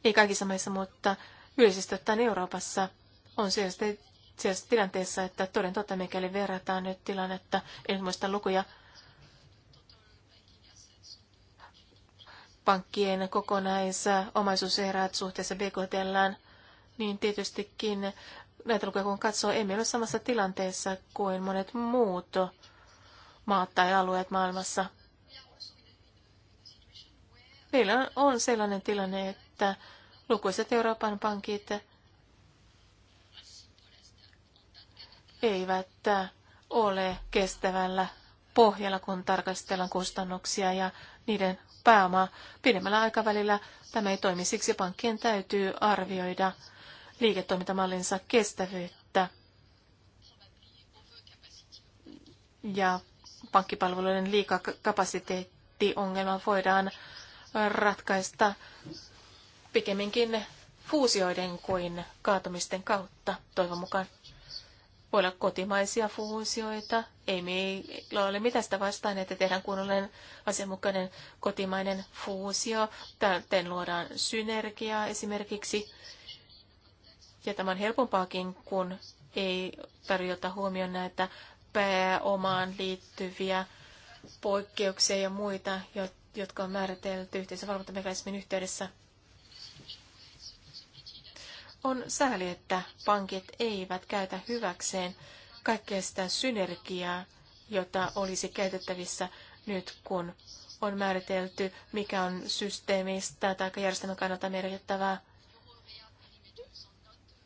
ei kaikissa maissa, mutta yleisesti ottaen Euroopassa on siellä tilanteessa, että toden totta, mikäli verrataan nyt tilannetta, en muista lukuja, pankkien kokonaisomaisuuserät suhteessa BKT, niin tietystikin näitä lukuja kun katsoo, emme ole samassa tilanteessa kuin monet muut maat tai alueet maailmassa. Meillä on sellainen tilanne, että lukuisat Euroopan pankit eivät ole kestävällä pohjalla, kun tarkastellaan kustannuksia ja niiden pääomaa. Pidemmällä aikavälillä tämä ei toimi, siksi pankkien täytyy arvioida liiketoimintamallinsa kestävyyttä ja pankkipalveluiden liikakapasiteettiongelma voidaan ratkaista pikemminkin fuusioiden kuin kaatumisten kautta, toivon mukaan. Voi olla kotimaisia fuusioita. Ei meillä ole mitään sitä vastaan, että tehdään kunnollinen asianmukainen kotimainen fuusio. Täten luodaan synergiaa esimerkiksi. Ja tämä on helpompaakin, kun ei tarjota huomioon näitä pääomaan liittyviä poikkeuksia ja muita, jotka on määritelty yhteisön valvontamekanismin yhteydessä. On sääli, että pankit eivät käytä hyväkseen kaikkea sitä synergiaa, jota olisi käytettävissä nyt, kun on määritelty, mikä on systeemistä tai järjestelmän kannalta merkittävää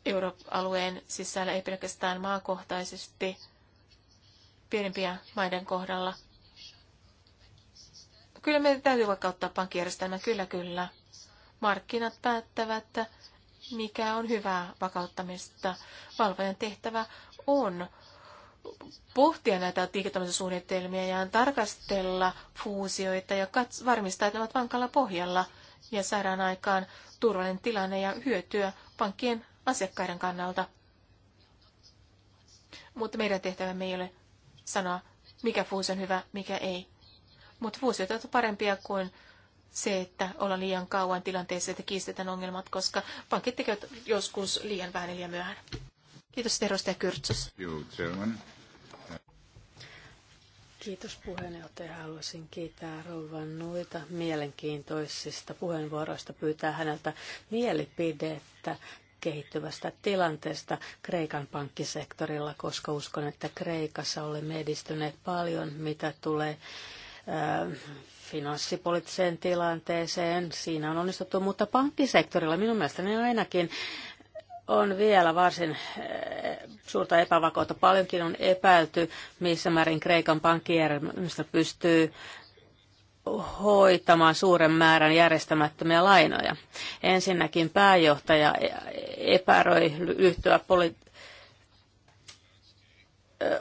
Euroopan sisällä, ei pelkästään maakohtaisesti pienempiä maiden kohdalla. Kyllä meidän täytyy vaikka ottaa pankkijärjestelmä, kyllä kyllä. Markkinat päättävät, mikä on hyvää vakauttamista. Valvojan tehtävä on pohtia näitä liiketoimintasuunnitelmia ja tarkastella fuusioita ja kats- varmistaa, että ne ovat vankalla pohjalla ja saadaan aikaan turvallinen tilanne ja hyötyä pankkien asiakkaiden kannalta. Mutta meidän tehtävämme ei ole sanoa, mikä fuusio on hyvä, mikä ei. Mutta fuusiot ovat parempia kuin se, että ollaan liian kauan tilanteessa, että kiistetään ongelmat, koska pankit tekevät joskus liian vähän liian myöhään. Kiitos Terosta ja Kyrtsus. Kiitos puheenjohtaja. Haluaisin kiittää rouva Nuita mielenkiintoisista puheenvuoroista. Pyytää häneltä mielipidettä kehittyvästä tilanteesta Kreikan pankkisektorilla, koska uskon, että Kreikassa olemme edistyneet paljon, mitä tulee äh, finanssipoliittiseen tilanteeseen. Siinä on onnistuttu, mutta pankkisektorilla minun mielestäni ainakin on vielä varsin eh, suurta epävakautta. Paljonkin on epäilty, missä määrin Kreikan pankkijärjestelmä pystyy hoitamaan suuren määrän järjestämättömiä lainoja. Ensinnäkin pääjohtaja epäröi yhtyä poli- eh,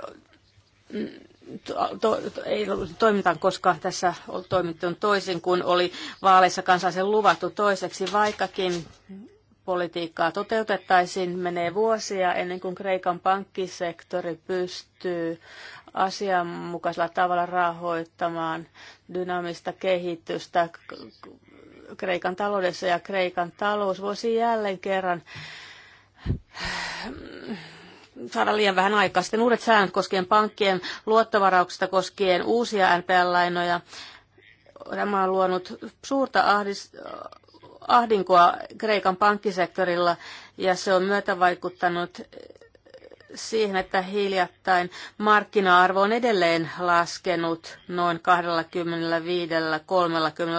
to, to, ei toimitaan, koska tässä on toimittu toisin kuin oli vaaleissa kansallisen luvattu toiseksi, vaikkakin politiikkaa toteutettaisiin, menee vuosia ennen kuin Kreikan pankkisektori pystyy asianmukaisella tavalla rahoittamaan dynaamista kehitystä Kreikan taloudessa ja Kreikan talous voisi jälleen kerran saada liian vähän aikaa. Sitten uudet säännöt koskien pankkien luottovarauksista koskien uusia NPL-lainoja. Tämä on luonut suurta ahdis- ahdinkoa Kreikan pankkisektorilla ja se on myötävaikuttanut siihen, että hiljattain markkina-arvo on edelleen laskenut noin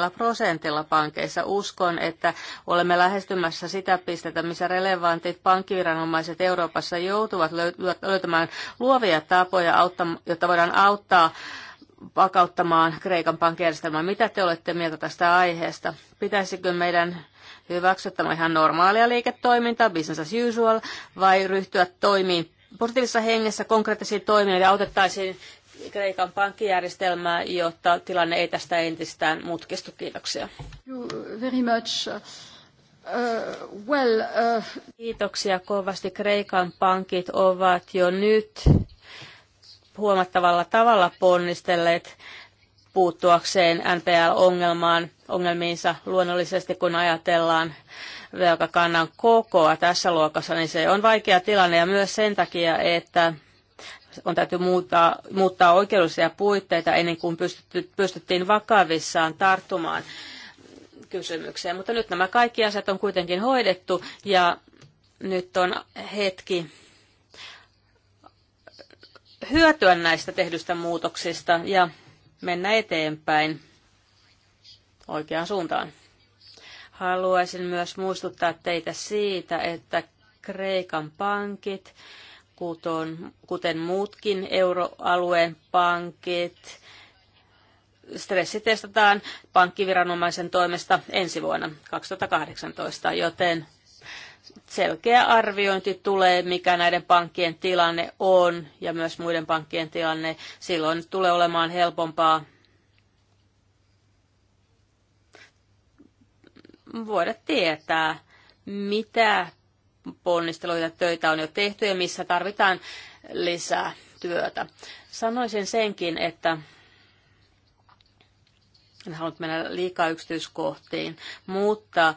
25-30 prosentilla pankeissa. Uskon, että olemme lähestymässä sitä pistettä, missä relevantit pankkiviranomaiset Euroopassa joutuvat löytämään luovia tapoja, jotta voidaan auttaa vakauttamaan Kreikan pankkijärjestelmää. Mitä te olette mieltä tästä aiheesta? Pitäisikö meidän hyväksyttämään ihan normaalia liiketoimintaa, business as usual, vai ryhtyä toimiin positiivisessa hengessä konkreettisiin toimiin ja autettaisiin Kreikan pankkijärjestelmää, jotta tilanne ei tästä entistään mutkistu. Kiitoksia. very much. Uh, well, uh... Kiitoksia kovasti. Kreikan pankit ovat jo nyt huomattavalla tavalla ponnistelleet puuttuakseen NPL-ongelmaan, ongelmiinsa luonnollisesti, kun ajatellaan velkakannan kokoa tässä luokassa, niin se on vaikea tilanne ja myös sen takia, että on täytyy muuttaa, muuttaa oikeudellisia puitteita ennen kuin pystytty, pystyttiin vakavissaan tarttumaan kysymykseen. Mutta nyt nämä kaikki asiat on kuitenkin hoidettu ja nyt on hetki hyötyä näistä tehdyistä muutoksista ja mennä eteenpäin oikeaan suuntaan. Haluaisin myös muistuttaa teitä siitä, että Kreikan pankit, kuten muutkin euroalueen pankit, stressitestataan pankkiviranomaisen toimesta ensi vuonna 2018, joten selkeä arviointi tulee, mikä näiden pankkien tilanne on ja myös muiden pankkien tilanne. Silloin tulee olemaan helpompaa voida tietää, mitä ponnisteluita töitä on jo tehty ja missä tarvitaan lisää työtä. Sanoisin senkin, että en halunnut mennä liikaa yksityiskohtiin, mutta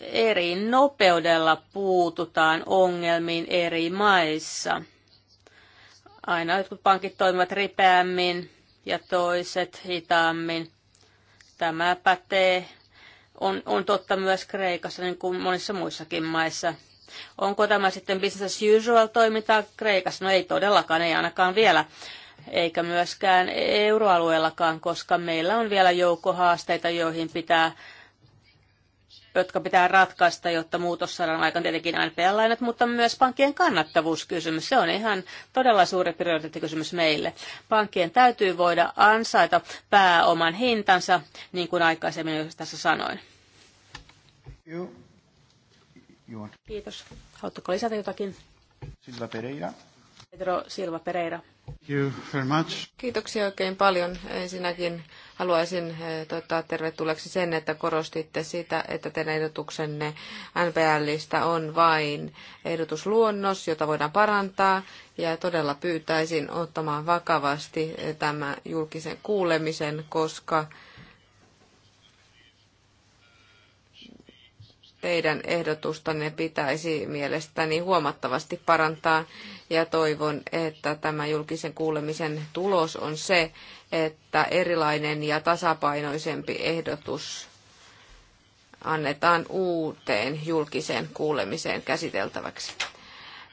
eri nopeudella puututaan ongelmiin eri maissa. Aina jotkut pankit toimivat ripeämmin ja toiset hitaammin. Tämä pätee, on, on totta myös Kreikassa niin kuin monissa muissakin maissa. Onko tämä sitten business as usual toimintaa Kreikassa? No ei todellakaan, ei ainakaan vielä eikä myöskään euroalueellakaan, koska meillä on vielä joukko haasteita, joihin pitää jotka pitää ratkaista, jotta muutos saadaan aikaan tietenkin NPL-lainat, mutta myös pankkien kannattavuuskysymys. Se on ihan todella suuri prioriteettikysymys meille. Pankkien täytyy voida ansaita pääoman hintansa, niin kuin aikaisemmin jo tässä sanoin. Kiitos. Haluatteko lisätä jotakin? Silva Pereira. Pedro Silva Pereira. Thank you very much. Kiitoksia oikein paljon ensinnäkin Haluaisin eh, toivottaa tervetulleeksi sen, että korostitte sitä, että teidän ehdotuksenne NPListä on vain ehdotusluonnos, jota voidaan parantaa, ja todella pyytäisin ottamaan vakavasti eh, tämän julkisen kuulemisen, koska Teidän ehdotustanne pitäisi mielestäni huomattavasti parantaa ja toivon, että tämä julkisen kuulemisen tulos on se, että erilainen ja tasapainoisempi ehdotus annetaan uuteen julkiseen kuulemiseen käsiteltäväksi.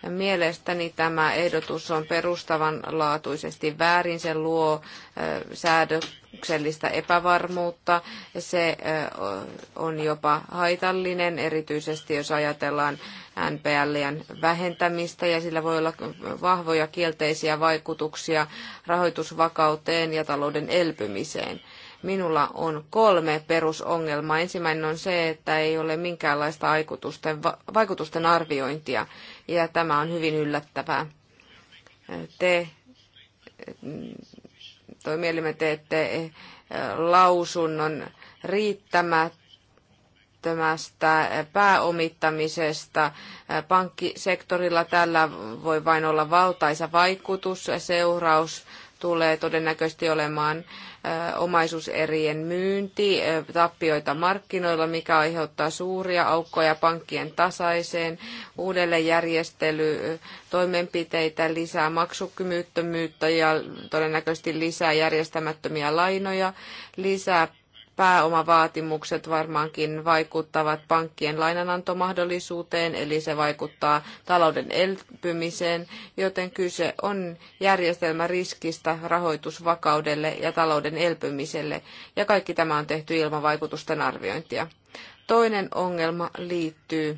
Mielestäni tämä ehdotus on perustavanlaatuisesti väärin. Se luo säädöksellistä epävarmuutta. Se on jopa haitallinen, erityisesti jos ajatellaan NPLien vähentämistä ja sillä voi olla vahvoja kielteisiä vaikutuksia rahoitusvakauteen ja talouden elpymiseen minulla on kolme perusongelmaa. Ensimmäinen on se, että ei ole minkäänlaista vaikutusten, arviointia ja tämä on hyvin yllättävää. Te toimielimet teette eh, lausunnon riittämättömästä pääomittamisesta. Pankkisektorilla tällä voi vain olla valtaisa vaikutus. Seuraus tulee todennäköisesti olemaan omaisuuserien myynti, tappioita markkinoilla, mikä aiheuttaa suuria aukkoja pankkien tasaiseen, uudelleenjärjestely, toimenpiteitä, lisää maksukyvyttömyyttä ja todennäköisesti lisää järjestämättömiä lainoja, lisää pääomavaatimukset varmaankin vaikuttavat pankkien lainanantomahdollisuuteen, eli se vaikuttaa talouden elpymiseen, joten kyse on järjestelmäriskistä rahoitusvakaudelle ja talouden elpymiselle, ja kaikki tämä on tehty ilman vaikutusten arviointia. Toinen ongelma liittyy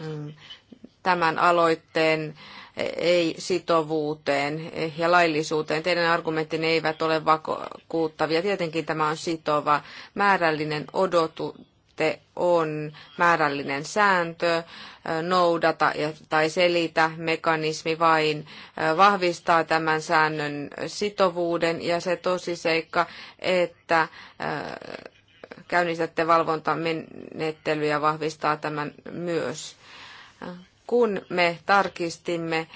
mm, tämän aloitteen ei-sitovuuteen ja laillisuuteen. Teidän argumenttinne eivät ole vakuuttavia. Tietenkin tämä on sitova. Määrällinen odotus on määrällinen sääntö, noudata tai selitä mekanismi vain vahvistaa tämän säännön sitovuuden ja se tosiseikka, että käynnistätte valvontamenettelyä vahvistaa tämän myös kun me tarkistimme eh,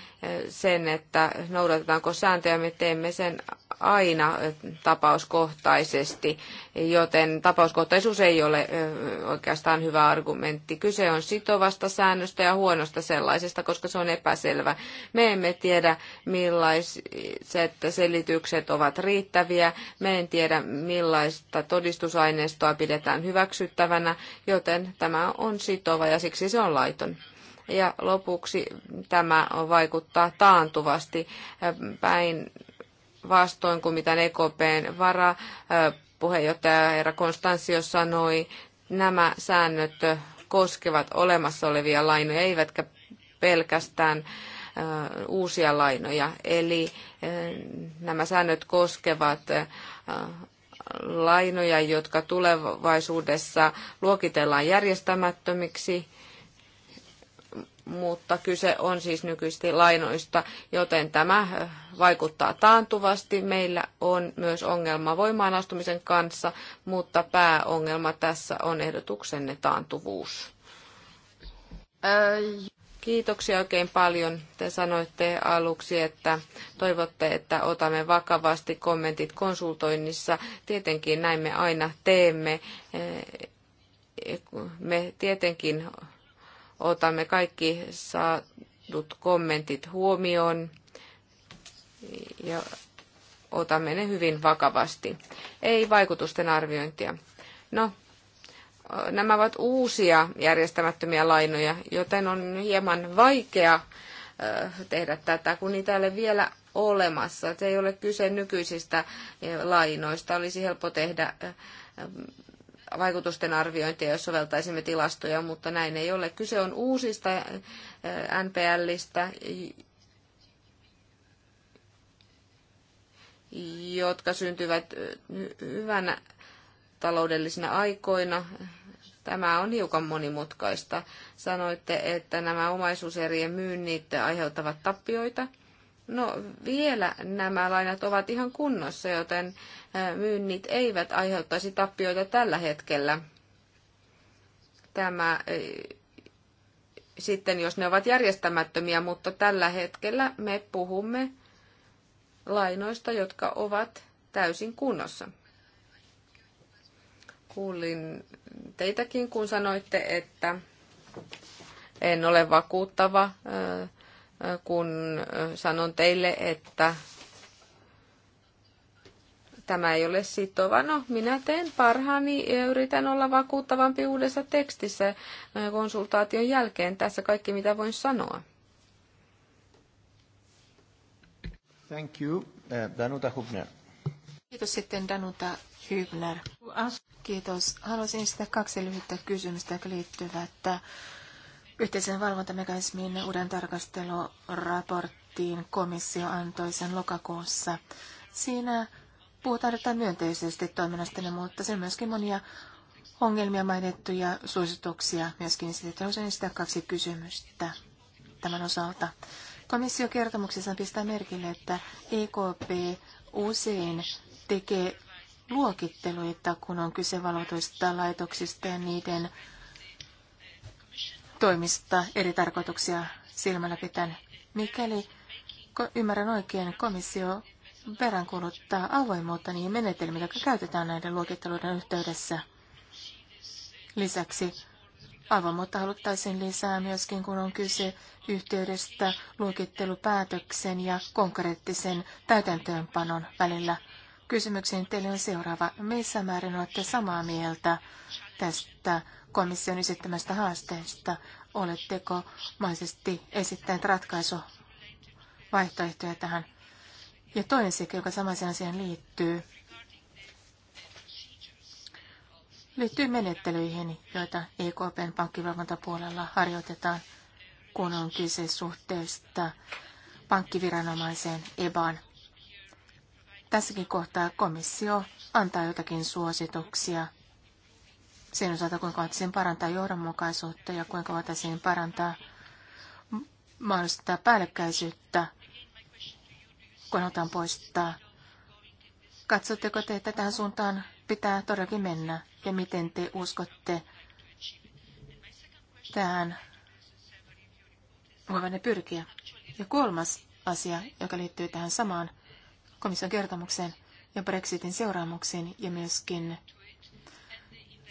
sen, että noudatetaanko sääntöjä, me teemme sen aina eh, tapauskohtaisesti, joten tapauskohtaisuus ei ole eh, oikeastaan hyvä argumentti. Kyse on sitovasta säännöstä ja huonosta sellaisesta, koska se on epäselvä. Me emme tiedä, millaiset selitykset ovat riittäviä, me en tiedä, millaista todistusaineistoa pidetään hyväksyttävänä, joten tämä on sitova ja siksi se on laiton. Ja lopuksi tämä vaikuttaa taantuvasti eh, päin vastoin kuin mitä EKPn vara eh, puheenjohtaja herra Konstanssio sanoi, nämä säännöt koskevat olemassa olevia lainoja, eivätkä pelkästään eh, uusia lainoja. Eli nämä säännöt koskevat lainoja, jotka tulevaisuudessa luokitellaan järjestämättömiksi mutta kyse on siis nykyisesti lainoista, joten tämä äh, vaikuttaa taantuvasti. Meillä on myös ongelma voimaan astumisen kanssa, mutta pääongelma tässä on ehdotuksenne taantuvuus. Kiitoksia oikein paljon. Te sanoitte aluksi, että toivotte, että otamme vakavasti kommentit konsultoinnissa. Tietenkin näin me aina teemme. Me tietenkin Otamme kaikki saadut kommentit huomioon ja otamme ne hyvin vakavasti. Ei vaikutusten arviointia. No, nämä ovat uusia järjestämättömiä lainoja, joten on hieman vaikea eh, tehdä tätä, kun niitä ei ole vielä olemassa. Se ei ole kyse nykyisistä eh, lainoista. Olisi helppo tehdä eh, vaikutusten arviointia, jos soveltaisimme tilastoja, mutta näin ei ole. Kyse on uusista NPListä, jotka syntyvät hyvänä taloudellisina aikoina. Tämä on hiukan monimutkaista. Sanoitte, että nämä omaisuuserien myynnit aiheuttavat tappioita – No vielä nämä lainat ovat ihan kunnossa, joten myynnit eivät aiheuttaisi tappioita tällä hetkellä. Tämä sitten, jos ne ovat järjestämättömiä, mutta tällä hetkellä me puhumme lainoista, jotka ovat täysin kunnossa. Kuulin teitäkin, kun sanoitte, että en ole vakuuttava kun sanon teille, että tämä ei ole sitova. No, minä teen parhaani ja yritän olla vakuuttavampi uudessa tekstissä eh, konsultaation jälkeen. Tässä kaikki, mitä voin sanoa. Thank you. Eh, Danuta Hubner. Kiitos sitten Danuta Hübner. Kiitos. Haluaisin sitä kaksi lyhyttä kysymystä, jotka liittyvät eh, Yhteisen valvontamekanismin uuden tarkasteluraporttiin komissio antoi sen lokakuussa. Siinä puhutaan erittäin myönteisesti toiminnasta, mutta sen myöskin monia ongelmia mainittuja suosituksia myöskin esitetään usein sitä kaksi kysymystä tämän osalta. Komissio kertomuksessa pistää merkille, että EKP usein tekee luokitteluita, kun on kyse valvotuista laitoksista ja niiden toimista eri tarkoituksia silmällä pitäen. Mikäli ymmärrän oikein, komissio peräänkuuluttaa avoimuutta niihin menetelmiin, jotka käytetään näiden luokitteluiden yhteydessä. Lisäksi avoimuutta haluttaisiin lisää myöskin, kun on kyse yhteydestä luokittelupäätöksen ja konkreettisen täytäntöönpanon välillä. Kysymykseni teille on seuraava. Missä määrin olette samaa mieltä tästä komission esittämästä haasteesta? Oletteko mahdollisesti esittäneet ratkaisuvaihtoehtoja tähän? Ja toinen seikka, joka samaiseen asiaan liittyy, liittyy menettelyihin, joita EKPn pankkivalvontapuolella harjoitetaan, kun on kyse suhteesta pankkiviranomaiseen EBAan. Tässäkin kohtaa komissio antaa jotakin suosituksia sen osalta, kuinka voitaisiin parantaa johdonmukaisuutta ja kuinka voitaisiin parantaa mahdollistaa päällekkäisyyttä, kun halutaan poistaa. Katsotteko te, että tähän suuntaan pitää todellakin mennä ja miten te uskotte tähän voivanne pyrkiä? Ja kolmas asia, joka liittyy tähän samaan komission kertomukseen ja Brexitin seuraamuksiin ja myöskin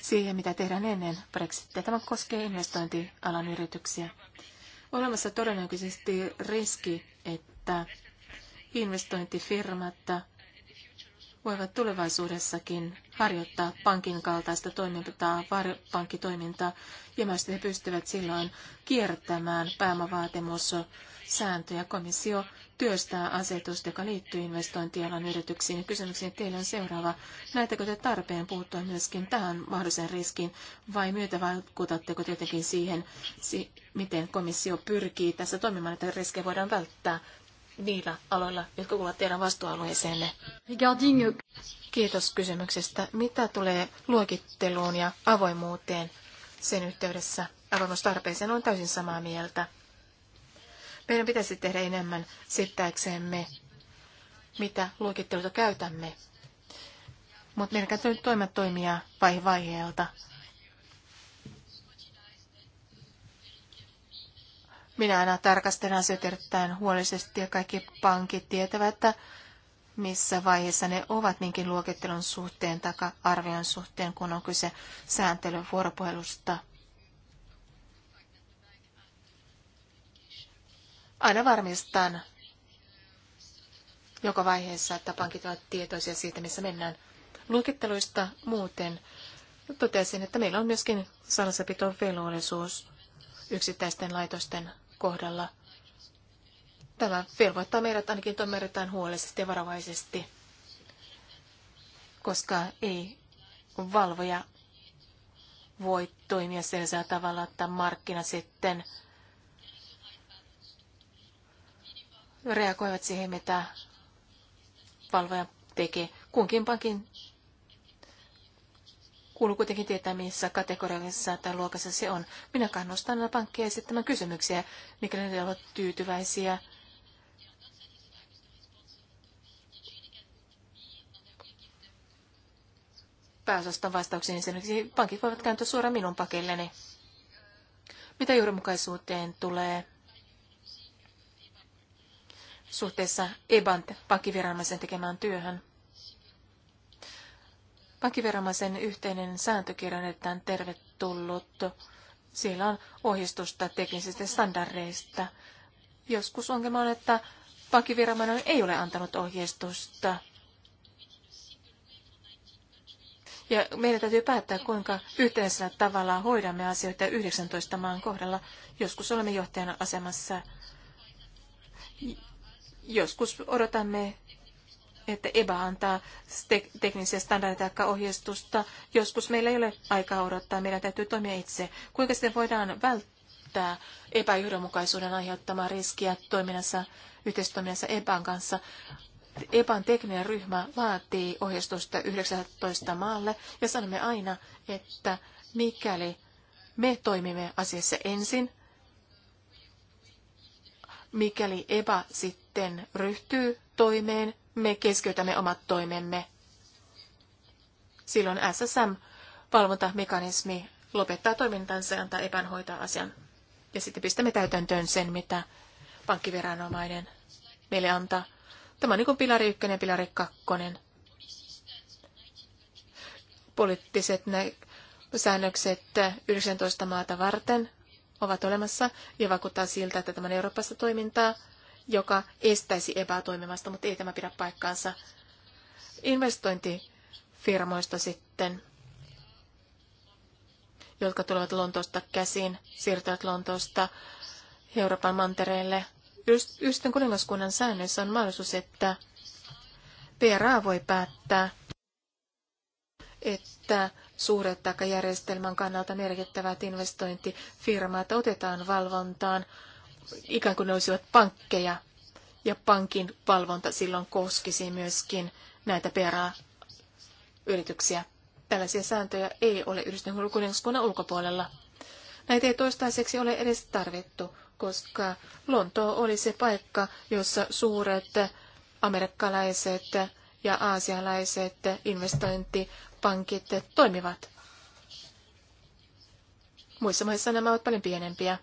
siihen, mitä tehdään ennen Brexitia. Tämä koskee investointialan yrityksiä. Olemassa todennäköisesti riski, että investointifirmat voivat tulevaisuudessakin harjoittaa pankin kaltaista toimintaa, pankkitoimintaa, ja myös he pystyvät silloin kiertämään pääomavaatimussääntöjä. Komissio työstää asetusta, joka liittyy investointialan yrityksiin. Kysymykseni teille on seuraava. Näettekö te tarpeen puuttua myöskin tähän mahdolliseen riskiin vai myötävaikutatteko tietenkin siihen, miten komissio pyrkii tässä toimimaan, että riskejä voidaan välttää niillä aloilla, jotka kuuluvat teidän vastuualueeseenne? Kiitos kysymyksestä. Mitä tulee luokitteluun ja avoimuuteen sen yhteydessä? Avoimuustarpeeseen on täysin samaa mieltä. Meidän pitäisi tehdä enemmän sittääksemme, mitä luokitteluta käytämme. Mutta meidän täytyy toimia toimia vaihe vaiheelta. Minä aina tarkastelen asioita erittäin huolellisesti ja kaikki pankit tietävät, että missä vaiheessa ne ovat minkin luokittelun suhteen tai arvion suhteen, kun on kyse sääntelyn vuoropuhelusta – Aina varmistan joka vaiheessa, että pankit ovat tietoisia siitä, missä mennään. Luokitteluista muuten totesin, että meillä on myöskin salassapitovelvollisuus yksittäisten laitosten kohdalla. Tämä velvoittaa meidät ainakin toimitaan huolellisesti ja varovaisesti, koska ei valvoja voi toimia sellaisella tavalla, että markkina sitten reagoivat siihen, mitä valvoja tekee. Kunkin pankin kuuluu kuitenkin tietää, missä kategoriassa tai luokassa se on. Minä kannustan näitä pankkeja esittämään kysymyksiä, mikäli ne ovat tyytyväisiä. Pääosaston vastauksia esimerkiksi pankit voivat kääntyä suoraan minun pakelleni. Mitä juurimukaisuuteen tulee, suhteessa EBAN pankkiviranomaisen tekemään työhön. Pankkiviranomaisen yhteinen sääntökirja on erittäin tervetullut. Siellä on ohjeistusta teknisistä standardeista. Joskus ongelma on, että pankkiviranomainen ei ole antanut ohjeistusta. Ja meidän täytyy päättää, kuinka yhteisellä tavalla hoidamme asioita 19 maan kohdalla. Joskus olemme johtajan asemassa joskus odotamme, että EBA antaa teknisiä standardeja tai ohjeistusta. Joskus meillä ei ole aikaa odottaa, meidän täytyy toimia itse. Kuinka sitten voidaan välttää epäjohdonmukaisuuden aiheuttamaa riskiä toiminnassa, yhteistoiminnassa EBAn kanssa? EBAn tekninen ryhmä laatii ohjeistusta 19 maalle ja sanomme aina, että mikäli me toimimme asiassa ensin, mikäli EBA sitten sitten ryhtyy toimeen, me keskeytämme omat toimemme. Silloin SSM-valvontamekanismi lopettaa toimintansa ja antaa epänhoitaa asian. Ja sitten pistämme täytäntöön sen, mitä pankkiviranomainen meille antaa. Tämä on niin kuin pilari ykkönen, pilari kakkonen. Poliittiset nä- säännökset 19 maata varten ovat olemassa ja vakuuttaa siltä, että tämä on Euroopassa toimintaa joka estäisi epätoimimasta, mutta ei tämä pidä paikkaansa. Investointifirmoista sitten, jotka tulevat Lontoosta käsiin, siirtyvät Lontoosta Euroopan mantereelle. Yhdistön kuningaskunnan säännöissä on mahdollisuus, että PRA voi päättää, että suuret takajärjestelmän järjestelmän kannalta merkittävät investointifirmat otetaan valvontaan ikään kuin ne olisivat pankkeja, ja pankin valvonta silloin koskisi myöskin näitä PRA-yrityksiä. Tällaisia sääntöjä ei ole yhdistyneen kuningaskunnan ulkopuolella. Näitä ei toistaiseksi ole edes tarvittu, koska Lonto oli se paikka, jossa suuret amerikkalaiset ja aasialaiset investointipankit toimivat. Muissa maissa nämä ovat paljon pienempiä.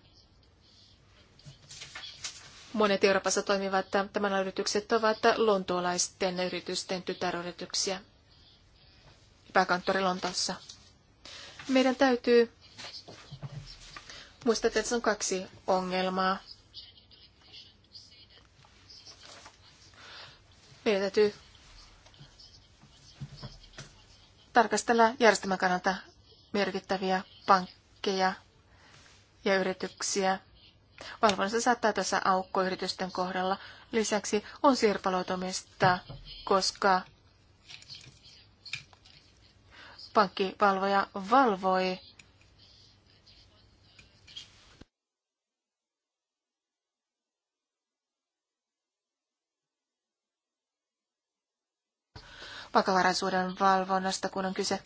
Monet Euroopassa toimivat tämän yritykset ovat lontoolaisten yritysten tytäryrityksiä pääkanttori Lontoossa. Meidän täytyy muistaa, että tässä on kaksi ongelmaa. Meidän täytyy tarkastella järjestelmän kannalta merkittäviä pankkeja ja yrityksiä Valvonnassa saattaa tässä aukko yritysten kohdalla. Lisäksi on sirpaloitumista, koska pankkivalvoja valvoi vakavaraisuuden valvonnasta, kun on kyse.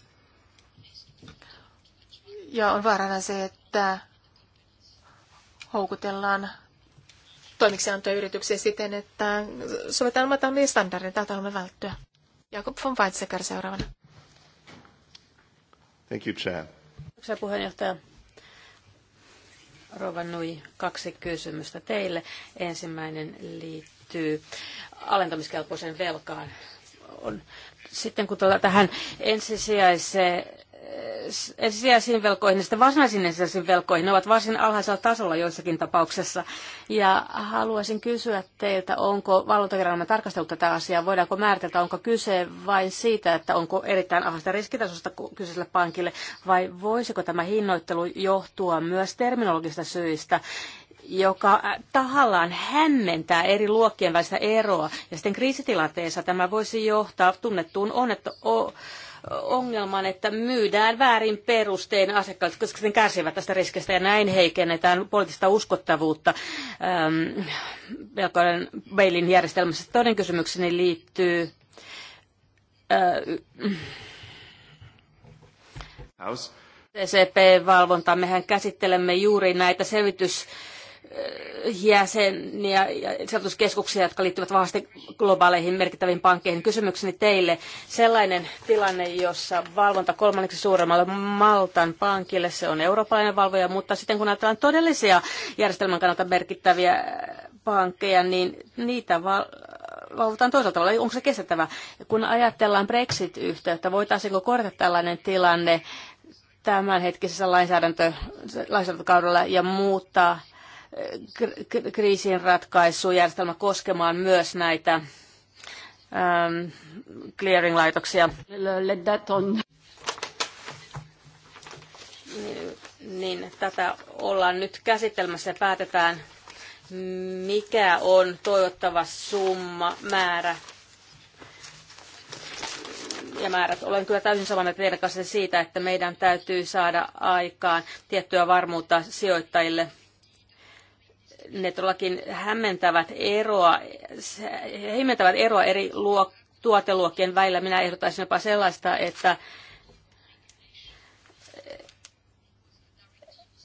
Ja on vaarana se, että houkutellaan toimiksiantoyrityksiä siten, että sovitaan matalia standardin, Tältä haluamme välttyä. Jakob von Weizsäcker seuraavana. Thank you, Chair. Kiitoksia puheenjohtaja. Rova Nui, kaksi kysymystä teille. Ensimmäinen liittyy alentamiskelpoisen velkaan. On sitten kun tuota tähän ensisijaiseen ensisijaisiin eh, velkoihin ja sitten varsinaisiin ensisijaisiin velkoihin. Ne ovat varsin alhaisella tasolla joissakin tapauksessa. Ja haluaisin kysyä teiltä, onko valvontaviranomainen tarkastellut tätä asiaa? Voidaanko määritellä, onko kyse vain siitä, että onko erittäin alhaista riskitasosta kyseiselle pankille, vai voisiko tämä hinnoittelu johtua myös terminologisista syistä? joka tahallaan hämmentää eri luokkien välistä eroa. Ja sitten kriisitilanteessa tämä voisi johtaa tunnettuun onnettomuuteen ongelman, että myydään väärin perustein asiakkaille, koska ne kärsivät tästä riskistä ja näin heikennetään poliittista uskottavuutta ähm, velkojen bailin järjestelmässä. Toinen kysymykseni liittyy äh, CCP-valvontaan. Mehän käsittelemme juuri näitä selvitys jäseniä ja sijoituskeskuksia, jotka liittyvät vahvasti globaaleihin merkittäviin pankkeihin. Kysymykseni teille, sellainen tilanne, jossa valvonta kolmanneksi suuremmalle Maltan pankille, se on eurooppalainen valvoja, mutta sitten kun ajatellaan todellisia järjestelmän kannalta merkittäviä pankkeja, niin niitä val- valvotaan toisella tavalla. Onko se kestettävä? Kun ajatellaan Brexit-yhteyttä, voitaisiinko korjata tällainen tilanne tämänhetkisessä lainsäädäntö, lainsäädäntökaudella ja muuttaa kriisinratkaisujärjestelmä koskemaan myös näitä ähm, clearing-laitoksia. Niin, tätä ollaan nyt käsittelemässä ja päätetään, mikä on toivottava summa, määrä ja määrät. Olen kyllä täysin samaa teidän kanssa siitä, että meidän täytyy saada aikaan tiettyä varmuutta sijoittajille – ne todellakin hämmentävät eroa, hämmentävät eroa eri luok- tuoteluokkien välillä. Minä ehdottaisin jopa sellaista, että,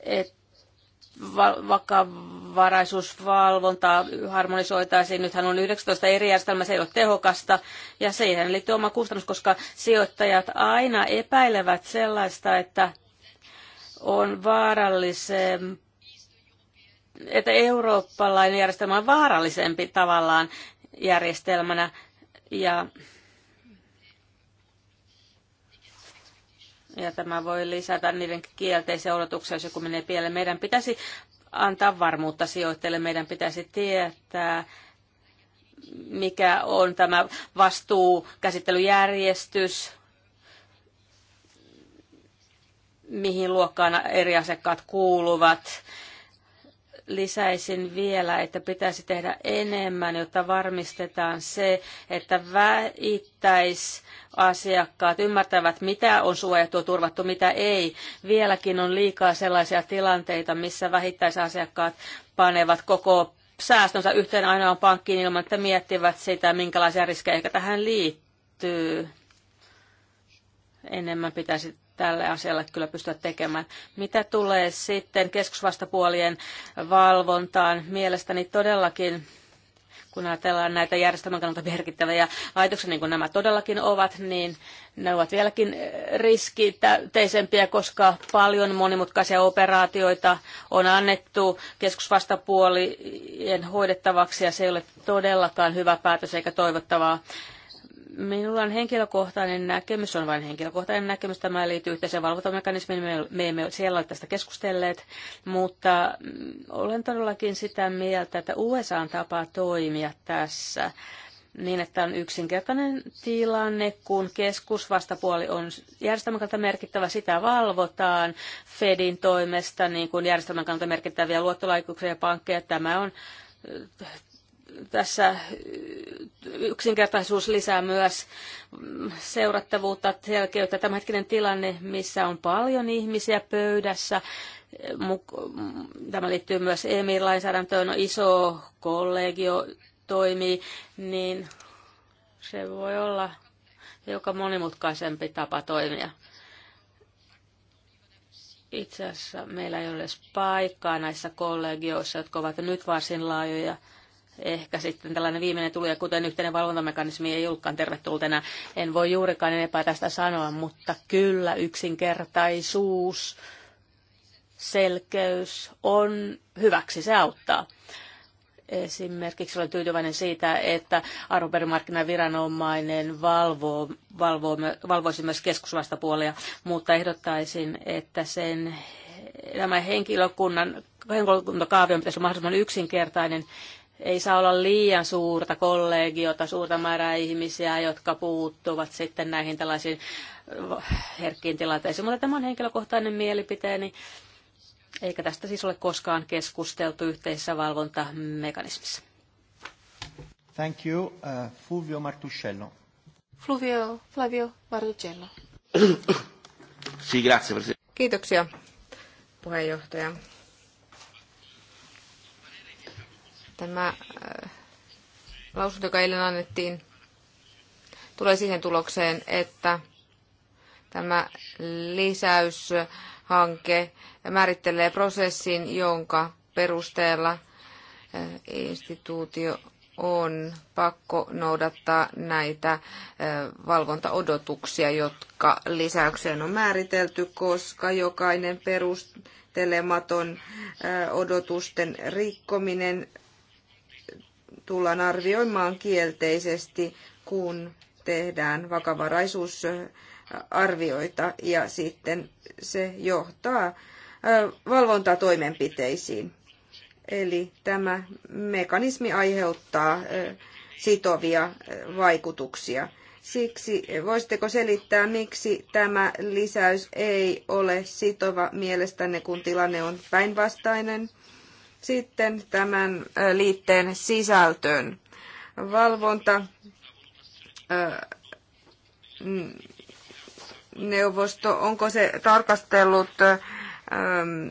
että vakavaraisuusvalvontaa harmonisoitaisiin. Nythän on 19 eri järjestelmä, se ei ole tehokasta ja siihen liittyy oma kustannus, koska sijoittajat aina epäilevät sellaista, että on vaarallisempaa että eurooppalainen järjestelmä on vaarallisempi tavallaan järjestelmänä ja ja tämä voi lisätä niiden kielteisiä odotuksia, jos joku menee pieleen. Meidän pitäisi antaa varmuutta sijoittajille, meidän pitäisi tietää, mikä on tämä vastuukäsittelyjärjestys, mihin luokkaan eri asiakkaat kuuluvat, lisäisin vielä, että pitäisi tehdä enemmän, jotta varmistetaan se, että asiakkaat ymmärtävät, mitä on suojattu ja turvattu, mitä ei. Vieläkin on liikaa sellaisia tilanteita, missä vähittäisasiakkaat panevat koko säästönsä yhteen ainoaan pankkiin ilman, että miettivät sitä, minkälaisia riskejä ehkä tähän liittyy. Enemmän pitäisi tälle asialle kyllä pystyä tekemään. Mitä tulee sitten keskusvastapuolien valvontaan, mielestäni todellakin kun ajatellaan näitä järjestelmän kannalta merkittäviä laitoksia, niin kuin nämä todellakin ovat, niin ne ovat vieläkin riskiteisempiä, koska paljon monimutkaisia operaatioita on annettu keskusvastapuolien hoidettavaksi, ja se ei ole todellakaan hyvä päätös eikä toivottavaa Minulla on henkilökohtainen näkemys, on vain henkilökohtainen näkemys. Tämä liittyy yhteiseen valvontamekanismiin, me emme siellä ole tästä keskustelleet, mutta mm, olen todellakin sitä mieltä, että USA on tapa toimia tässä niin, että on yksinkertainen tilanne, kun keskusvastapuoli on järjestelmän kannalta merkittävä, sitä valvotaan Fedin toimesta, niin kuin järjestelmän kannalta merkittäviä luottolaitoksia ja pankkeja. Tämä on tässä äh, yksinkertaisuus lisää myös seurattavuutta, selkeyttä. Tämänhetkinen tilanne, missä on paljon ihmisiä pöydässä, äh, mm, tämä liittyy myös EMI-lainsäädäntöön, no iso kollegio toimii, niin se voi olla joka monimutkaisempi tapa toimia. Itse asiassa meillä ei ole edes paikkaa näissä kollegioissa, jotka ovat nyt varsin laajoja ehkä sitten tällainen viimeinen tuli, ja kuten yhteinen valvontamekanismi ei ollutkaan tervetullut enää. En voi juurikaan enempää tästä sanoa, mutta kyllä yksinkertaisuus, selkeys on hyväksi, se auttaa. Esimerkiksi olen tyytyväinen siitä, että viranomainen valvoo, valvoo, valvoisi myös keskusvastapuolia, mutta ehdottaisin, että sen, nämä henkilökunnan henkilökuntakaavion pitäisi olla mahdollisimman yksinkertainen ei saa olla liian suurta kollegiota, suurta määrää ihmisiä, jotka puuttuvat sitten näihin tällaisiin äh, herkkiin tilanteisiin. Mutta tämä on henkilökohtainen mielipiteeni, eikä tästä siis ole koskaan keskusteltu yhteisessä valvontamekanismissa. Thank you, uh, Fulvio Martuscello. Fluvio, Flavio Martuscello. sì, grazie, Kiitoksia, puheenjohtaja. Tämä äh, lausunto, joka eilen annettiin, tulee siihen tulokseen, että tämä lisäyshanke määrittelee prosessin, jonka perusteella äh, instituutio on pakko noudattaa näitä äh, valvontaodotuksia, jotka lisäykseen on määritelty, koska jokainen perustelematon odotusten rikkominen tullaan arvioimaan kielteisesti, kun tehdään vakavaraisuusarvioita ja sitten se johtaa valvontatoimenpiteisiin. Eli tämä mekanismi aiheuttaa sitovia vaikutuksia. Siksi voisitteko selittää, miksi tämä lisäys ei ole sitova mielestänne, kun tilanne on päinvastainen? Sitten tämän liitteen sisältöön. Valvonta neuvosto, onko se tarkastellut Ähm,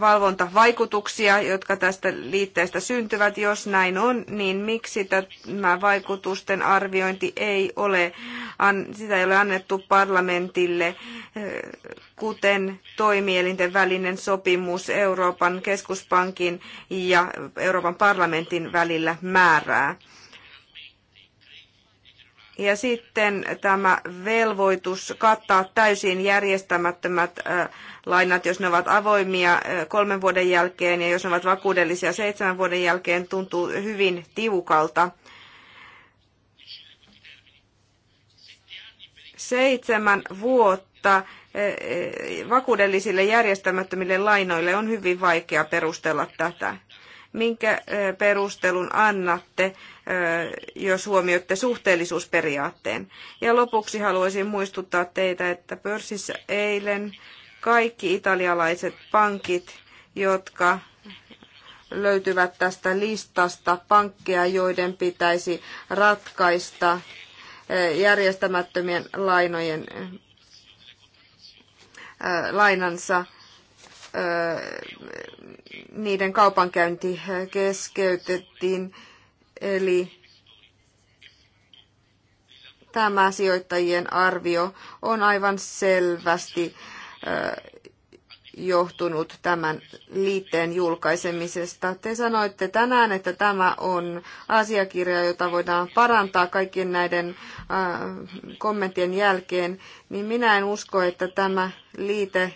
valvontavaikutuksia, jotka tästä liitteestä syntyvät. Jos näin on, niin miksi tämä vaikutusten arviointi ei ole, sitä ei ole annettu parlamentille, äh, kuten toimielinten välinen sopimus Euroopan keskuspankin ja Euroopan parlamentin välillä määrää? Ja sitten tämä velvoitus kattaa täysin järjestämättömät lainat, jos ne ovat avoimia kolmen vuoden jälkeen ja jos ne ovat vakuudellisia seitsemän vuoden jälkeen, tuntuu hyvin tiukalta. Seitsemän vuotta vakuudellisille järjestämättömille lainoille on hyvin vaikea perustella tätä. Minkä perustelun annatte, jos huomioitte suhteellisuusperiaatteen? Ja lopuksi haluaisin muistuttaa teitä, että pörssissä eilen kaikki italialaiset pankit, jotka löytyvät tästä listasta pankkeja, joiden pitäisi ratkaista järjestämättömien lainojen lainansa – niiden kaupankäynti keskeytettiin. Eli tämä sijoittajien arvio on aivan selvästi johtunut tämän liitteen julkaisemisesta. Te sanoitte tänään, että tämä on asiakirja, jota voidaan parantaa kaikkien näiden kommenttien jälkeen, niin minä en usko, että tämä liite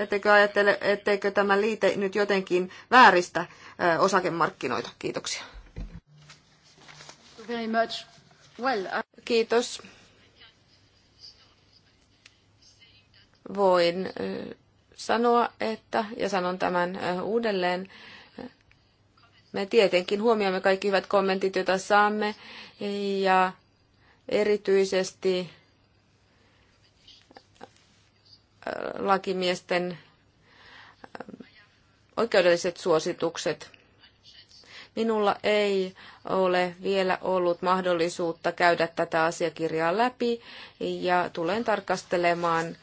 Ettekö ajattele, etteikö tämä liite nyt jotenkin vääristä osakemarkkinoita? Kiitoksia. Very much. Well, I... Kiitos. Voin sanoa, että, ja sanon tämän uudelleen, me tietenkin huomioimme kaikki hyvät kommentit, joita saamme, ja erityisesti lakimiesten ähm, oikeudelliset suositukset. Minulla ei ole vielä ollut mahdollisuutta käydä tätä asiakirjaa läpi ja tulen tarkastelemaan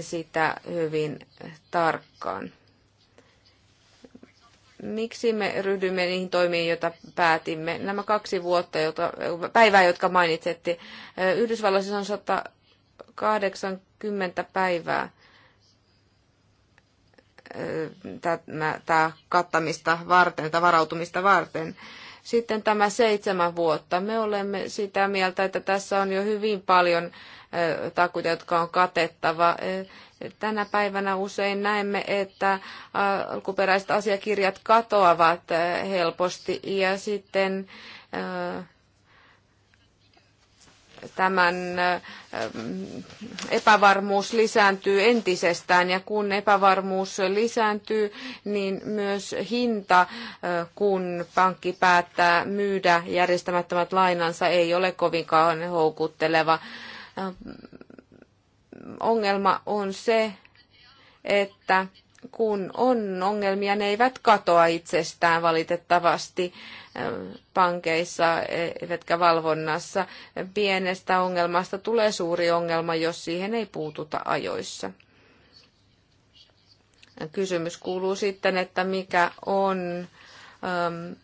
sitä hyvin tarkkaan. Miksi me ryhdymme niihin toimiin, joita päätimme? Nämä kaksi vuotta, jota, päivää, jotka mainitsette. Yhdysvalloissa on 180 päivää tätä kattamista varten, tätä varautumista varten. Sitten tämä seitsemän vuotta. Me olemme sitä mieltä, että tässä on jo hyvin paljon takuita, jotka on katettava. Tänä päivänä usein näemme, että alkuperäiset asiakirjat katoavat helposti ja sitten tämän äh, epävarmuus lisääntyy entisestään ja kun epävarmuus lisääntyy, niin myös hinta, äh, kun pankki päättää myydä järjestämättömät lainansa, ei ole kovinkaan houkutteleva. Ähm, ongelma on se, että kun on ongelmia, ne eivät katoa itsestään valitettavasti pankeissa eivätkä valvonnassa. Pienestä ongelmasta tulee suuri ongelma, jos siihen ei puututa ajoissa. Kysymys kuuluu sitten, että mikä on äm,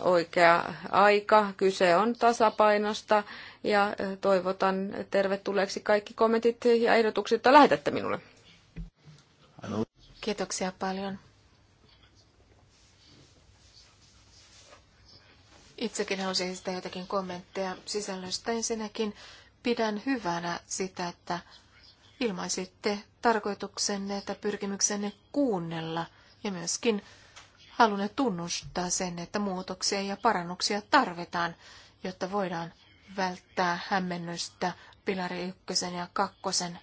oikea aika. Kyse on tasapainosta ja toivotan tervetulleeksi kaikki kommentit ja ehdotukset, joita lähetätte minulle. Kiitoksia paljon. Itsekin haluaisin esittää jotakin kommentteja sisällöstä. Ensinnäkin pidän hyvänä sitä, että ilmaisitte tarkoituksenne että pyrkimyksenne kuunnella ja myöskin halunne tunnustaa sen, että muutoksia ja parannuksia tarvitaan, jotta voidaan välttää hämmennystä pilari ykkösen ja kakkosen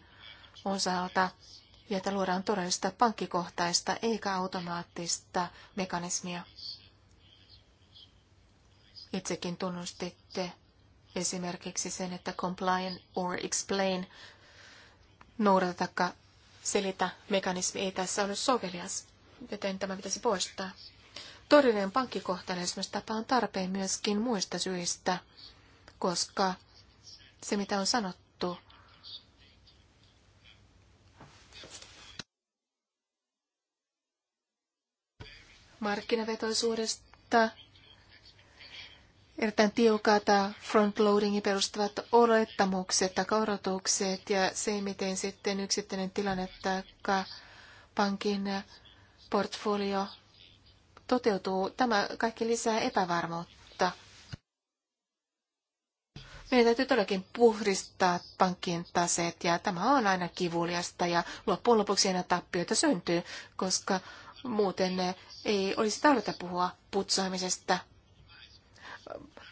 osalta ja että luodaan todellista pankkikohtaista eikä automaattista mekanismia. Itsekin tunnustitte esimerkiksi sen, että comply or explain noudatakka selitä mekanismi ei tässä ole sovelias, joten tämä pitäisi poistaa. Todellinen tapa on tarpeen myöskin muista syistä, koska se mitä on sanottu markkinavetoisuudesta erittäin tiukat frontloadingin perustuvat olettamukset tai odotukset ja se, miten sitten yksittäinen tilanne tai pankin portfolio toteutuu. Tämä kaikki lisää epävarmuutta. Meidän täytyy todellakin puhdistaa pankkien taseet ja tämä on aina kivuliasta ja loppujen lopuksi aina tappioita syntyy, koska muuten ei olisi tarvita puhua putsaamisesta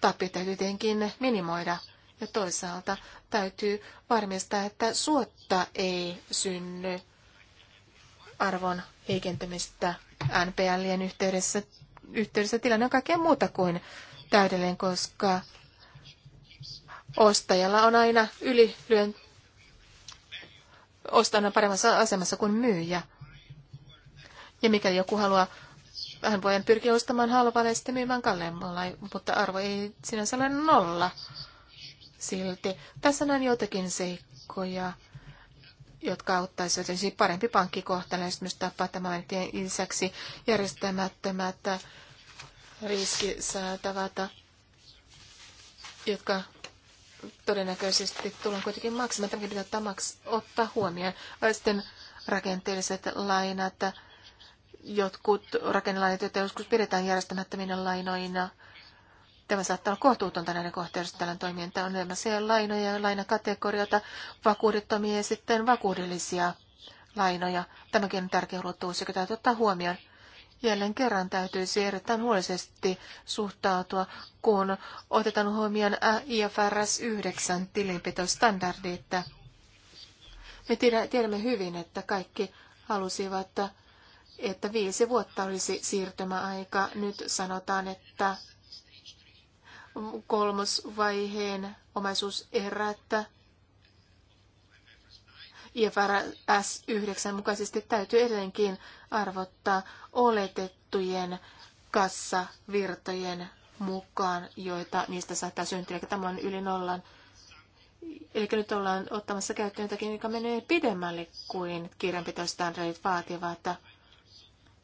Tappio täytyy tietenkin minimoida ja toisaalta täytyy varmistaa, että suotta ei synny arvon heikentymistä NPLien yhteydessä. Yhteydessä tilanne on kaikkea muuta kuin täydellinen, koska ostajalla on aina ylilyön ostajana paremmassa asemassa kuin myyjä. Ja mikäli joku haluaa hän voi pyrkiä ostamaan halvalla ja sitten myymään kalleimmalla, mutta arvo ei sinänsä ole nolla silti. Tässä näen jotakin seikkoja, jotka auttaisivat. Olisi parempi tapaa tämän lisäksi järjestämättömät riskisäätävät, jotka todennäköisesti tullaan kuitenkin maksamaan. Tämäkin pitää ottaa huomioon. Sitten rakenteelliset lainat, jotkut rakennelainat, joita joskus pidetään järjestämättöminä lainoina. Tämä saattaa olla kohtuutonta näiden kohteiden tällä toiminta on olemassa lainoja ja lainakategorioita, vakuudettomia ja sitten vakuudellisia lainoja. Tämäkin on tärkeä ulottuvuus, joka täytyy ottaa huomioon. Jälleen kerran täytyisi erittäin huolisesti suhtautua, kun otetaan huomioon IFRS 9 tilinpitostandardit. Me tiedämme hyvin, että kaikki halusivat että viisi vuotta olisi siirtymäaika. Nyt sanotaan, että kolmosvaiheen omaisuuserät IFRS 9 mukaisesti täytyy edelleenkin arvottaa oletettujen kassavirtojen mukaan, joita niistä saattaa syntyä. Eli tämä on yli nollan. Eli nyt ollaan ottamassa käyttöön jotakin, joka menee pidemmälle kuin kirjanpitostandardit vaativat.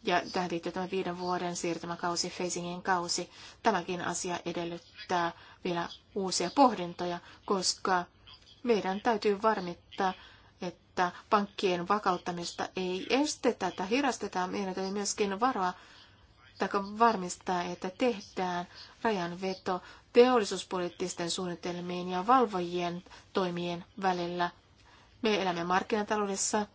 Ja tähän liittyy tämä viiden vuoden siirtymäkausi, phasingin kausi. Tämäkin asia edellyttää vielä uusia pohdintoja, koska meidän täytyy varmittaa, että pankkien vakauttamista ei estetä tai hirastetaan. Meidän täytyy myöskin varoa tai varmistaa, että tehdään rajanveto teollisuuspoliittisten suunnitelmien ja valvojien toimien välillä. Me elämme markkinataloudessa.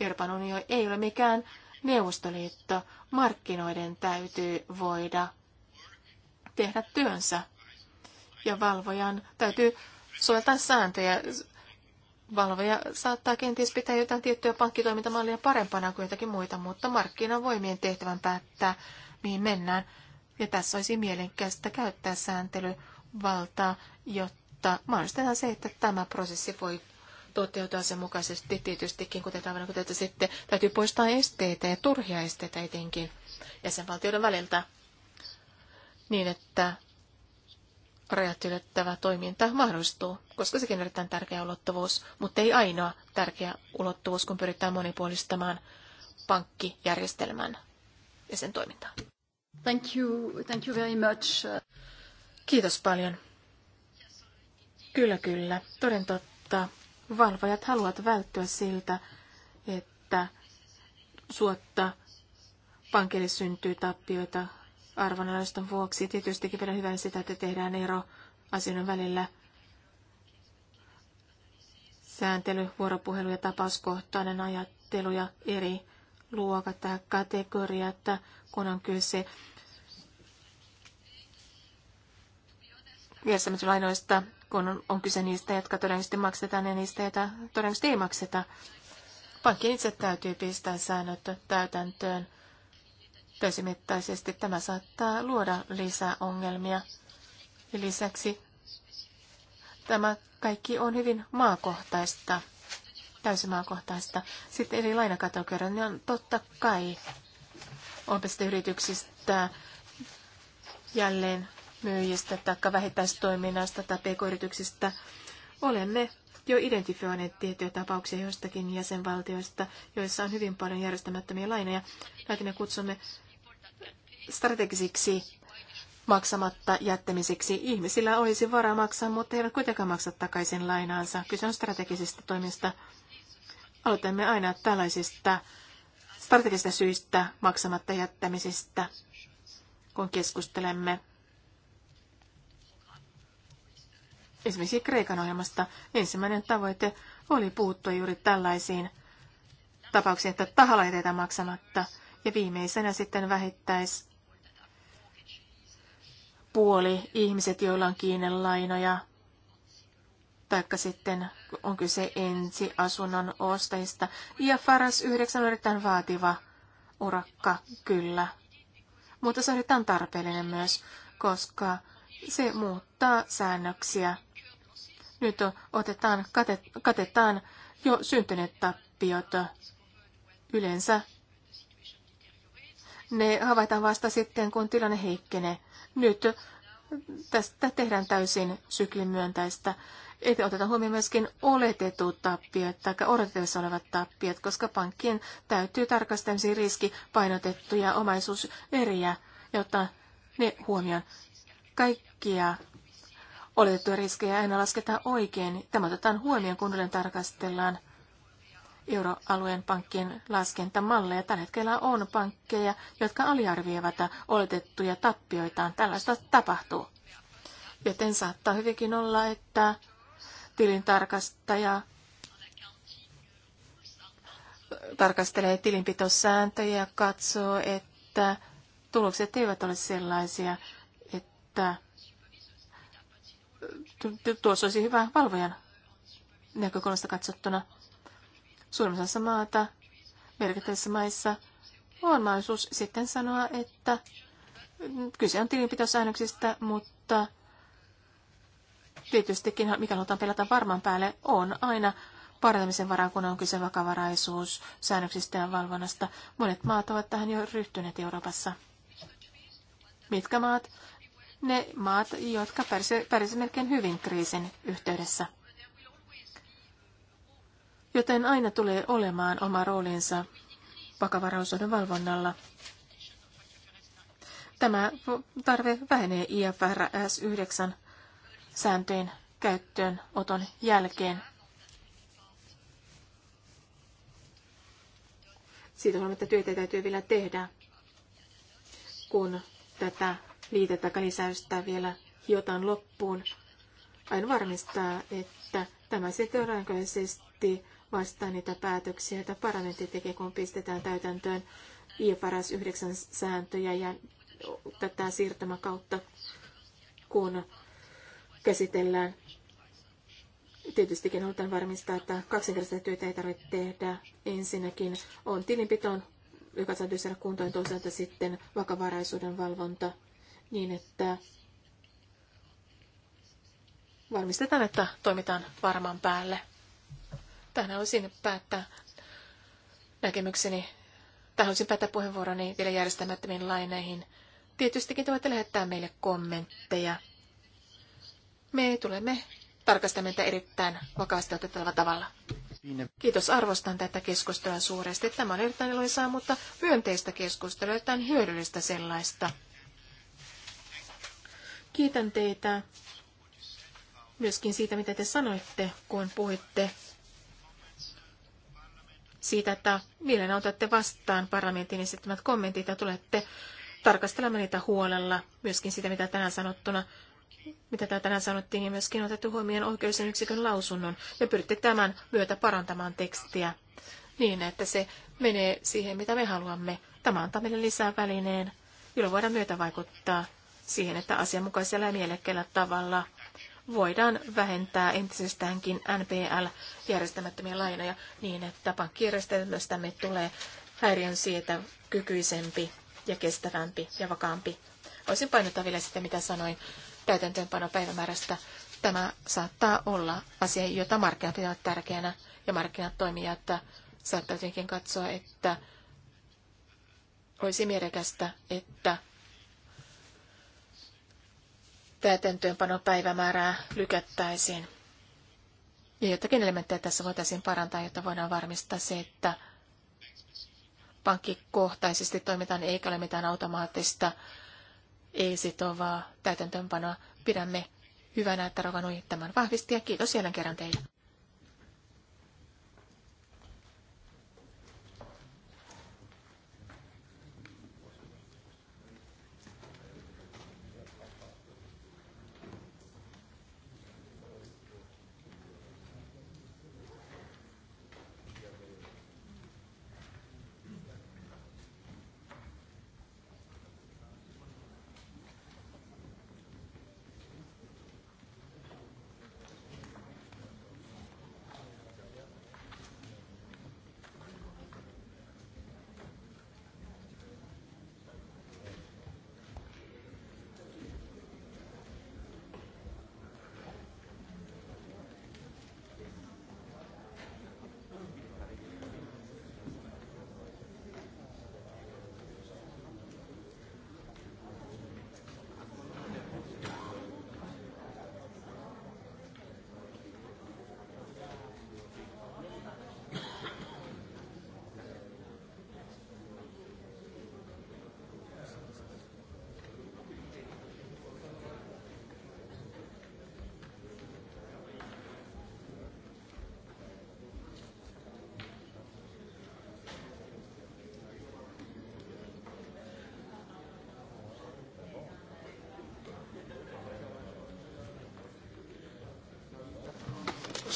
Euroopan unio ei ole mikään Neuvostoliitto, markkinoiden täytyy voida tehdä työnsä ja valvojan täytyy soveltaa sääntöjä. Valvoja saattaa kenties pitää jotain tiettyä pankkitoimintamallia parempana kuin jotakin muita, mutta markkinavoimien tehtävän päättää, mihin mennään. Ja tässä olisi mielenkiintoista käyttää sääntelyvaltaa, jotta mahdollistetaan se, että tämä prosessi voi sen mukaisesti tietystikin, kuten tavallaan kuten sitten täytyy poistaa esteitä ja turhia esteitä etenkin jäsenvaltioiden väliltä niin, että rajat ylittävä toiminta mahdollistuu, koska sekin on erittäin tärkeä ulottuvuus, mutta ei ainoa tärkeä ulottuvuus, kun pyritään monipuolistamaan pankkijärjestelmän ja sen toimintaa. Thank you, thank you very much. Kiitos paljon. Kyllä, kyllä. Toden totta valvojat haluavat välttyä siltä, että suotta pankille syntyy tappioita arvonalaiston vuoksi. Tietystikin vielä hyvän sitä, että tehdään ero asioiden välillä sääntely, vuoropuhelu ja tapauskohtainen ajattelu ja eri luokat tai kategoriat, kun on kyse viestintälainoista, kun on, on kyse niistä, jotka todennäköisesti maksetaan ja niistä, joita todennäköisesti ei makseta. Pankkien itse täytyy pistää säännöt täytäntöön täysimittaisesti. Tämä saattaa luoda lisää ongelmia. Ja lisäksi tämä kaikki on hyvin maakohtaista, täysin maakohtaista. Sitten eri lainakategoriat, niin on totta kai. Onpa yrityksistä jälleen myyjistä tai vähittäistoiminnasta tai pk-yrityksistä. Olemme jo identifioineet tiettyjä tapauksia joistakin jäsenvaltioista, joissa on hyvin paljon järjestämättömiä lainoja. Näitä me kutsumme strategisiksi maksamatta jättämiseksi. Ihmisillä olisi varaa maksaa, mutta he eivät kuitenkaan maksa takaisin lainaansa. Kyse on strategisista toimista. Aloitamme aina tällaisista strategisista syistä maksamatta jättämisistä, kun keskustelemme esimerkiksi Kreikan ohjelmasta ensimmäinen tavoite oli puuttua juuri tällaisiin tapauksiin, että tahalla jätetään maksamatta. Ja viimeisenä sitten vähittäis puoli ihmiset, joilla on kiinnelainoja, taikka sitten on kyse ensiasunnon ostajista. Ja Faras 9 on erittäin vaativa urakka, kyllä. Mutta se on erittäin tarpeellinen myös, koska se muuttaa säännöksiä nyt otetaan, katetaan jo syntyneet tappiot yleensä. Ne havaitaan vasta sitten, kun tilanne heikkenee. Nyt tästä tehdään täysin syklimyöntäistä. Ei oteta huomioon myöskin oletetut tappiot tai odotettavissa olevat tappiot, koska pankkien täytyy tarkastaa riskipainotettuja omaisuuseriä, jotta ne huomioon. Kaikkia Oletettuja riskejä aina lasketaan oikein. Tämä otetaan huomioon, kun uudelleen tarkastellaan euroalueen pankkien laskentamalleja. Tällä hetkellä on pankkeja, jotka aliarvioivat oletettuja tappioitaan. Tällaista tapahtuu. Joten saattaa hyvinkin olla, että tilintarkastaja tarkastelee tilinpitosääntöjä ja katsoo, että tulokset eivät ole sellaisia, että tuossa olisi hyvä valvojan näkökulmasta katsottuna. Suurimmassa maata, merkittävissä maissa, on mahdollisuus sitten sanoa, että kyse on tilinpitosäännöksistä, mutta tietystikin, mikä halutaan pelata varman päälle, on aina parantamisen varaa, kun on kyse vakavaraisuus säännöksistä ja valvonnasta. Monet maat ovat tähän jo ryhtyneet Euroopassa. Mitkä maat? ne maat, jotka pärsivät melkein hyvin kriisin yhteydessä. Joten aina tulee olemaan oma roolinsa vakavaraisuuden valvonnalla. Tämä tarve vähenee IFRS 9 sääntöjen oton jälkeen. Siitä huolimatta työtä täytyy vielä tehdä, kun tätä liitettä tai vielä hiotaan loppuun. Aion varmistaa, että tämä sitoudennäköisesti vastaa niitä päätöksiä, joita parlamentti tekee, kun pistetään täytäntöön IFRS 9 sääntöjä ja tätä siirtymäkautta, kun käsitellään. Tietystikin halutaan varmistaa, että kaksinkertaista työtä ei tarvitse tehdä. Ensinnäkin on tilinpitoon, joka saa saada kuntoon, toisaalta sitten vakavaraisuuden valvonta niin, että varmistetaan, että toimitaan varman päälle. Tähän olisin päättää näkemykseni, tai haluaisin päättää puheenvuoroni vielä järjestämättömiin laineihin. Tietystikin te voitte lähettää meille kommentteja. Me tulemme tarkastamaan tätä erittäin vakaasti otettavalla tavalla. Kiitos, arvostan tätä keskustelua suuresti. Tämä on erittäin iloisaa, mutta myönteistä keskustelua, erittäin hyödyllistä sellaista. Kiitän teitä myöskin siitä, mitä te sanoitte, kun puhuitte siitä, että millä otatte vastaan parlamentin esittämät kommentit ja tulette tarkastelemaan niitä huolella, myöskin sitä, mitä tänään sanottuna mitä tämä tänään sanottiin, ja myöskin otettu huomioon oikeuden yksikön lausunnon, ja pyritte tämän myötä parantamaan tekstiä niin, että se menee siihen, mitä me haluamme. Tämä antaa meille lisää välineen, jolla voidaan myötä vaikuttaa siihen, että asianmukaisella ja mielekkäällä tavalla voidaan vähentää entisestäänkin NPL-järjestämättömiä lainoja niin, että pankkijärjestelmästämme tulee häiriön sietä kykyisempi ja kestävämpi ja vakaampi. Voisin painottaa vielä sitä, mitä sanoin täytäntöönpanopäivämäärästä. Tämä saattaa olla asia, jota markkinat pitävät tärkeänä ja markkinat toimijat saattavat jotenkin katsoa, että olisi mielekästä, että täytäntöönpanopäivämäärää lykättäisiin. Ja jotakin elementtejä tässä voitaisiin parantaa, jotta voidaan varmistaa se, että pankkikohtaisesti toimitaan eikä ole mitään automaattista, ei sitovaa täytäntöönpanoa. Pidämme hyvänä, että Rovanu tämän vahvisti ja kiitos jälleen kerran teille.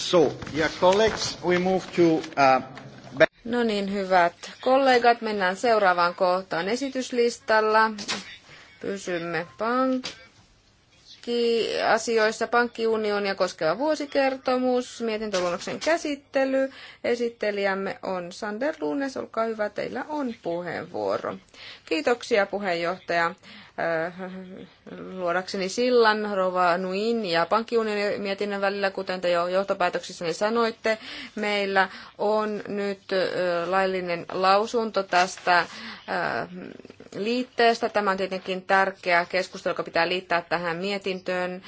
So, yeah, colleagues, we move to, uh, No niin, hyvät kollegat, mennään seuraavaan kohtaan esityslistalla. Pysymme pankki pankkiasioissa pankkiunionia koskeva vuosikertomus, mietintöluonnoksen käsittely. Esittelijämme on Sander Lunes, olkaa hyvä, teillä on puheenvuoro. Kiitoksia puheenjohtaja. Äh, luodakseni sillan Rova Nuin ja pankkiunionin mietinnön välillä, kuten te jo johtopäätöksissäni sanoitte, meillä on nyt äh, laillinen lausunto tästä äh, liitteestä. Tämä on tietenkin tärkeä keskustelu, joka pitää liittää tähän mietintöön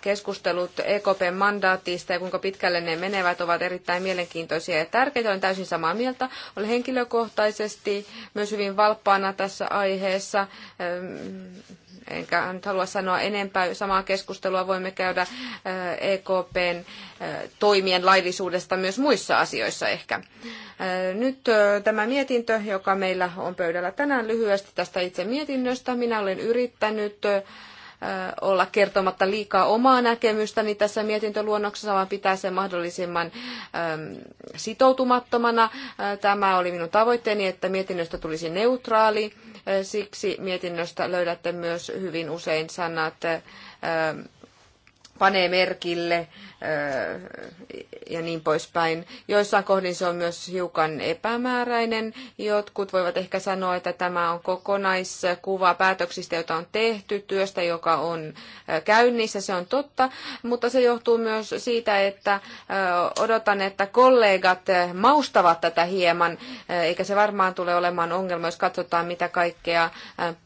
keskustelut EKPn mandaatista ja kuinka pitkälle ne menevät ovat erittäin mielenkiintoisia ja tärkeitä. Olen täysin samaa mieltä. Olen henkilökohtaisesti myös hyvin valppaana tässä aiheessa enkä nyt halua sanoa enempää. Samaa keskustelua voimme käydä äh, EKPn äh, toimien laillisuudesta myös muissa asioissa ehkä. Äh, nyt tämä mietintö, joka meillä on pöydällä tänään lyhyesti tästä itse mietinnöstä. Minä olen yrittänyt olla kertomatta liikaa omaa näkemystäni tässä mietintöluonnoksessa, vaan pitää sen mahdollisimman sitoutumattomana. Tämä oli minun tavoitteeni, että mietinnöstä tulisi neutraali. Siksi mietinnöstä löydätte myös hyvin usein sanat panee merkille ja niin poispäin. Joissain kohdin se on myös hiukan epämääräinen. Jotkut voivat ehkä sanoa, että tämä on kokonaiskuva päätöksistä, joita on tehty, työstä, joka on käynnissä, se on totta, mutta se johtuu myös siitä, että odotan, että kollegat maustavat tätä hieman, eikä se varmaan tule olemaan ongelma, jos katsotaan, mitä kaikkea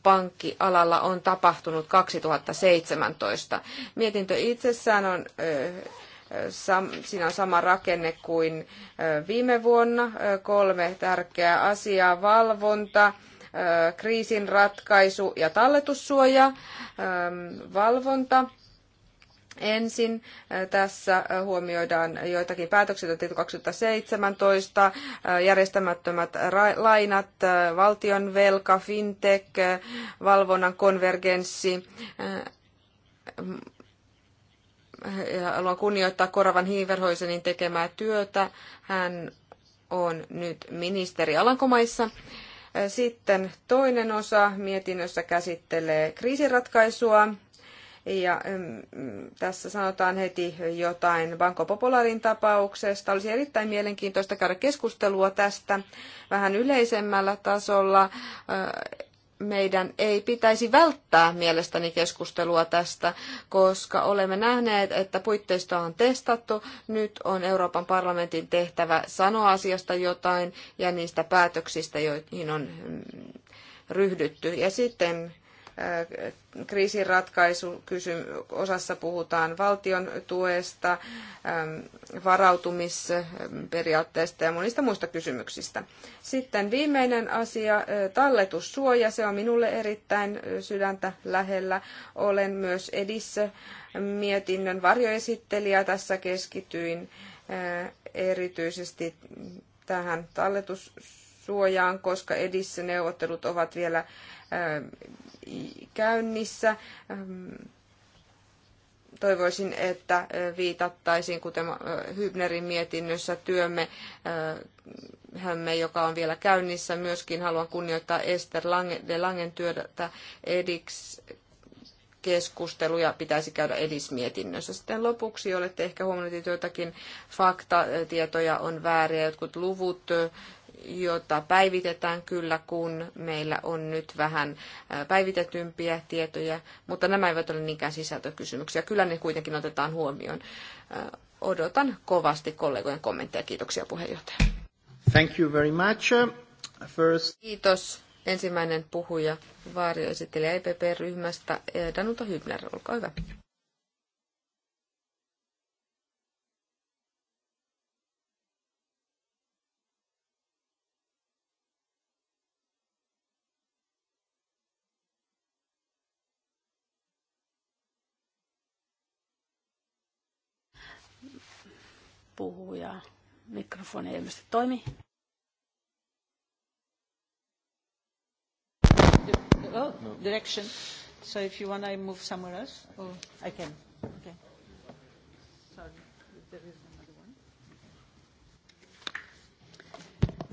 pankkialalla on tapahtunut 2017. Mietintö itsessään on Siinä on sama rakenne kuin viime vuonna. Kolme tärkeää asiaa. Valvonta, kriisin ratkaisu ja talletussuoja. Valvonta. Ensin tässä huomioidaan joitakin päätöksiä, joita 2017, järjestämättömät lainat, valtion velka, fintech, valvonnan konvergenssi, haluan kunnioittaa Koravan Hiiverhoisenin tekemää työtä. Hän on nyt ministeri Alankomaissa. Sitten toinen osa mietinnössä käsittelee kriisiratkaisua. Ja mm, tässä sanotaan heti jotain Banco Popularin tapauksesta. Olisi erittäin mielenkiintoista käydä keskustelua tästä vähän yleisemmällä tasolla meidän ei pitäisi välttää mielestäni keskustelua tästä, koska olemme nähneet, että puitteistoa on testattu. Nyt on Euroopan parlamentin tehtävä sanoa asiasta jotain ja niistä päätöksistä, joihin on mm, ryhdytty. Ja sitten Äh, kriisinratkaisu puhutaan valtion tuesta, ähm, varautumisperiaatteesta ja monista muista kysymyksistä. Sitten viimeinen asia, äh, talletussuoja. Se on minulle erittäin äh, sydäntä lähellä. Olen myös edissä mietinnön varjoesittelijä. Tässä keskityin erityisesti tähän talletussuojaan, koska edissä neuvottelut ovat vielä käynnissä. Toivoisin, että viitattaisiin, kuten Hybnerin mietinnössä työmme, hämme, joka on vielä käynnissä. Myöskin haluan kunnioittaa Ester de Langen työtä ediksi keskusteluja pitäisi käydä edismietinnössä. Sitten lopuksi olette ehkä huomannut, että joitakin faktatietoja on vääriä. Jotkut luvut jota päivitetään kyllä, kun meillä on nyt vähän päivitetympiä tietoja, mutta nämä eivät ole niinkään sisältökysymyksiä. Kyllä ne kuitenkin otetaan huomioon. Odotan kovasti kollegojen kommentteja. Kiitoksia puheenjohtaja. Thank you very much. First... Kiitos. Ensimmäinen puhuja, varjoesittelijä EPP-ryhmästä, Danuta Hybner, olkaa hyvä. ja Mikrofoni ei ilmeisesti toimi. Oh, direction. So if you want, I move somewhere else. I can. Okay. Sorry, there is another one.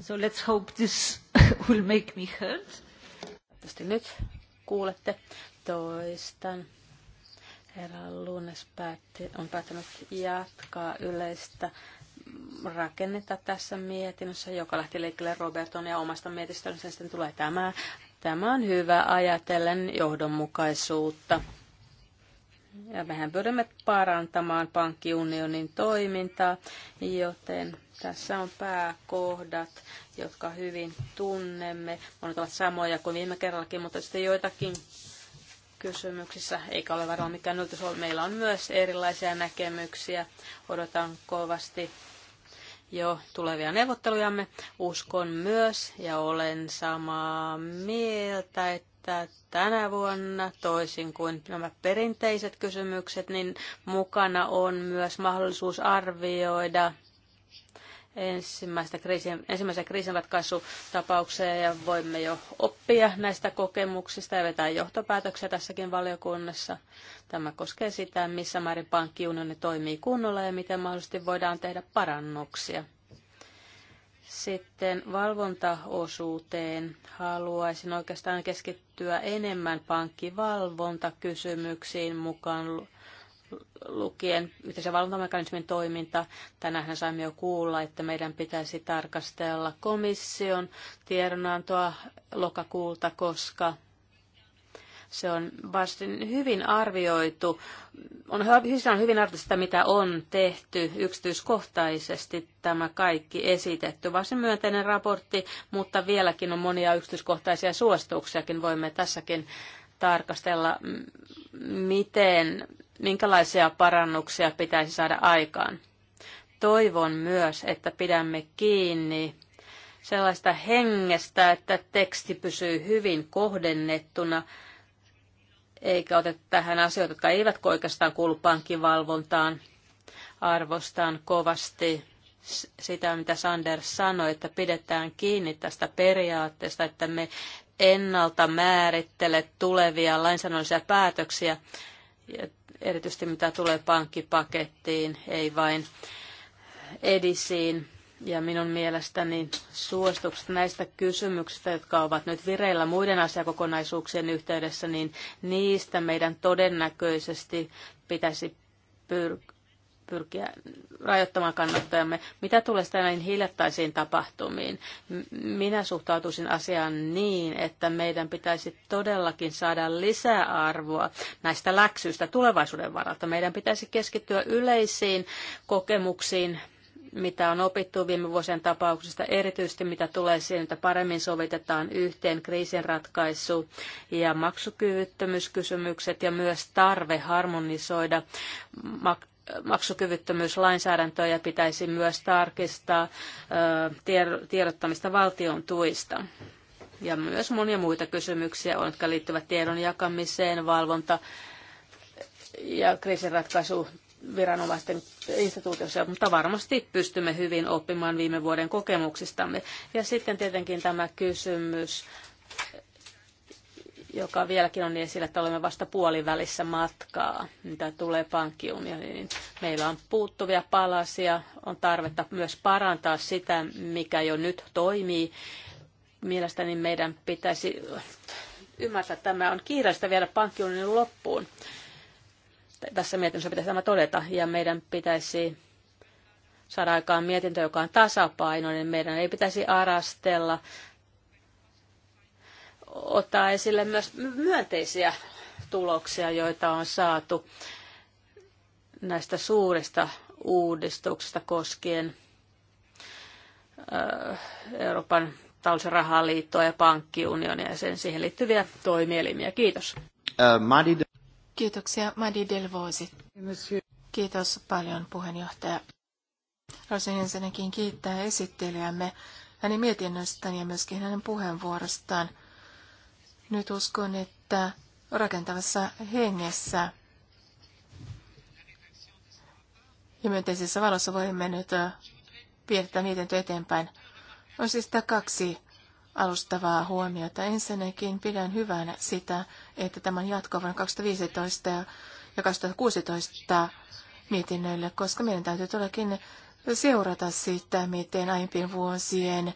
So let's hope this will make me heard. Tietysti nyt kuulette. Toistan Herra Lunes päätti, on päättänyt jatkaa yleistä rakennetta tässä mietinnössä, joka lähti liikkeelle Roberton ja omasta mietinnöstä, niin sitten tulee tämä. Tämä on hyvä ajatellen johdonmukaisuutta. Ja mehän pyrimme parantamaan pankkiunionin toimintaa, joten tässä on pääkohdat, jotka hyvin tunnemme. Monet ovat samoja kuin viime kerrallakin, mutta sitten joitakin kysymyksissä, eikä ole varmaan mikään yllätys. Meillä on myös erilaisia näkemyksiä. Odotan kovasti jo tulevia neuvottelujamme. Uskon myös ja olen samaa mieltä, että tänä vuonna, toisin kuin nämä perinteiset kysymykset, niin mukana on myös mahdollisuus arvioida ensimmäistä kriisin, ensimmäisiä kriisinratkaisutapauksia ja voimme jo oppia näistä kokemuksista ja vetää johtopäätöksiä tässäkin valiokunnassa. Tämä koskee sitä, missä määrin pankkiunioni toimii kunnolla ja miten mahdollisesti voidaan tehdä parannuksia. Sitten valvontaosuuteen haluaisin oikeastaan keskittyä enemmän pankkivalvontakysymyksiin mukaan lukien yhteisen valvontamekanismin toiminta. Tänään saimme jo kuulla, että meidän pitäisi tarkastella komission tiedonantoa lokakuulta, koska se on varsin hyvin arvioitu. On, siis on hyvin arvioitu sitä, mitä on tehty yksityiskohtaisesti tämä kaikki esitetty. Varsin myönteinen raportti, mutta vieläkin on monia yksityiskohtaisia suosituksiakin. Voimme tässäkin tarkastella, miten minkälaisia parannuksia pitäisi saada aikaan. Toivon myös, että pidämme kiinni sellaista hengestä, että teksti pysyy hyvin kohdennettuna, eikä oteta tähän asioita, jotka eivät oikeastaan kuulu pankkivalvontaan. Arvostan kovasti sitä, mitä Sanders sanoi, että pidetään kiinni tästä periaatteesta, että me ennalta määrittele tulevia lainsäädännöllisiä päätöksiä erityisesti mitä tulee pankkipakettiin, ei vain edisiin. Ja minun mielestäni suositukset näistä kysymyksistä, jotka ovat nyt vireillä muiden asiakokonaisuuksien yhteydessä, niin niistä meidän todennäköisesti pitäisi pyr- pyrkiä rajoittamaan kannattajamme. Mitä tulee sitten näihin hiljattaisiin tapahtumiin? Minä suhtautuisin asiaan niin, että meidän pitäisi todellakin saada lisäarvoa näistä läksyistä tulevaisuuden varalta. Meidän pitäisi keskittyä yleisiin kokemuksiin, mitä on opittu viime vuosien tapauksista, erityisesti mitä tulee siihen, että paremmin sovitetaan yhteen kriisinratkaisu ja maksukyvyttömyyskysymykset ja myös tarve harmonisoida mak- maksukyvyttömyyslainsäädäntöä ja pitäisi myös tarkistaa tiedottamista valtion tuista. Ja myös monia muita kysymyksiä on, jotka liittyvät tiedon jakamiseen, valvonta ja kriisinratkaisu viranomaisten instituutiossa, mutta varmasti pystymme hyvin oppimaan viime vuoden kokemuksistamme. Ja sitten tietenkin tämä kysymys joka vieläkin on niin esillä, että olemme vasta puolivälissä matkaa, mitä tulee pankkiunioniin. Meillä on puuttuvia palasia, on tarvetta myös parantaa sitä, mikä jo nyt toimii. Mielestäni meidän pitäisi ymmärtää, että tämä on kiireistä viedä pankkiunionin loppuun. Tässä mietinnössä pitäisi tämä todeta, ja meidän pitäisi saada aikaan mietintö, joka on tasapainoinen. Meidän ei pitäisi arastella ottaa esille myös myönteisiä tuloksia, joita on saatu näistä suurista uudistuksista koskien Euroopan talous- ja rahaliittoa ja pankkiunionia ja sen siihen liittyviä toimielimiä. Kiitos. Kiitoksia Madi Delvoisi. Kiitos paljon puheenjohtaja. Haluaisin ensinnäkin kiittää esittelijämme hänen mietinnöstään ja myöskin hänen puheenvuorostaan. Nyt uskon, että rakentavassa hengessä ja myönteisessä valossa voimme nyt viettää mietintö eteenpäin. On siis sitä kaksi alustavaa huomiota. Ensinnäkin pidän hyvänä sitä, että tämän vuonna 2015 ja 2016 mietinnöille, koska meidän täytyy todellakin seurata sitä, miten aiempien vuosien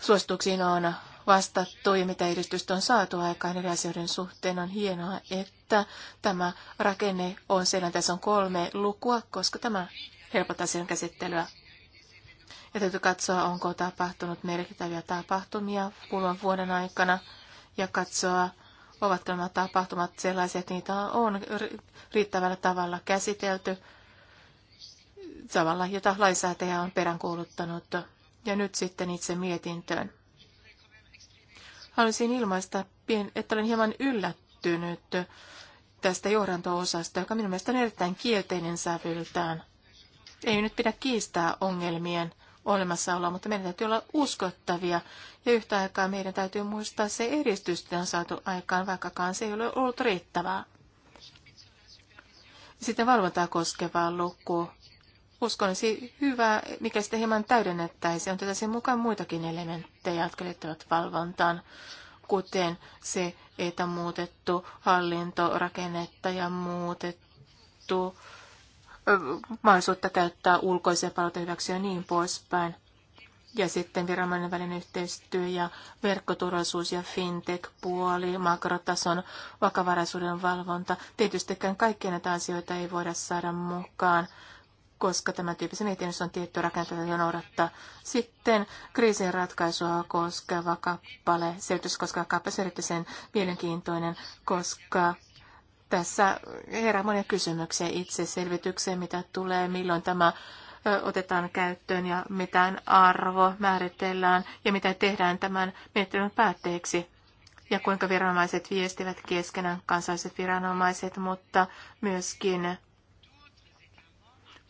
suosituksiin on vastattu ja mitä edistystä on saatu aikaan eri asioiden suhteen. On hienoa, että tämä rakenne on siellä. Tässä on kolme lukua, koska tämä helpottaa sen käsittelyä. Ja täytyy katsoa, onko tapahtunut merkittäviä tapahtumia kuluvan vuoden aikana ja katsoa, ovatko nämä tapahtumat sellaisia, että niitä on riittävällä tavalla käsitelty tavalla, jota lainsäätäjä on peräänkuuluttanut. Ja nyt sitten itse mietintöön. Haluaisin ilmaista, että olen hieman yllättynyt tästä johdanto-osasta, joka minun mielestäni on erittäin kielteinen sävyltään. Ei nyt pidä kiistää ongelmien olemassaoloa, mutta meidän täytyy olla uskottavia. Ja yhtä aikaa meidän täytyy muistaa se edistys, mitä on saatu aikaan, vaikkakaan se ei ole ollut riittävää. Sitten valvontaa koskeva luku Uskon, olisi hyvä, mikä sitä hieman täydennettäisi, on tätä sen mukaan muitakin elementtejä, jotka liittyvät valvontaan, kuten se, että muutettu hallintorakennetta ja muutettu mahdollisuutta käyttää ulkoisia palveluita hyväksi ja niin poispäin. Ja sitten viranomainen välinen yhteistyö ja verkkoturvallisuus ja fintech-puoli, makrotason vakavaraisuuden valvonta. Tietystikään kaikkia näitä asioita ei voida saada mukaan koska tämän tyyppisen mietinnössä on tietty rakenteita noudattaa. Sitten kriisin ratkaisua koskeva kappale, selitys koskeva kappale, se erityisen mielenkiintoinen, koska tässä herää monia kysymyksiä itse selvitykseen, mitä tulee, milloin tämä otetaan käyttöön ja mitä arvo määritellään ja mitä tehdään tämän menettelyn päätteeksi ja kuinka viranomaiset viestivät keskenään kansalliset viranomaiset, mutta myöskin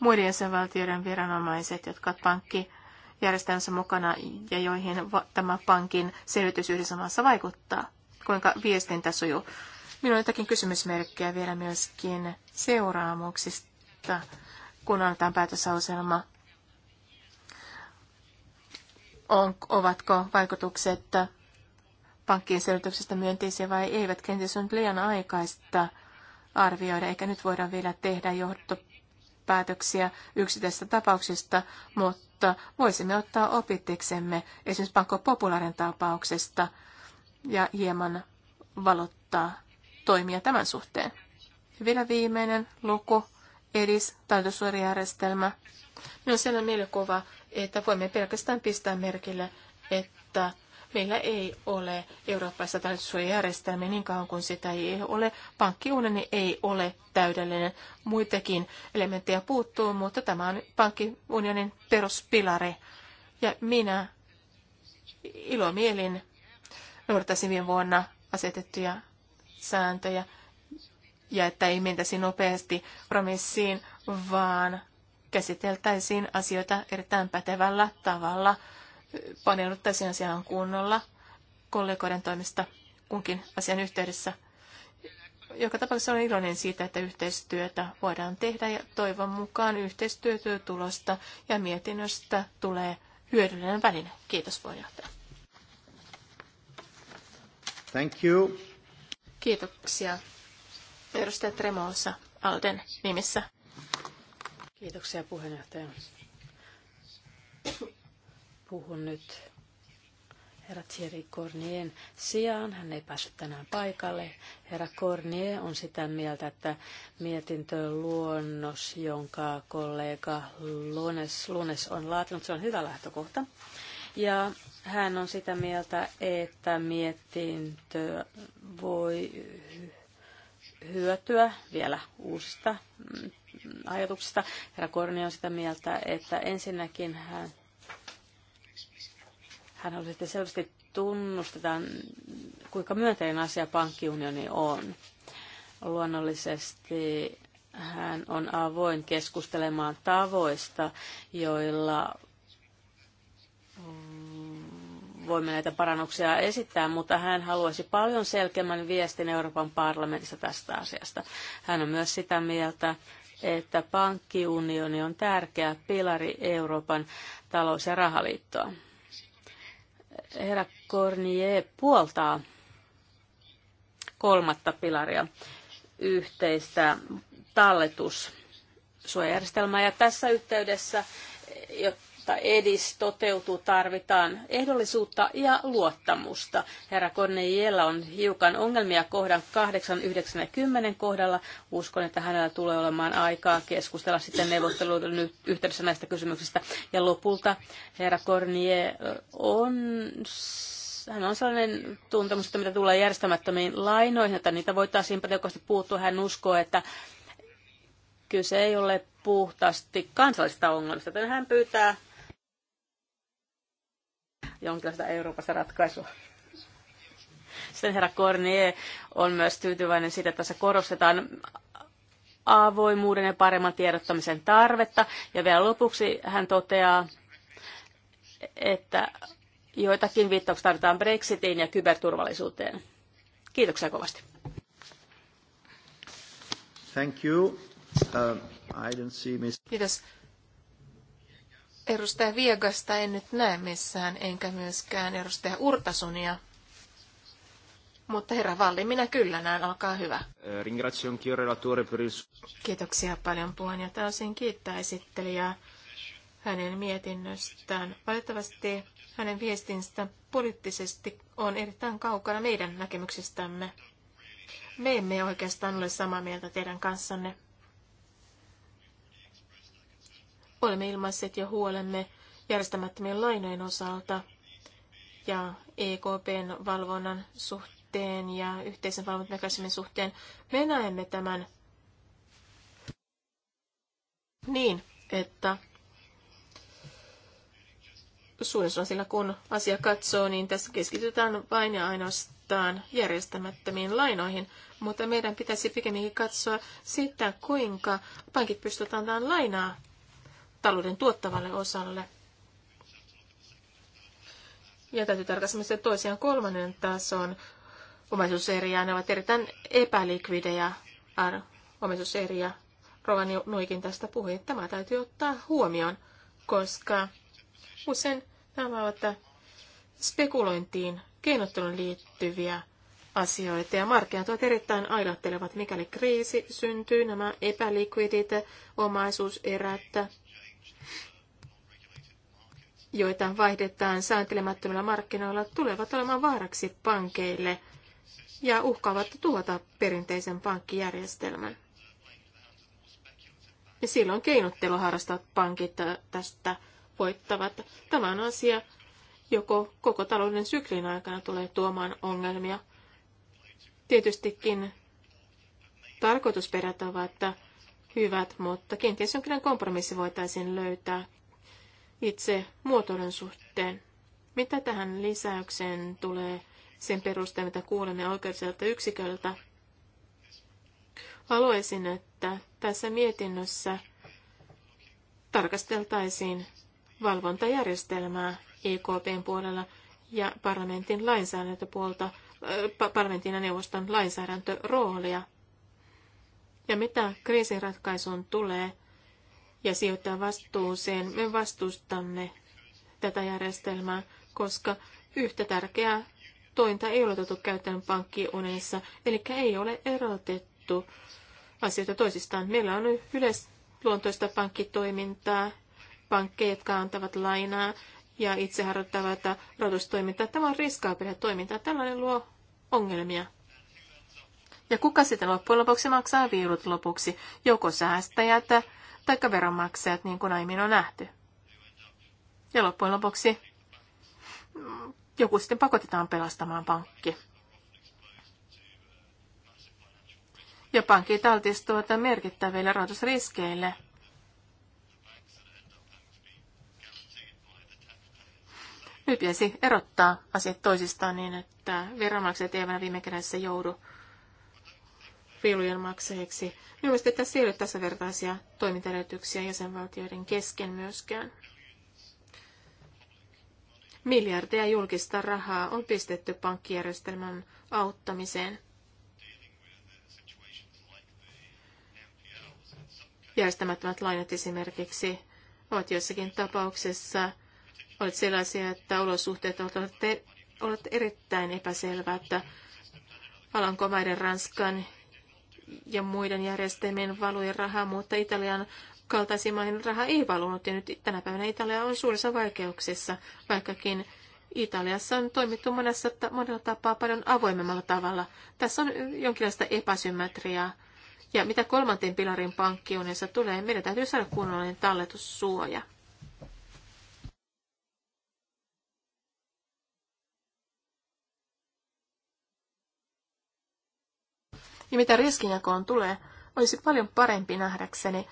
muiden jäsenvaltioiden viranomaiset, jotka ovat pankkijärjestelmässä mukana ja joihin tämä pankin selvitys yhdessä maassa vaikuttaa. Kuinka viestintä sujuu? Minulla on jotakin kysymysmerkkejä vielä myöskin seuraamuksista, kun annetaan päätösauselma. On, ovatko vaikutukset pankkien selvityksestä myönteisiä vai eivät? Kenties on liian aikaista arvioida, eikä nyt voida vielä tehdä johtopäätöksiä päätöksiä yksittäisistä tapauksista, mutta voisimme ottaa opittiksemme esimerkiksi Banco Popularin tapauksesta ja hieman valottaa toimia tämän suhteen. Vielä viimeinen luku, edis, taitosuorijärjestelmä. Minun on sellainen mielikuva, että voimme pelkästään pistää merkille, että Meillä ei ole Euroopassa talletussuojajärjestelmiä niin kauan kuin sitä ei ole. Pankkiunioni ei ole täydellinen. Muitakin elementtejä puuttuu, mutta tämä on pankkiunionin peruspilari. Ja minä ilomielin noudattaisin viime vuonna asetettuja sääntöjä ja että ei mentäisi nopeasti promissiin, vaan käsiteltäisiin asioita erittäin pätevällä tavalla – paneuduttaisiin asiaan kunnolla kollegoiden toimesta kunkin asian yhteydessä. Joka tapauksessa olen iloinen siitä, että yhteistyötä voidaan tehdä ja toivon mukaan yhteistyötyötulosta ja mietinnöstä tulee hyödyllinen väline. Kiitos puheenjohtaja. Thank you. Kiitoksia. Edustaja Tremoosa Alden nimissä. Kiitoksia puheenjohtaja. Puhun nyt herra Thierry Cornien sijaan. Hän ei päässyt tänään paikalle. Herra Cornier on sitä mieltä, että mietintö luonnos, jonka kollega Lunes, Lunes on laatinut, se on hyvä lähtökohta. Ja hän on sitä mieltä, että mietintö voi hyötyä vielä uusista mm, ajatuksista. Herra Korni on sitä mieltä, että ensinnäkin hän hän halusi, että selvästi tunnustetaan, kuinka myönteinen asia pankkiunioni on. Luonnollisesti hän on avoin keskustelemaan tavoista, joilla voimme näitä parannuksia esittää, mutta hän haluaisi paljon selkeämmän viestin Euroopan parlamentissa tästä asiasta. Hän on myös sitä mieltä, että pankkiunioni on tärkeä pilari Euroopan talous- ja rahaliittoa herra Cornier puoltaa kolmatta pilaria yhteistä talletussuojajärjestelmää. Ja tässä yhteydessä, jotta edis toteutuu, tarvitaan ehdollisuutta ja luottamusta. Herra Kornejella on hiukan ongelmia kohdan 8, 9 ja 10 kohdalla. Uskon, että hänellä tulee olemaan aikaa keskustella sitten neuvotteluiden yhteydessä näistä kysymyksistä. Ja lopulta herra Kornie on hän on sellainen tuntemus, että mitä tulee järjestämättömiin lainoihin, että niitä voitaisiin tehokkaasti puuttua. Hän uskoo, että kyse ei ole puhtaasti kansallista ongelmista, joten hän pyytää jonkinlaista Euroopassa ratkaisua. Sitten herra Cornier on myös tyytyväinen siitä, että tässä korostetaan avoimuuden ja paremman tiedottamisen tarvetta. Ja vielä lopuksi hän toteaa, että joitakin viittauksia tarvitaan Brexitiin ja kyberturvallisuuteen. Kiitoksia kovasti. Thank you. Uh, I don't see Kiitos. Edustaja Viegasta en nyt näe missään, enkä myöskään edustaja Urtasunia. Mutta herra Valli, minä kyllä näen, olkaa hyvä. Eh, Kiitoksia paljon puheenjohtaja. Osin kiittää esittelijää hänen mietinnöstään. Valitettavasti hänen viestinsä poliittisesti on erittäin kaukana meidän näkemyksistämme. Me emme oikeastaan ole samaa mieltä teidän kanssanne. Olemme ilmaisseet jo huolemme järjestämättömien lainojen osalta ja EKPn valvonnan suhteen ja yhteisen valvontamekanismin suhteen. Me näemme tämän niin, että suunnitelma sillä kun asia katsoo, niin tässä keskitytään vain ja ainoastaan järjestämättömiin lainoihin, mutta meidän pitäisi pikemminkin katsoa sitä, kuinka pankit pystytään antamaan lainaa talouden tuottavalle osalle. Ja täytyy tarkastella sitten toisiaan kolmannen tason omaisuuseriä. Ne ovat erittäin epälikvidejä omaisuuseriä. Rovan Nuikin tästä puhui. Tämä täytyy ottaa huomioon, koska usein nämä ovat spekulointiin, keinotteluun liittyviä asioita ja markkinat ovat erittäin ajattelevat, mikäli kriisi syntyy, nämä epälikvidit, omaisuuserät joita vaihdetaan sääntelemättömillä markkinoilla, tulevat olemaan vaaraksi pankeille ja uhkaavat tuota perinteisen pankkijärjestelmän. Ja silloin keinottelu harrastavat pankit tästä voittavat. Tämä on asia, joko koko talouden syklin aikana tulee tuomaan ongelmia. Tietystikin tarkoitusperät ovat hyvät, mutta kenties jonkinlainen kompromissi voitaisiin löytää itse muotoilun suhteen. Mitä tähän lisäykseen tulee sen perusteella, mitä kuulemme oikeudelliselta yksiköltä? Haluaisin, että tässä mietinnössä tarkasteltaisiin valvontajärjestelmää EKPn puolella ja parlamentin lainsäädäntöpuolta, äh, parlamentin ja neuvoston lainsäädäntöroolia – ja mitä kriisiratkaisuun tulee ja sijoittaa vastuuseen, me vastustamme tätä järjestelmää, koska yhtä tärkeää tointa ei ole otettu käyttöön pankkiunessa, eli ei ole erotettu asioita toisistaan. Meillä on yleisluontoista pankkitoimintaa, pankkeja, jotka antavat lainaa ja itse harjoittavat rahoitustoimintaa. Tämä on riskaapelia toimintaa. Tällainen luo ongelmia. Ja kuka sitten loppujen lopuksi maksaa viulut lopuksi? Joko säästäjät tai veronmaksajat, niin kuin aiemmin on nähty. Ja loppujen lopuksi joku sitten pakotetaan pelastamaan pankki. Ja pankit altistuvat merkittäville rahoitusriskeille. Nyt pitäisi erottaa asiat toisistaan niin, että veronmaksajat eivät viime kädessä joudu piilujen maksajiksi. Minun mielestä tässä ei ole tasavertaisia toimintaedellytyksiä jäsenvaltioiden kesken myöskään. Miljardeja julkista rahaa on pistetty pankkijärjestelmän auttamiseen. Järjestämättömät lainat esimerkiksi ovat joissakin tapauksessa olet sellaisia, että olosuhteet ovat olleet erittäin epäselvät. Alankomaiden, Ranskan ja muiden järjestelmien valui rahaa, mutta Italian kaltaisiin maihin raha ei valunut. Ja nyt tänä päivänä Italia on suurissa vaikeuksissa, vaikkakin Italiassa on toimittu monessa, monella tapaa paljon avoimemmalla tavalla. Tässä on jonkinlaista epäsymmetriaa. Ja mitä kolmanteen pilarin pankkiunissa tulee, meidän täytyy saada kunnollinen talletussuoja. Ja mitä riskinjakoon tulee, olisi paljon parempi nähdäkseni,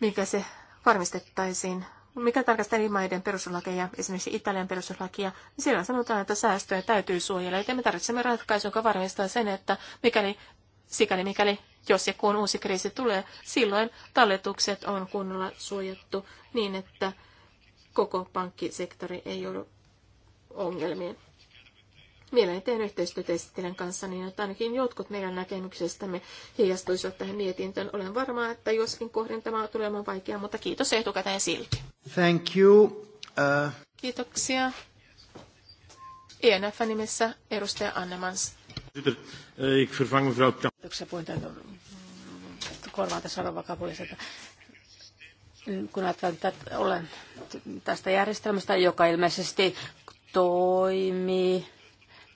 mikä se varmistettaisiin. Mikä eri maiden perustuslakeja, esimerkiksi Italian perustuslakia, niin siellä sanotaan, että säästöjä täytyy suojella. ja me tarvitsemme ratkaisun, joka varmistaa sen, että mikäli, sikäli mikäli jos ja kun uusi kriisi tulee, silloin talletukset on kunnolla suojattu niin, että koko pankkisektori ei joudu ongelmien. Mielelläni teen yhteistyötä esittelen kanssa niin, että ainakin jotkut meidän näkemyksestämme heijastuisivat tähän mietintöön. Olen varma, että joskin kohden tämä tulee olemaan vaikea, mutta kiitos etukäteen silti. Thank you. Uh... Kiitoksia. ENF-nimessä edustaja Annemans. Eh, Kiitoksia puheenjohtaja. Korvaan tässä olevan kapuliselta kun ajattelen, että olen tästä järjestelmästä, joka ilmeisesti toimii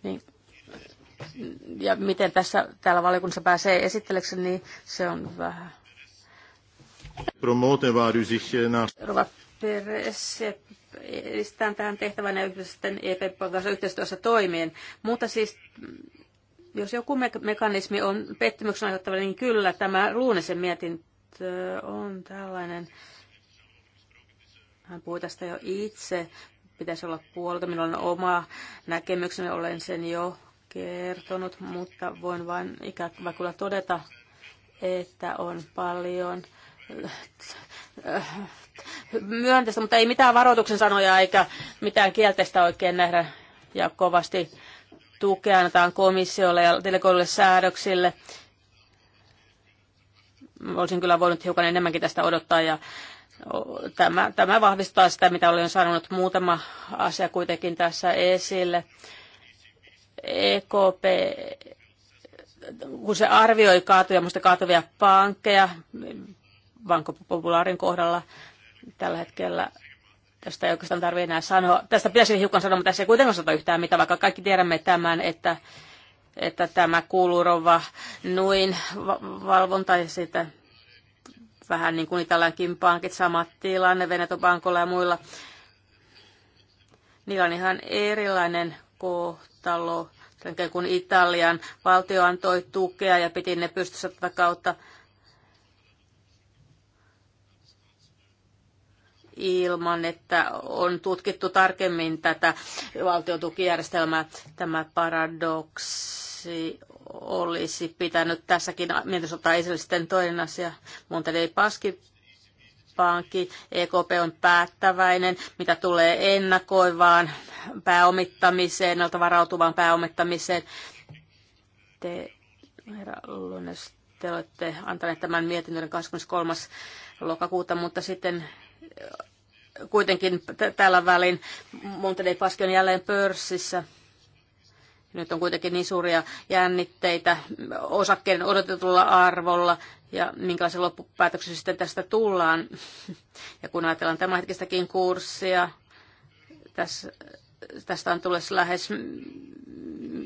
niin, ja miten tässä täällä valiokunnassa pääsee esitteleksi, niin se on vähän... Siis, eh, Rova Peres, edistetään tähän tehtävän ja yhdessä sitten EPP kanssa yhteistyössä toimien. Mutta siis jos joku me- mekanismi on pettymyksen aiheuttava, niin kyllä tämä Luunisen mietintö on tällainen. Hän puhui tästä jo itse pitäisi olla puolta. Minulla on oma näkemykseni, olen sen jo kertonut, mutta voin vain ikävä kyllä todeta, että on paljon äh, myönteistä, mutta ei mitään varoituksen sanoja eikä mitään kielteistä oikein nähdä ja kovasti tukea annetaan komissiolle ja delegoidulle säädöksille. Olisin kyllä voinut hiukan enemmänkin tästä odottaa ja Tämä, tämä vahvistaa sitä, mitä olen sanonut muutama asia kuitenkin tässä esille. EKP, kun se arvioi kaatuja, muista kaatuvia pankkeja, Banco kohdalla tällä hetkellä tästä ei oikeastaan tarvitse enää sanoa. Tästä pitäisi hiukan sanoa, mutta tässä ei kuitenkaan sanota yhtään mitään, vaikka kaikki tiedämme tämän, että, että tämä kuuluu rova noin valvonta ja sitä Vähän niin kuin Italiankin pankit, samat tilanne Venetopankolla ja muilla. Niillä on ihan erilainen kohtalo, kun Italian valtio antoi tukea ja piti ne pystyssä tätä kautta ilman, että on tutkittu tarkemmin tätä valtiotukijärjestelmää. Tämä paradoksi olisi pitänyt tässäkin mietintö ottaa esille sitten toinen asia. Monteli Paski pankki, EKP on päättäväinen, mitä tulee ennakoivaan pääomittamiseen, noilta varautuvaan pääomittamiseen. Te, herra Lunes, te olette antaneet tämän mietinnön 23. lokakuuta, mutta sitten äh, kuitenkin tällä välin Monterey Paski on jälleen pörssissä – nyt on kuitenkin niin suuria jännitteitä osakkeen odotetulla arvolla ja minkälaisen loppupäätöksen sitten tästä tullaan. Ja kun ajatellaan tämänhetkistäkin kurssia, tässä, tästä on tullut lähes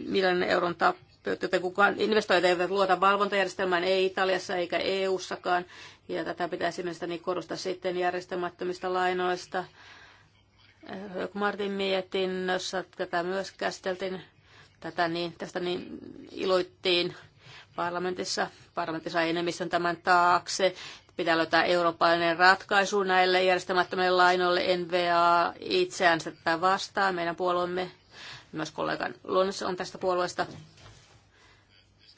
miljoonan euron tappio, joten kukaan investoijat eivät luota valvontajärjestelmään, ei Italiassa eikä EU-sakaan. Ja tätä pitäisi niin korostaa sitten järjestämättömistä lainoista. Martin mietinnössä tätä myös käsiteltiin Tätä niin, tästä niin iloittiin parlamentissa. parlamentissa enemmistön tämän taakse. Pitää löytää eurooppalainen ratkaisu näille järjestämättömille lainoille. NVA itseään tätä vastaan, meidän puolueemme. Myös kollegan luonnos on tästä puolueesta.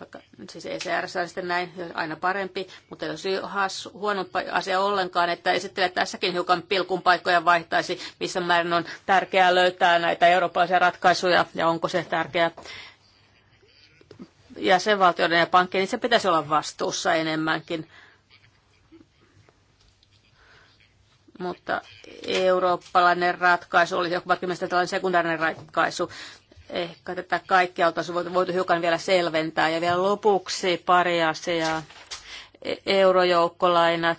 Vaikka, siis ECR on sitten näin, aina parempi, mutta jos hassu, huono asia ollenkaan, että esittelee tässäkin hiukan pilkun paikkoja vaihtaisi, missä määrin on tärkeää löytää näitä eurooppalaisia ratkaisuja ja onko se tärkeää jäsenvaltioiden ja pankkien, niin se pitäisi olla vastuussa enemmänkin. mutta eurooppalainen ratkaisu olisi joku vaikka tällainen sekundaarinen ratkaisu. Ehkä tätä kaikkea oltaisiin voitu, voitu hiukan vielä selventää. Ja vielä lopuksi pari asiaa. E- eurojoukkolainat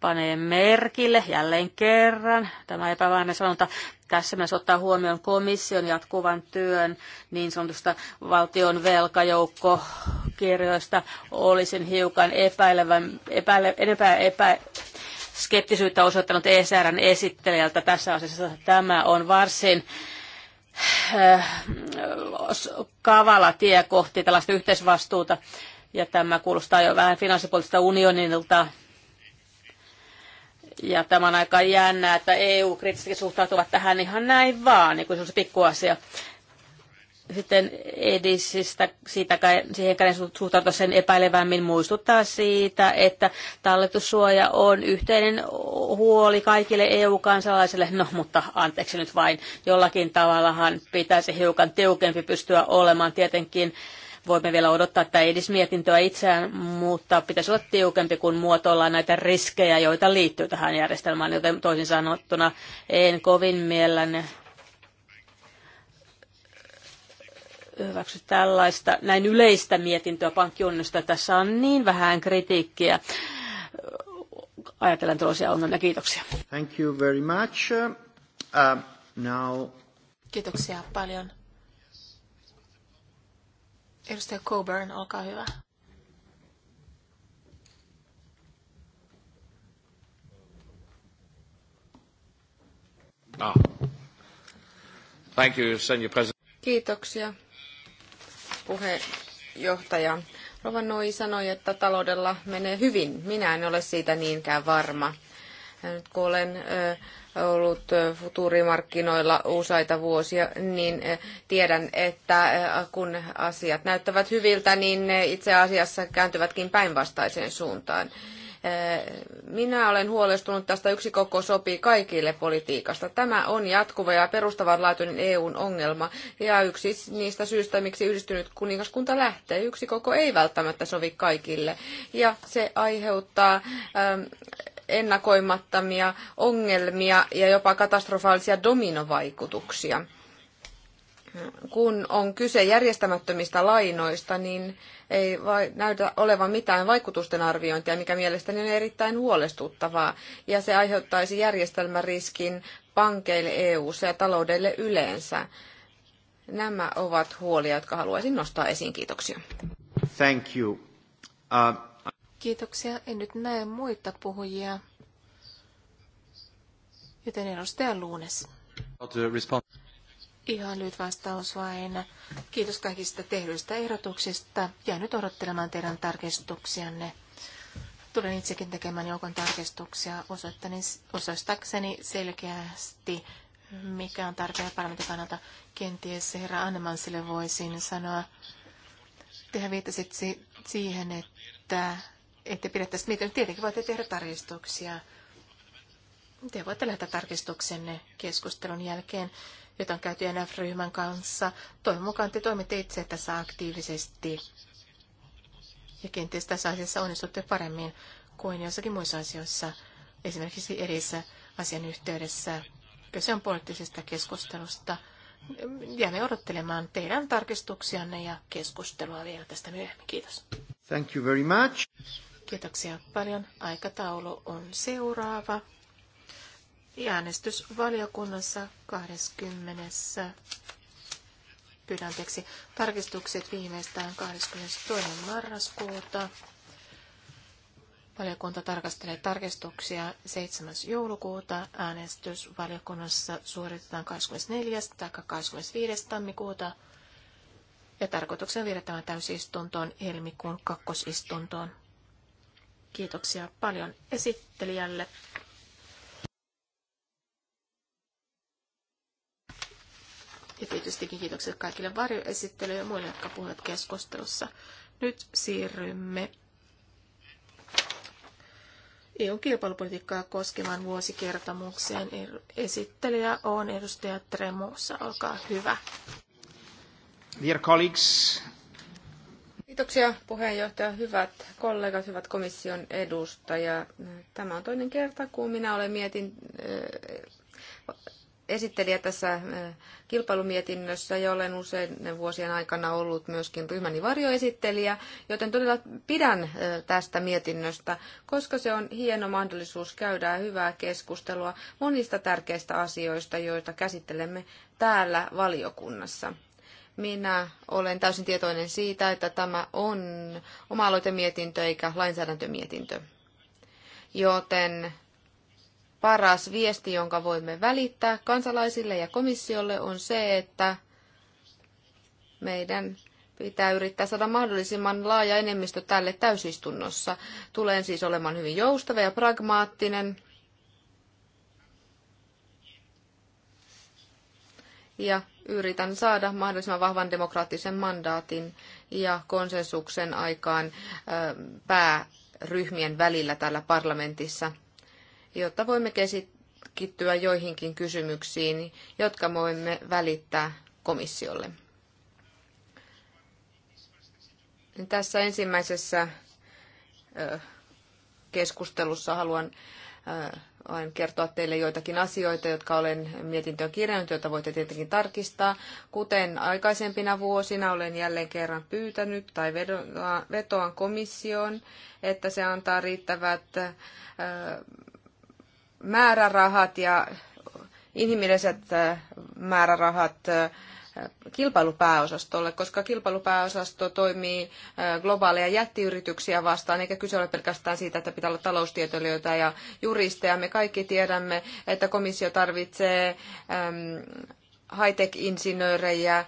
panee merkille jälleen kerran. Tämä epäväinen sanonta tässä myös ottaa huomioon komission jatkuvan työn niin sanotusta valtion velkajoukkokirjoista. Olisin hiukan epäilevän, epäile, enempää epä, skeptisyyttä osoittanut ESRn esittelijältä tässä asiassa. Tämä on varsin Äh, kavala tie kohti tällaista yhteisvastuuta. Ja tämä kuulostaa jo vähän finanssipoliittiselta unionilta. Ja tämä on aika jännää, että EU-kriittisesti suhtautuvat tähän ihan näin vaan, niin kuin se on se pikkuasia sitten edisistä, siitä, siihen käden suhtautua sen epäilevämmin, muistuttaa siitä, että talletussuoja on yhteinen huoli kaikille EU-kansalaisille. No, mutta anteeksi nyt vain, jollakin tavallahan pitäisi hiukan tiukempi pystyä olemaan tietenkin. Voimme vielä odottaa tätä edismietintöä itseään, mutta pitäisi olla tiukempi, kun muotoillaan näitä riskejä, joita liittyy tähän järjestelmään. Joten toisin sanottuna en kovin mielelläni hyväksy tällaista näin yleistä mietintöä pankkiunionista. Tässä on niin vähän kritiikkiä. Ajatellen tuollaisia ongelmia. Kiitoksia. Thank you very much. Uh, now... Kiitoksia paljon. Edustaja Coburn, olkaa hyvä. Ah. Thank you, president. Kiitoksia puheenjohtaja Rovanoi sanoi, että taloudella menee hyvin. Minä en ole siitä niinkään varma. Nyt kun olen ollut futurimarkkinoilla useita vuosia, niin tiedän, että kun asiat näyttävät hyviltä, niin ne itse asiassa kääntyvätkin päinvastaiseen suuntaan. Minä olen huolestunut tästä yksi koko sopii kaikille politiikasta. Tämä on jatkuva ja perustavanlaatuinen EUn ongelma ja yksi niistä syistä, miksi yhdistynyt kuningaskunta lähtee. Yksi koko ei välttämättä sovi kaikille ja se aiheuttaa ähm, ennakoimattomia ongelmia ja jopa katastrofaalisia dominovaikutuksia kun on kyse järjestämättömistä lainoista, niin ei vai, näytä olevan mitään vaikutusten arviointia, mikä mielestäni on erittäin huolestuttavaa, ja se aiheuttaisi järjestelmäriskin pankeille eu ja taloudelle yleensä. Nämä ovat huolia, jotka haluaisin nostaa esiin. Kiitoksia. Thank you. Uh... Kiitoksia. En nyt näe muita puhujia, joten edustaja Luunes. Ihan lyhyt vastaus vain. Kiitos kaikista tehdyistä ehdotuksista. Jään nyt odottelemaan teidän tarkistuksianne. Tulen itsekin tekemään joukon tarkistuksia osoittakseni selkeästi, mikä on tärkeää parlamentin kannalta. Kenties herra Annemansille voisin sanoa, tehän viittasit siihen, että ette tästä miten. Tietenkin voitte tehdä tarkistuksia. Te voitte lähteä tarkistuksenne keskustelun jälkeen jota on käyty NF-ryhmän kanssa. Toivon mukaan te toimitte itse tässä aktiivisesti. Ja kenties tässä asiassa onnistutte paremmin kuin jossakin muissa asioissa, esimerkiksi erissä asian yhteydessä. Kyse on poliittisesta keskustelusta. Jäämme odottelemaan teidän tarkistuksianne ja keskustelua vielä tästä myöhemmin. Kiitos. Thank you very much. Kiitoksia paljon. Aikataulu on seuraava äänestysvaliokunnassa äänestys valiokunnassa 20. Pyydän anteeksi tarkistukset viimeistään 22. marraskuuta. Valiokunta tarkastelee tarkistuksia 7. joulukuuta. Äänestys valiokunnassa suoritetaan 24. tai 25. tammikuuta. Ja tarkoituksena viedetään täysistuntoon helmikuun kakkosistuntoon. Kiitoksia paljon esittelijälle. Ja tietystikin kiitokset kaikille varjoesittelyille ja muille, jotka puhuvat keskustelussa. Nyt siirrymme eu kilpailupolitiikkaa koskevan vuosikertomukseen. Esittelijä on edustaja Tremussa. Olkaa hyvä. Dear colleagues. Kiitoksia puheenjohtaja. Hyvät kollegat, hyvät komission edustajat. Tämä on toinen kerta, kun minä olen mietin esittelijä tässä äh, kilpailumietinnössä ja olen usein vuosien aikana ollut myöskin ryhmäni varjoesittelijä, joten todella pidän äh, tästä mietinnöstä, koska se on hieno mahdollisuus käydä hyvää keskustelua monista tärkeistä asioista, joita käsittelemme täällä valiokunnassa. Minä olen täysin tietoinen siitä, että tämä on oma-aloitemietintö eikä lainsäädäntömietintö. Joten paras viesti, jonka voimme välittää kansalaisille ja komissiolle, on se, että meidän pitää yrittää saada mahdollisimman laaja enemmistö tälle täysistunnossa. Tulen siis olemaan hyvin joustava ja pragmaattinen. Ja yritän saada mahdollisimman vahvan demokraattisen mandaatin ja konsensuksen aikaan pääryhmien välillä täällä parlamentissa jotta voimme keskittyä joihinkin kysymyksiin, jotka voimme välittää komissiolle. Tässä ensimmäisessä keskustelussa haluan vain kertoa teille joitakin asioita, jotka olen mietintöön kirjannut, joita voitte tietenkin tarkistaa. Kuten aikaisempina vuosina olen jälleen kerran pyytänyt tai vetoan komissioon, että se antaa riittävät määrärahat ja inhimilliset äh, määrärahat äh, kilpailupääosastolle, koska kilpailupääosasto toimii äh, globaaleja jättiyrityksiä vastaan, eikä kyse ole pelkästään siitä, että pitää olla taloustieteilijöitä ja juristeja. Me kaikki tiedämme, että komissio tarvitsee high-tech-insinöörejä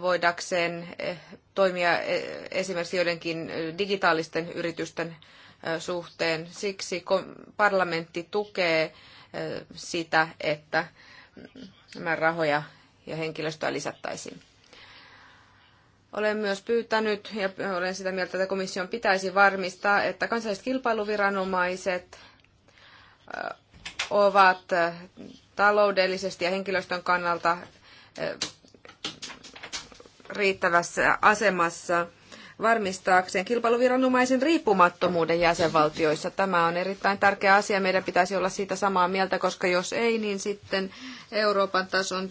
voidakseen eh, toimia eh, esimerkiksi joidenkin digitaalisten yritysten suhteen. Siksi parlamentti tukee sitä, että nämä rahoja ja henkilöstöä lisättäisiin. Olen myös pyytänyt ja olen sitä mieltä, että komission pitäisi varmistaa, että kansalliset kilpailuviranomaiset ovat taloudellisesti ja henkilöstön kannalta riittävässä asemassa varmistaakseen kilpailuviranomaisen riippumattomuuden jäsenvaltioissa. Tämä on erittäin tärkeä asia. Meidän pitäisi olla siitä samaa mieltä, koska jos ei, niin sitten Euroopan tason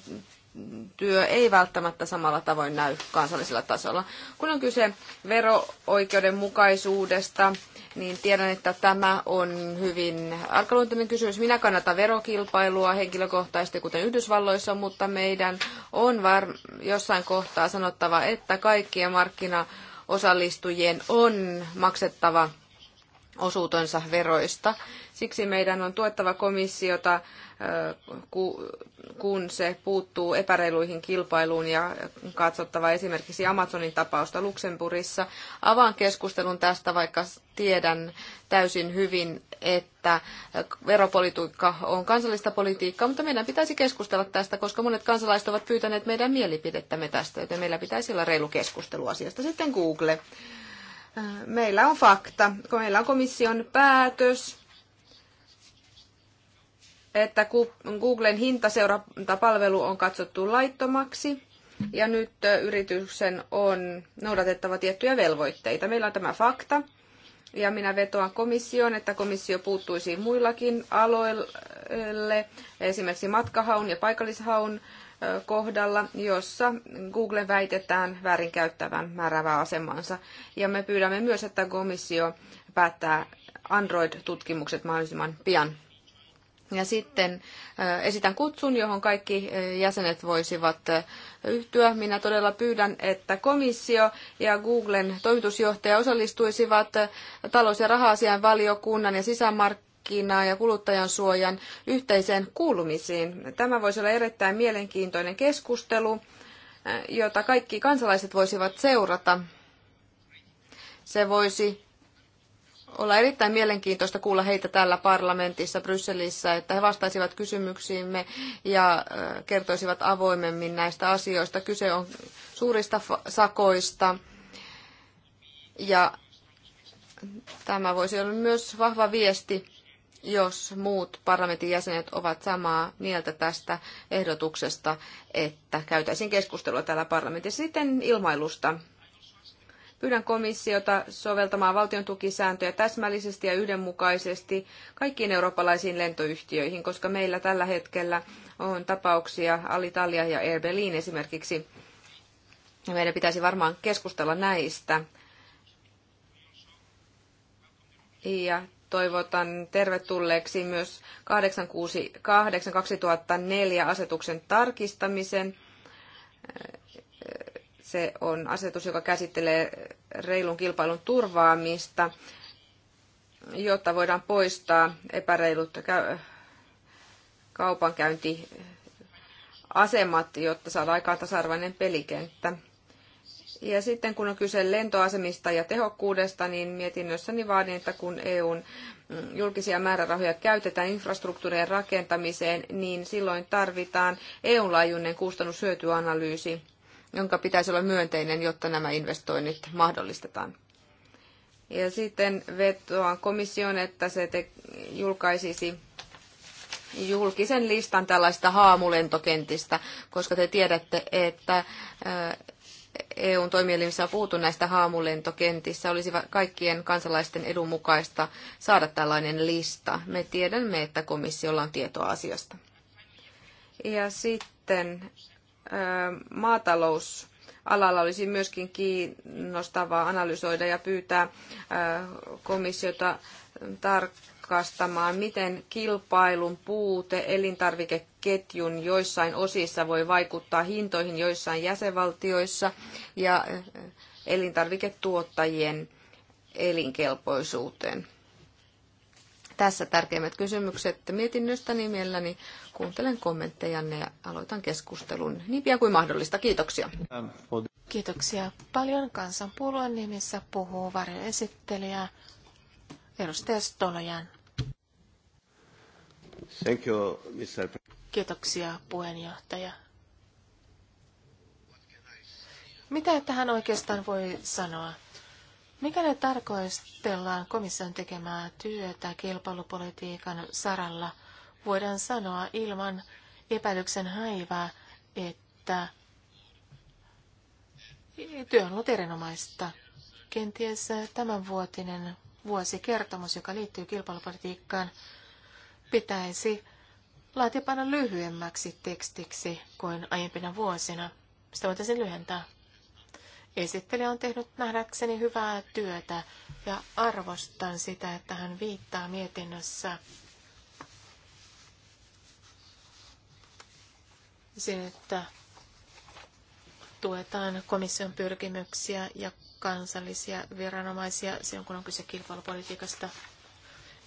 työ ei välttämättä samalla tavoin näy kansallisella tasolla. Kun on kyse vero-oikeudenmukaisuudesta, niin tiedän, että tämä on hyvin arkaluontoinen kysymys. Minä kannatan verokilpailua henkilökohtaisesti, kuten Yhdysvalloissa, mutta meidän on var- jossain kohtaa sanottava, että kaikkien markkina osallistujien on maksettava osuutensa veroista. Siksi meidän on tuettava komissiota, kun se puuttuu epäreiluihin kilpailuun ja katsottava esimerkiksi Amazonin tapausta Luxemburgissa. Avaan keskustelun tästä, vaikka tiedän täysin hyvin, että veropolitiikka on kansallista politiikkaa, mutta meidän pitäisi keskustella tästä, koska monet kansalaiset ovat pyytäneet meidän mielipidettämme tästä, joten meillä pitäisi olla reilu keskustelu asiasta. Sitten Google. Meillä on fakta, meillä on komission päätös, että Googlen hintaseurantapalvelu on katsottu laittomaksi ja nyt yrityksen on noudatettava tiettyjä velvoitteita. Meillä on tämä fakta ja minä vetoan komissioon, että komissio puuttuisi muillakin aloille, esimerkiksi matkahaun ja paikallishaun kohdalla, jossa Google väitetään väärinkäyttävän määrävää asemansa. Ja me pyydämme myös, että komissio päättää Android-tutkimukset mahdollisimman pian. Ja sitten äh, esitän kutsun, johon kaikki äh, jäsenet voisivat äh, yhtyä. Minä todella pyydän, että komissio ja Googlen toimitusjohtaja osallistuisivat talous- ja raha-asian valiokunnan ja sisämarkkinaa ja kuluttajan suojan yhteiseen kuulumisiin. Tämä voisi olla erittäin mielenkiintoinen keskustelu, jota kaikki kansalaiset voisivat seurata. Se voisi olla erittäin mielenkiintoista kuulla heitä täällä parlamentissa Brysselissä, että he vastaisivat kysymyksiimme ja äh, kertoisivat avoimemmin näistä asioista. Kyse on suurista sakoista ja tämä voisi olla myös vahva viesti, jos muut parlamentin jäsenet ovat samaa mieltä tästä ehdotuksesta, että käytäisiin keskustelua täällä parlamentissa. Sitten ilmailusta. Pyydän komissiota soveltamaan valtion tukisääntöjä täsmällisesti ja yhdenmukaisesti kaikkiin eurooppalaisiin lentoyhtiöihin, koska meillä tällä hetkellä on tapauksia Alitalia ja Air Berlin esimerkiksi. Meidän pitäisi varmaan keskustella näistä. Ja toivotan tervetulleeksi myös 868-2004 asetuksen tarkistamisen se on asetus, joka käsittelee reilun kilpailun turvaamista, jotta voidaan poistaa epäreilut kaupankäyntiasemat, jotta saadaan aikaan tasa-arvoinen pelikenttä. Ja sitten kun on kyse lentoasemista ja tehokkuudesta, niin mietinnössäni vaadin, että kun EUn mm, julkisia määrärahoja käytetään infrastruktuurien rakentamiseen, niin silloin tarvitaan EU-laajuinen kustannushyötyanalyysi jonka pitäisi olla myönteinen, jotta nämä investoinnit mahdollistetaan. Ja sitten vetoan komission, että se te- julkaisisi julkisen listan tällaista haamulentokentistä, koska te tiedätte, että EUn toimielimissä on puhuttu näistä haamulentokentissä. Olisi kaikkien kansalaisten edun mukaista saada tällainen lista. Me tiedämme, että komissiolla on tietoa asiasta. Ja sitten Maatalousalalla olisi myöskin kiinnostavaa analysoida ja pyytää komissiota tarkastamaan, miten kilpailun puute elintarvikeketjun joissain osissa voi vaikuttaa hintoihin joissain jäsenvaltioissa ja elintarviketuottajien elinkelpoisuuteen. Tässä tärkeimmät kysymykset mietinnöstä, niin mielelläni kuuntelen kommenttejanne ja aloitan keskustelun niin pian kuin mahdollista. Kiitoksia. Kiitoksia paljon. Kansanpuolueen nimissä puhuu varjon esittelijä edustaja Stolojan. Thank you, Mr. Kiitoksia puheenjohtaja. Mitä tähän oikeastaan voi sanoa? Mikäli tarkoistellaan komission tekemää työtä kilpailupolitiikan saralla, voidaan sanoa ilman epäilyksen häivää, että työ on ollut erinomaista. Kenties tämänvuotinen vuosikertomus, joka liittyy kilpailupolitiikkaan, pitäisi laatipana lyhyemmäksi tekstiksi kuin aiempina vuosina. Sitä voitaisiin lyhentää. Esittelijä on tehnyt nähdäkseni hyvää työtä ja arvostan sitä, että hän viittaa mietinnössä sen, että tuetaan komission pyrkimyksiä ja kansallisia viranomaisia silloin, kun on kyse kilpailupolitiikasta.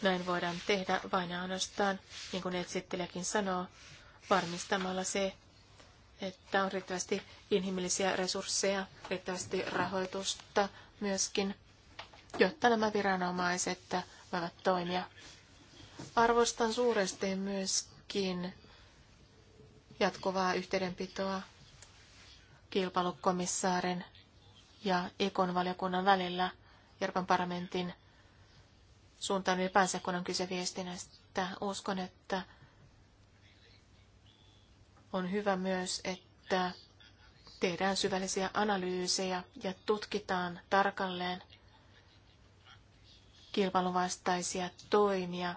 Näin voidaan tehdä vain ainoastaan, niin kuin esittelijäkin sanoo, varmistamalla se, että on riittävästi inhimillisiä resursseja, riittävästi rahoitusta myöskin, jotta nämä viranomaiset voivat toimia. Arvostan suuresti myöskin jatkuvaa yhteydenpitoa kilpailukomissaarin ja Ekon valiokunnan välillä Euroopan parlamentin suuntaan ylipäänsä, kun on kyse viestinnästä. Uskon, että on hyvä myös, että tehdään syvällisiä analyysejä ja tutkitaan tarkalleen kilpailuvastaisia toimia,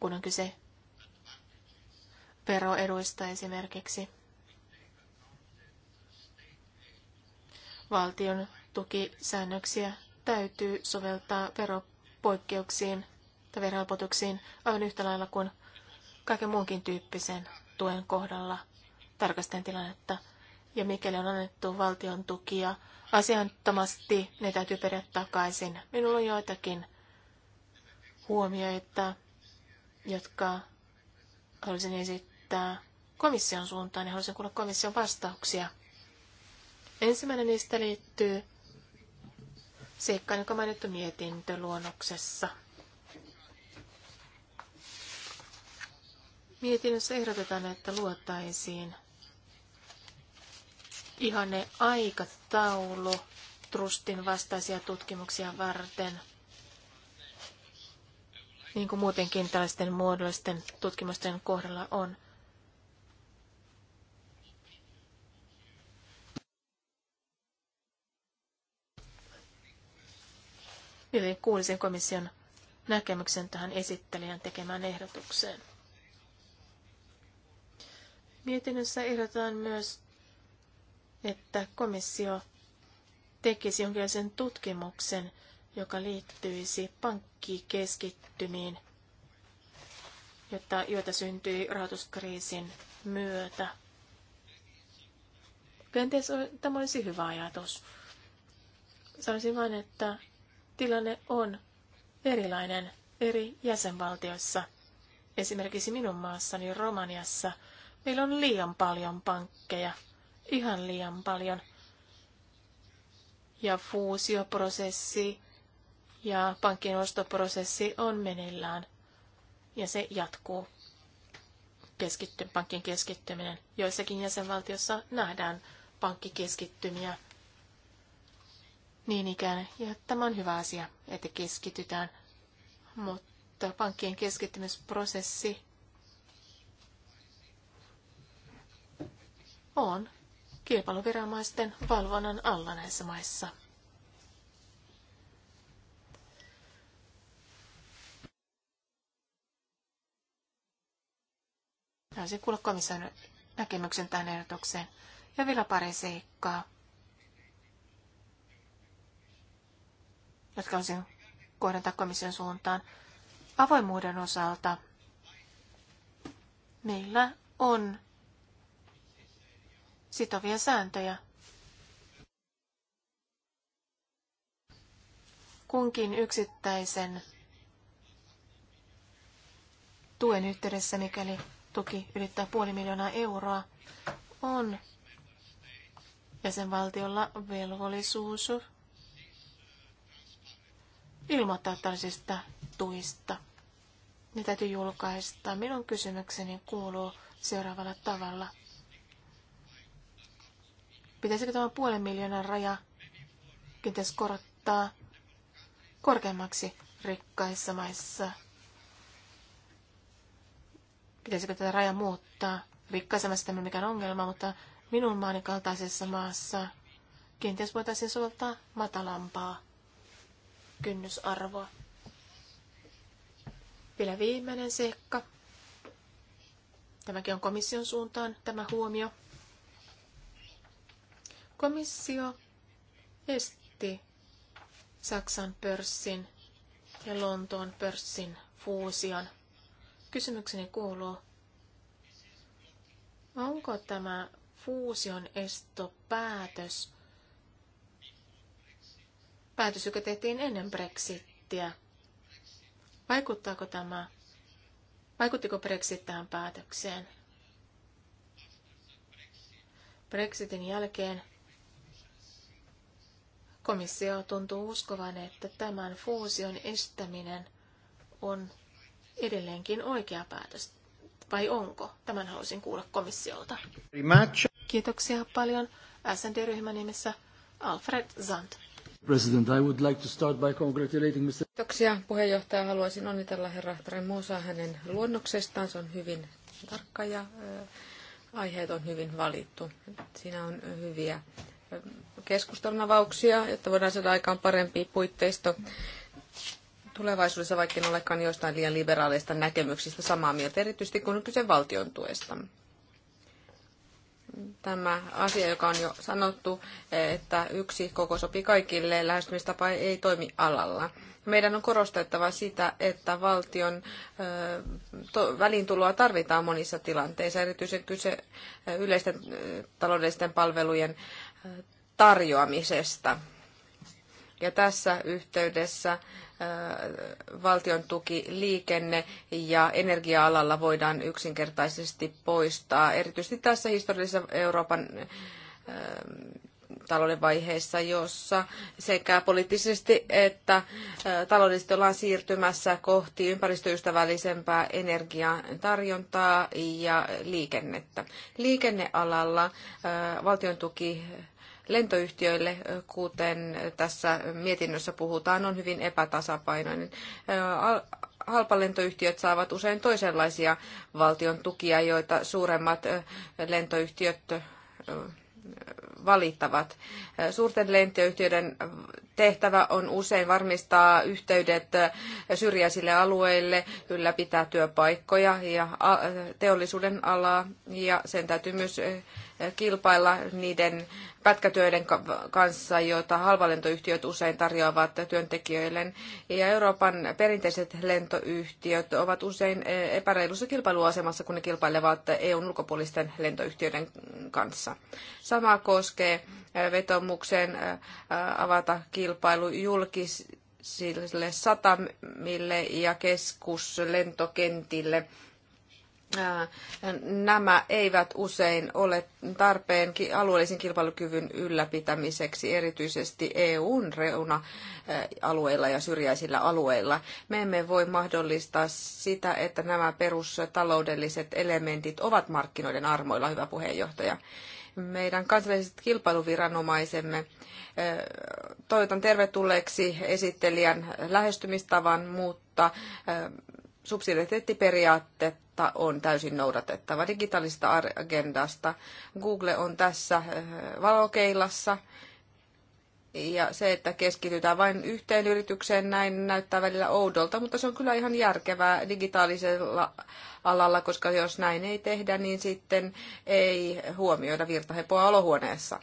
kun on kyse veroeduista esimerkiksi. Valtion tukisäännöksiä täytyy soveltaa veropoikkeuksiin tai verohelpotuksiin aivan yhtä lailla kuin kaiken muunkin tyyppisen tuen kohdalla tarkasten tilannetta. Ja mikäli on annettu valtion tukia asiantomasti, ne täytyy periä takaisin. Minulla on joitakin huomioita, jotka haluaisin esittää komission suuntaan ja haluaisin kuulla komission vastauksia. Ensimmäinen niistä liittyy seikkaan, joka on mainittu mietintöluonnoksessa. Mietinnössä ehdotetaan, että luottaisiin ihanne aikataulu trustin vastaisia tutkimuksia varten, niin kuin muutenkin tällaisten muodollisten tutkimusten kohdalla on. Eli kuulisin komission näkemyksen tähän esittelijän tekemään ehdotukseen. Mietinnössä ehdotetaan myös, että komissio tekisi jonkinlaisen tutkimuksen, joka liittyisi pankkikeskittymiin, jotta, joita syntyi rahoituskriisin myötä. Kenties tämä olisi hyvä ajatus. Sanoisin vain, että tilanne on erilainen eri jäsenvaltioissa. Esimerkiksi minun maassani Romaniassa Meillä on liian paljon pankkeja, ihan liian paljon. Ja fuusioprosessi ja pankin ostoprosessi on meneillään. Ja se jatkuu. Keskitty, pankin keskittyminen. Joissakin jäsenvaltiossa nähdään pankkikeskittymiä. Niin ikään, ja tämä on hyvä asia, että keskitytään. Mutta pankkien keskittymisprosessi on kilpailuviranomaisten valvonnan alla näissä maissa. Täysin kuulla komission näkemyksen tähän ehdotukseen. Ja vielä pari seikkaa, jotka olisin kohdentaa komission suuntaan. Avoimuuden osalta meillä on sitovia sääntöjä. Kunkin yksittäisen tuen yhteydessä, mikäli tuki ylittää puoli miljoonaa euroa, on jäsenvaltiolla velvollisuus ilmoittaa tällaisista tuista. Ne täytyy julkaista. Minun kysymykseni kuuluu seuraavalla tavalla. Pitäisikö tämä puolen miljoonan raja kenties korottaa korkeammaksi rikkaissa maissa? Pitäisikö tätä raja muuttaa? Rikkaissa maissa tämä on mikään ongelma, mutta minun maani kaltaisessa maassa kenties voitaisiin soveltaa matalampaa kynnysarvoa. Vielä viimeinen seikka. Tämäkin on komission suuntaan tämä huomio. Komissio esti Saksan pörssin ja Lontoon pörssin fuusion. Kysymykseni kuuluu, onko tämä fuusion päätös päätös, joka tehtiin ennen Brexittiä? Vaikuttaako tämä, vaikuttiko Brexit tähän päätökseen? Brexitin jälkeen Komissio tuntuu uskovan, että tämän fuusion estäminen on edelleenkin oikea päätös. Vai onko? Tämän halusin kuulla komissiolta. Kiitoksia paljon. SND-ryhmän nimessä Alfred Zandt. President, I would like to start by congratulating Mr. Kiitoksia puheenjohtaja. Haluaisin onnitella herra Tremosa hänen luonnoksestaan. Se on hyvin tarkka ja aiheet on hyvin valittu. Siinä on hyviä keskustelun avauksia, jotta voidaan saada aikaan parempi puitteisto tulevaisuudessa, vaikka en olekaan joistain liian liberaaleista näkemyksistä samaa mieltä, erityisesti kun on kyse valtion tuesta. Tämä asia, joka on jo sanottu, että yksi koko sopii kaikille, lähestymistapa ei toimi alalla. Meidän on korostettava sitä, että valtion välintuloa tarvitaan monissa tilanteissa, erityisen kyse yleisten taloudellisten palvelujen tarjoamisesta. Ja tässä yhteydessä äh, valtion tuki liikenne- ja energia-alalla voidaan yksinkertaisesti poistaa. Erityisesti tässä historiallisessa Euroopan äh, talouden vaiheessa, jossa sekä poliittisesti että taloudellisesti ollaan siirtymässä kohti ympäristöystävällisempää energiantarjontaa ja liikennettä. Liikennealalla valtion tuki lentoyhtiöille, kuten tässä mietinnössä puhutaan, on hyvin epätasapainoinen. Halpalentoyhtiöt saavat usein toisenlaisia valtion tukia, joita suuremmat lentoyhtiöt valittavat. Suurten lentoyhtiöiden tehtävä on usein varmistaa yhteydet syrjäisille alueille, ylläpitää työpaikkoja ja teollisuuden alaa ja sen täytyy myös kilpailla niiden pätkätyöiden kanssa, joita halvalentoyhtiöt usein tarjoavat työntekijöilleen. Ja Euroopan perinteiset lentoyhtiöt ovat usein eh, epäreilussa kilpailuasemassa, kun ne kilpailevat EUn ulkopuolisten lentoyhtiöiden kanssa. Sama koskee eh, vetomuksen eh, avata kilpailu julkisille satamille ja keskuslentokentille Nämä eivät usein ole tarpeen alueellisen kilpailukyvyn ylläpitämiseksi, erityisesti EUn reuna-alueilla ja syrjäisillä alueilla. Me emme voi mahdollistaa sitä, että nämä perustaloudelliset elementit ovat markkinoiden armoilla, hyvä puheenjohtaja meidän kansalliset kilpailuviranomaisemme. Toivotan tervetulleeksi esittelijän lähestymistavan, mutta subsidiariteettiperiaatetta on täysin noudatettava. Digitaalista agendasta Google on tässä eh, valokeilassa. Ja se, että keskitytään vain yhteen yritykseen, näin näyttää välillä oudolta, mutta se on kyllä ihan järkevää digitaalisella alalla, koska jos näin ei tehdä, niin sitten ei huomioida virtahepoa olohuoneessa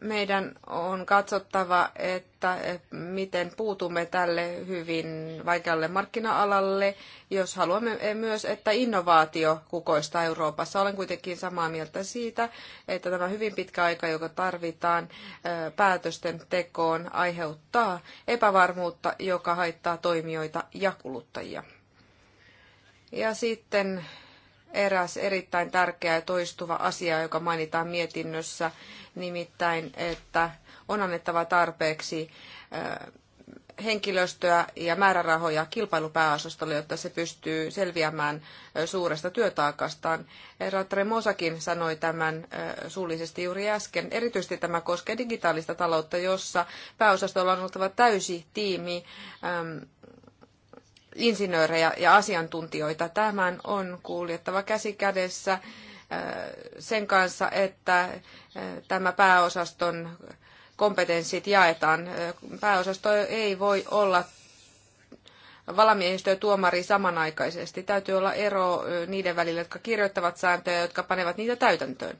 meidän on katsottava, että miten puutumme tälle hyvin vaikealle markkina-alalle, jos haluamme myös, että innovaatio kukoistaa Euroopassa. Olen kuitenkin samaa mieltä siitä, että tämä hyvin pitkä aika, joka tarvitaan päätösten tekoon, aiheuttaa epävarmuutta, joka haittaa toimijoita ja kuluttajia. Ja sitten eräs erittäin tärkeä ja toistuva asia, joka mainitaan mietinnössä, nimittäin, että on annettava tarpeeksi henkilöstöä ja määrärahoja kilpailupääosastolle, jotta se pystyy selviämään suuresta työtaakastaan. Herra Tremosakin sanoi tämän suullisesti juuri äsken. Erityisesti tämä koskee digitaalista taloutta, jossa pääosastolla on oltava täysi tiimi insinöörejä ja asiantuntijoita. Tämän on kuljettava käsi kädessä äh, sen kanssa, että äh, tämä pääosaston kompetenssit jaetaan. Äh, pääosasto ei voi olla valamiehistö ja tuomari samanaikaisesti. Täytyy olla ero niiden välillä, jotka kirjoittavat sääntöjä, jotka panevat niitä täytäntöön.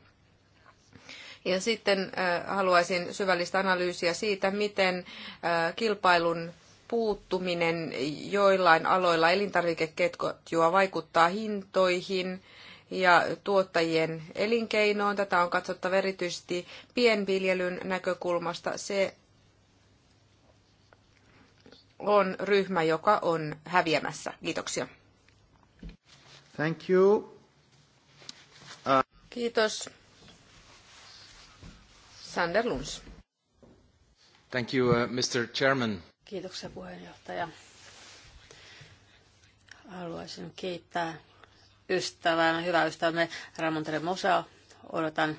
Ja sitten haluaisin syvällistä analyysiä siitä, miten kilpailun puuttuminen joillain aloilla elintarvikeketjua vaikuttaa hintoihin ja tuottajien elinkeinoon. Tätä on katsottava erityisesti pienviljelyn näkökulmasta. Se on ryhmä, joka on häviämässä. Kiitoksia. Thank you. Uh... Kiitos. Sander Luns. Thank you, uh, Mr. Chairman. Kiitoksia puheenjohtaja. Haluaisin kiittää ystävänä, hyvää ystävämme Ramon Tremosa. Odotan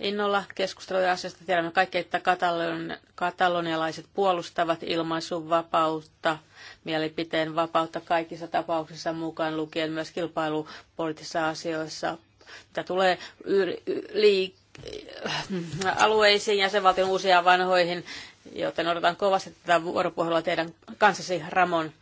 innolla keskusteluja asiasta. Tiedämme kaikki, että katalon, katalonialaiset puolustavat vapautta, mielipiteen vapautta kaikissa tapauksissa mukaan lukien myös kilpailupoliittisissa asioissa, mitä tulee yri, yli, alueisiin, jäsenvaltion uusiin ja vanhoihin joten odotan kovasti tätä vuoropuhelua teidän kanssasi, Ramon.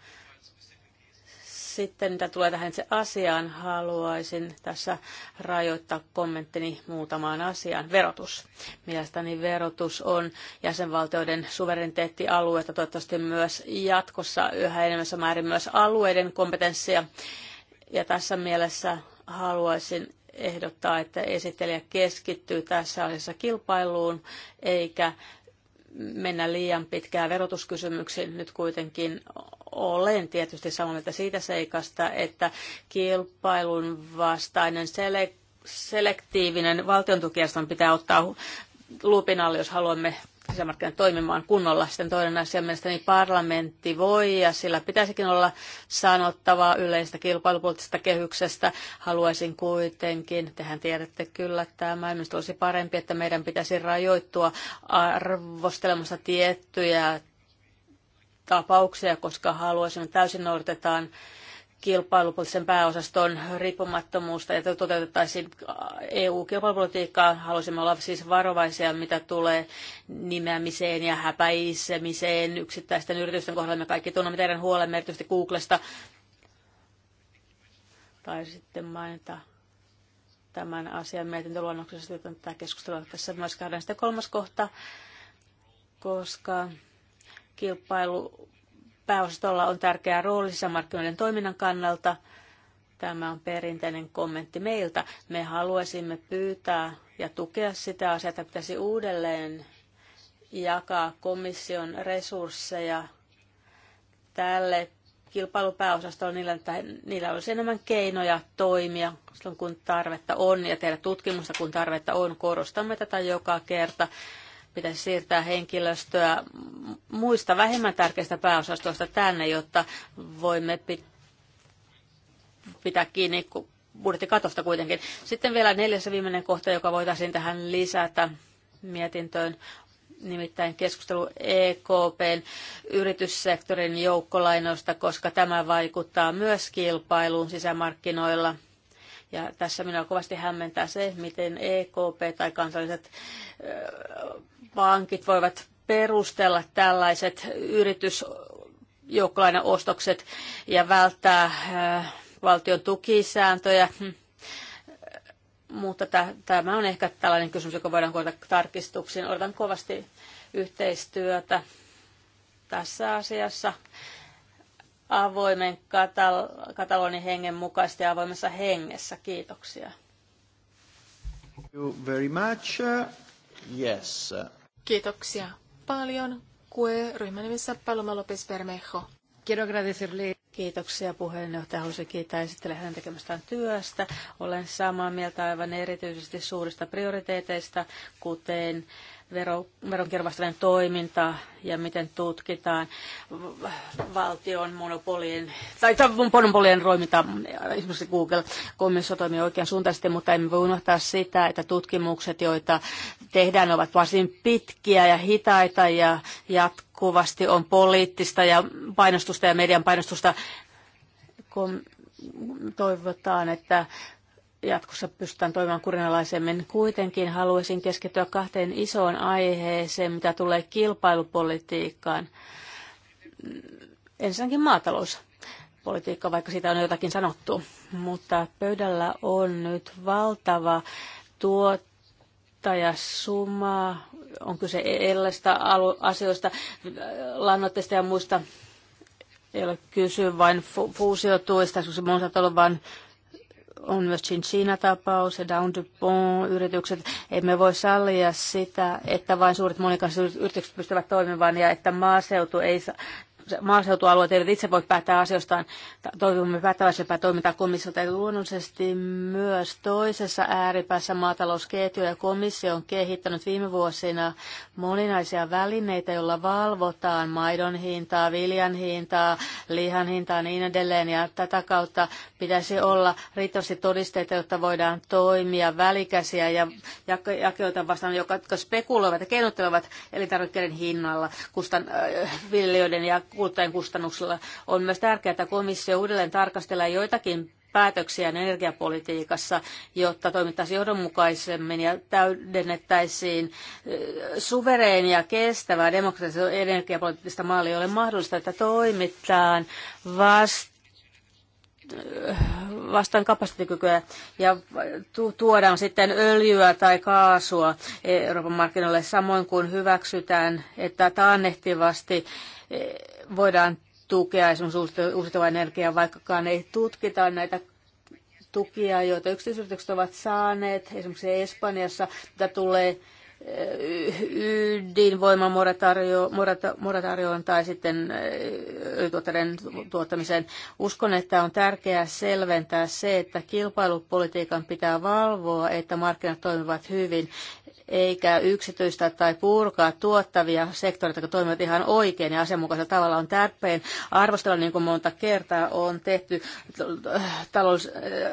Sitten mitä tulee tähän itse asiaan, haluaisin tässä rajoittaa kommenttini muutamaan asiaan. Verotus. Mielestäni verotus on jäsenvaltioiden suvereniteettialueita, toivottavasti myös jatkossa yhä enemmän määrin myös alueiden kompetenssia. Ja tässä mielessä haluaisin ehdottaa, että esittelijä keskittyy tässä asiassa kilpailuun eikä mennä liian pitkään verotuskysymyksiin. Nyt kuitenkin olen tietysti samaa mieltä siitä seikasta, että kilpailun vastainen selektiivinen valtion pitää ottaa luupin alle, jos haluamme sisämarkkinat toimimaan kunnolla. Sitten toinen asia mielestäni niin parlamentti voi ja sillä pitäisikin olla sanottavaa yleistä kilpailupoliittisesta kehyksestä. Haluaisin kuitenkin, tehän tiedätte kyllä tämä, minusta olisi parempi, että meidän pitäisi rajoittua arvostelemassa tiettyjä tapauksia, koska haluaisin, että täysin noudatetaan kilpailupoliittisen pääosaston riippumattomuutta ja toteutettaisiin EU-kilpailupolitiikkaa. Haluaisimme olla siis varovaisia, mitä tulee nimeämiseen ja häpäisemiseen yksittäisten yritysten kohdalla. Me kaikki tunnemme teidän huolemme erityisesti Googlesta. Tai sitten mainita tämän asian mietintöluonnoksessa, joten tämä keskustelua tässä myös käydään. Sitten kolmas kohta, koska kilpailu pääosastolla on tärkeä rooli sisämarkkinoiden toiminnan kannalta. Tämä on perinteinen kommentti meiltä. Me haluaisimme pyytää ja tukea sitä asiaa, että pitäisi uudelleen jakaa komission resursseja tälle kilpailupääosastolle niillä, että niillä olisi enemmän keinoja toimia silloin, kun tarvetta on ja tehdä tutkimusta, kun tarvetta on. Korostamme tätä joka kerta pitäisi siirtää henkilöstöä muista vähemmän tärkeistä pääosastoista tänne, jotta voimme pitää kiinni budjettikatosta kuitenkin. Sitten vielä neljäs ja viimeinen kohta, joka voitaisiin tähän lisätä mietintöön, nimittäin keskustelu EKPn yrityssektorin joukkolainoista, koska tämä vaikuttaa myös kilpailuun sisämarkkinoilla. Ja tässä minua kovasti hämmentää se, miten EKP tai kansalliset pankit voivat perustella tällaiset yritysjoukkolainaostokset ja välttää äh, valtion tukisääntöjä. Hm. Mutta tämä on ehkä tällainen kysymys, joka voidaan koota tarkistuksiin. Odotan kovasti yhteistyötä tässä asiassa avoimen katal- katalonin hengen mukaisesti ja avoimessa hengessä. Kiitoksia. Thank you very much. Yes. Kiitoksia paljon. Kue ryhmän nimissä Paloma López Bermejo. Quiero agradecerle. Kiitoksia puheenjohtaja. Haluaisin kiittää esittele hänen tekemästään työstä. Olen samaa mieltä aivan erityisesti suurista prioriteeteista, kuten vero, veronkirvastainen toiminta ja miten tutkitaan valtion monopolien, tai monopolien roiminta, esimerkiksi Google-komissio toimii oikean suuntaisesti, mutta emme voi unohtaa sitä, että tutkimukset, joita tehdään, ovat varsin pitkiä ja hitaita ja jatkuvasti on poliittista ja painostusta ja median painostusta, Kom- toivotaan, että jatkossa pystytään toimimaan kurinalaisemmin. Kuitenkin haluaisin keskittyä kahteen isoon aiheeseen, mitä tulee kilpailupolitiikkaan. Ensinnäkin maatalouspolitiikka, vaikka siitä on jotakin sanottu. Mutta pöydällä on nyt valtava tuottajasuma, on kyse erilaisista asioista, lannoitteista ja muista. Ei ole kysy vain fuusiotuista, koska se on ollut vain on myös Chinchina-tapaus ja Down yritykset Emme voi sallia sitä, että vain suuret monikansalliset yritykset pystyvät toimimaan ja että maaseutu ei maaseutualueet eivät itse voi päättää asioistaan. Toivomme päättäväisempää toimintaa komissiolta. Ja luonnollisesti myös toisessa ääripäässä maatalousketjuja komissio on kehittänyt viime vuosina moninaisia välineitä, joilla valvotaan maidon hintaa, viljan hintaa, lihan hintaa ja niin edelleen. Ja tätä kautta pitäisi olla riittävästi todisteita, jotta voidaan toimia välikäsiä ja jakeita vastaan, jotka spekuloivat ja keinottelevat elintarvikkeiden hinnalla kustan, äh, viljelijöiden ja kuluttajien kustannuksella. On myös tärkeää, että komissio uudelleen tarkastelee joitakin päätöksiä energiapolitiikassa, jotta toimittaisiin johdonmukaisemmin ja täydennettäisiin suvereenia kestävää demokraattista energiapoliittista maalia, jolle mahdollista, että toimitaan vasta vastaan kapasiteettikykyä ja tuodaan sitten öljyä tai kaasua Euroopan markkinoille, samoin kuin hyväksytään, että taannehtivasti voidaan tukea esimerkiksi uusiutuvaa energiaa, vaikkakaan ei tutkita näitä tukia, joita yksityisyritykset ovat saaneet, esimerkiksi Espanjassa, mitä tulee eh, moratarioon tai sitten eh, öljytuotteiden tuottamiseen. Uskon, että on tärkeää selventää se, että kilpailupolitiikan pitää valvoa, että markkinat toimivat hyvin eikä yksityistä tai purkaa tuottavia sektoreita, jotka toimivat ihan oikein ja asianmukaisella tavalla on tarpeen arvostella, niin kuin monta kertaa on tehty talous,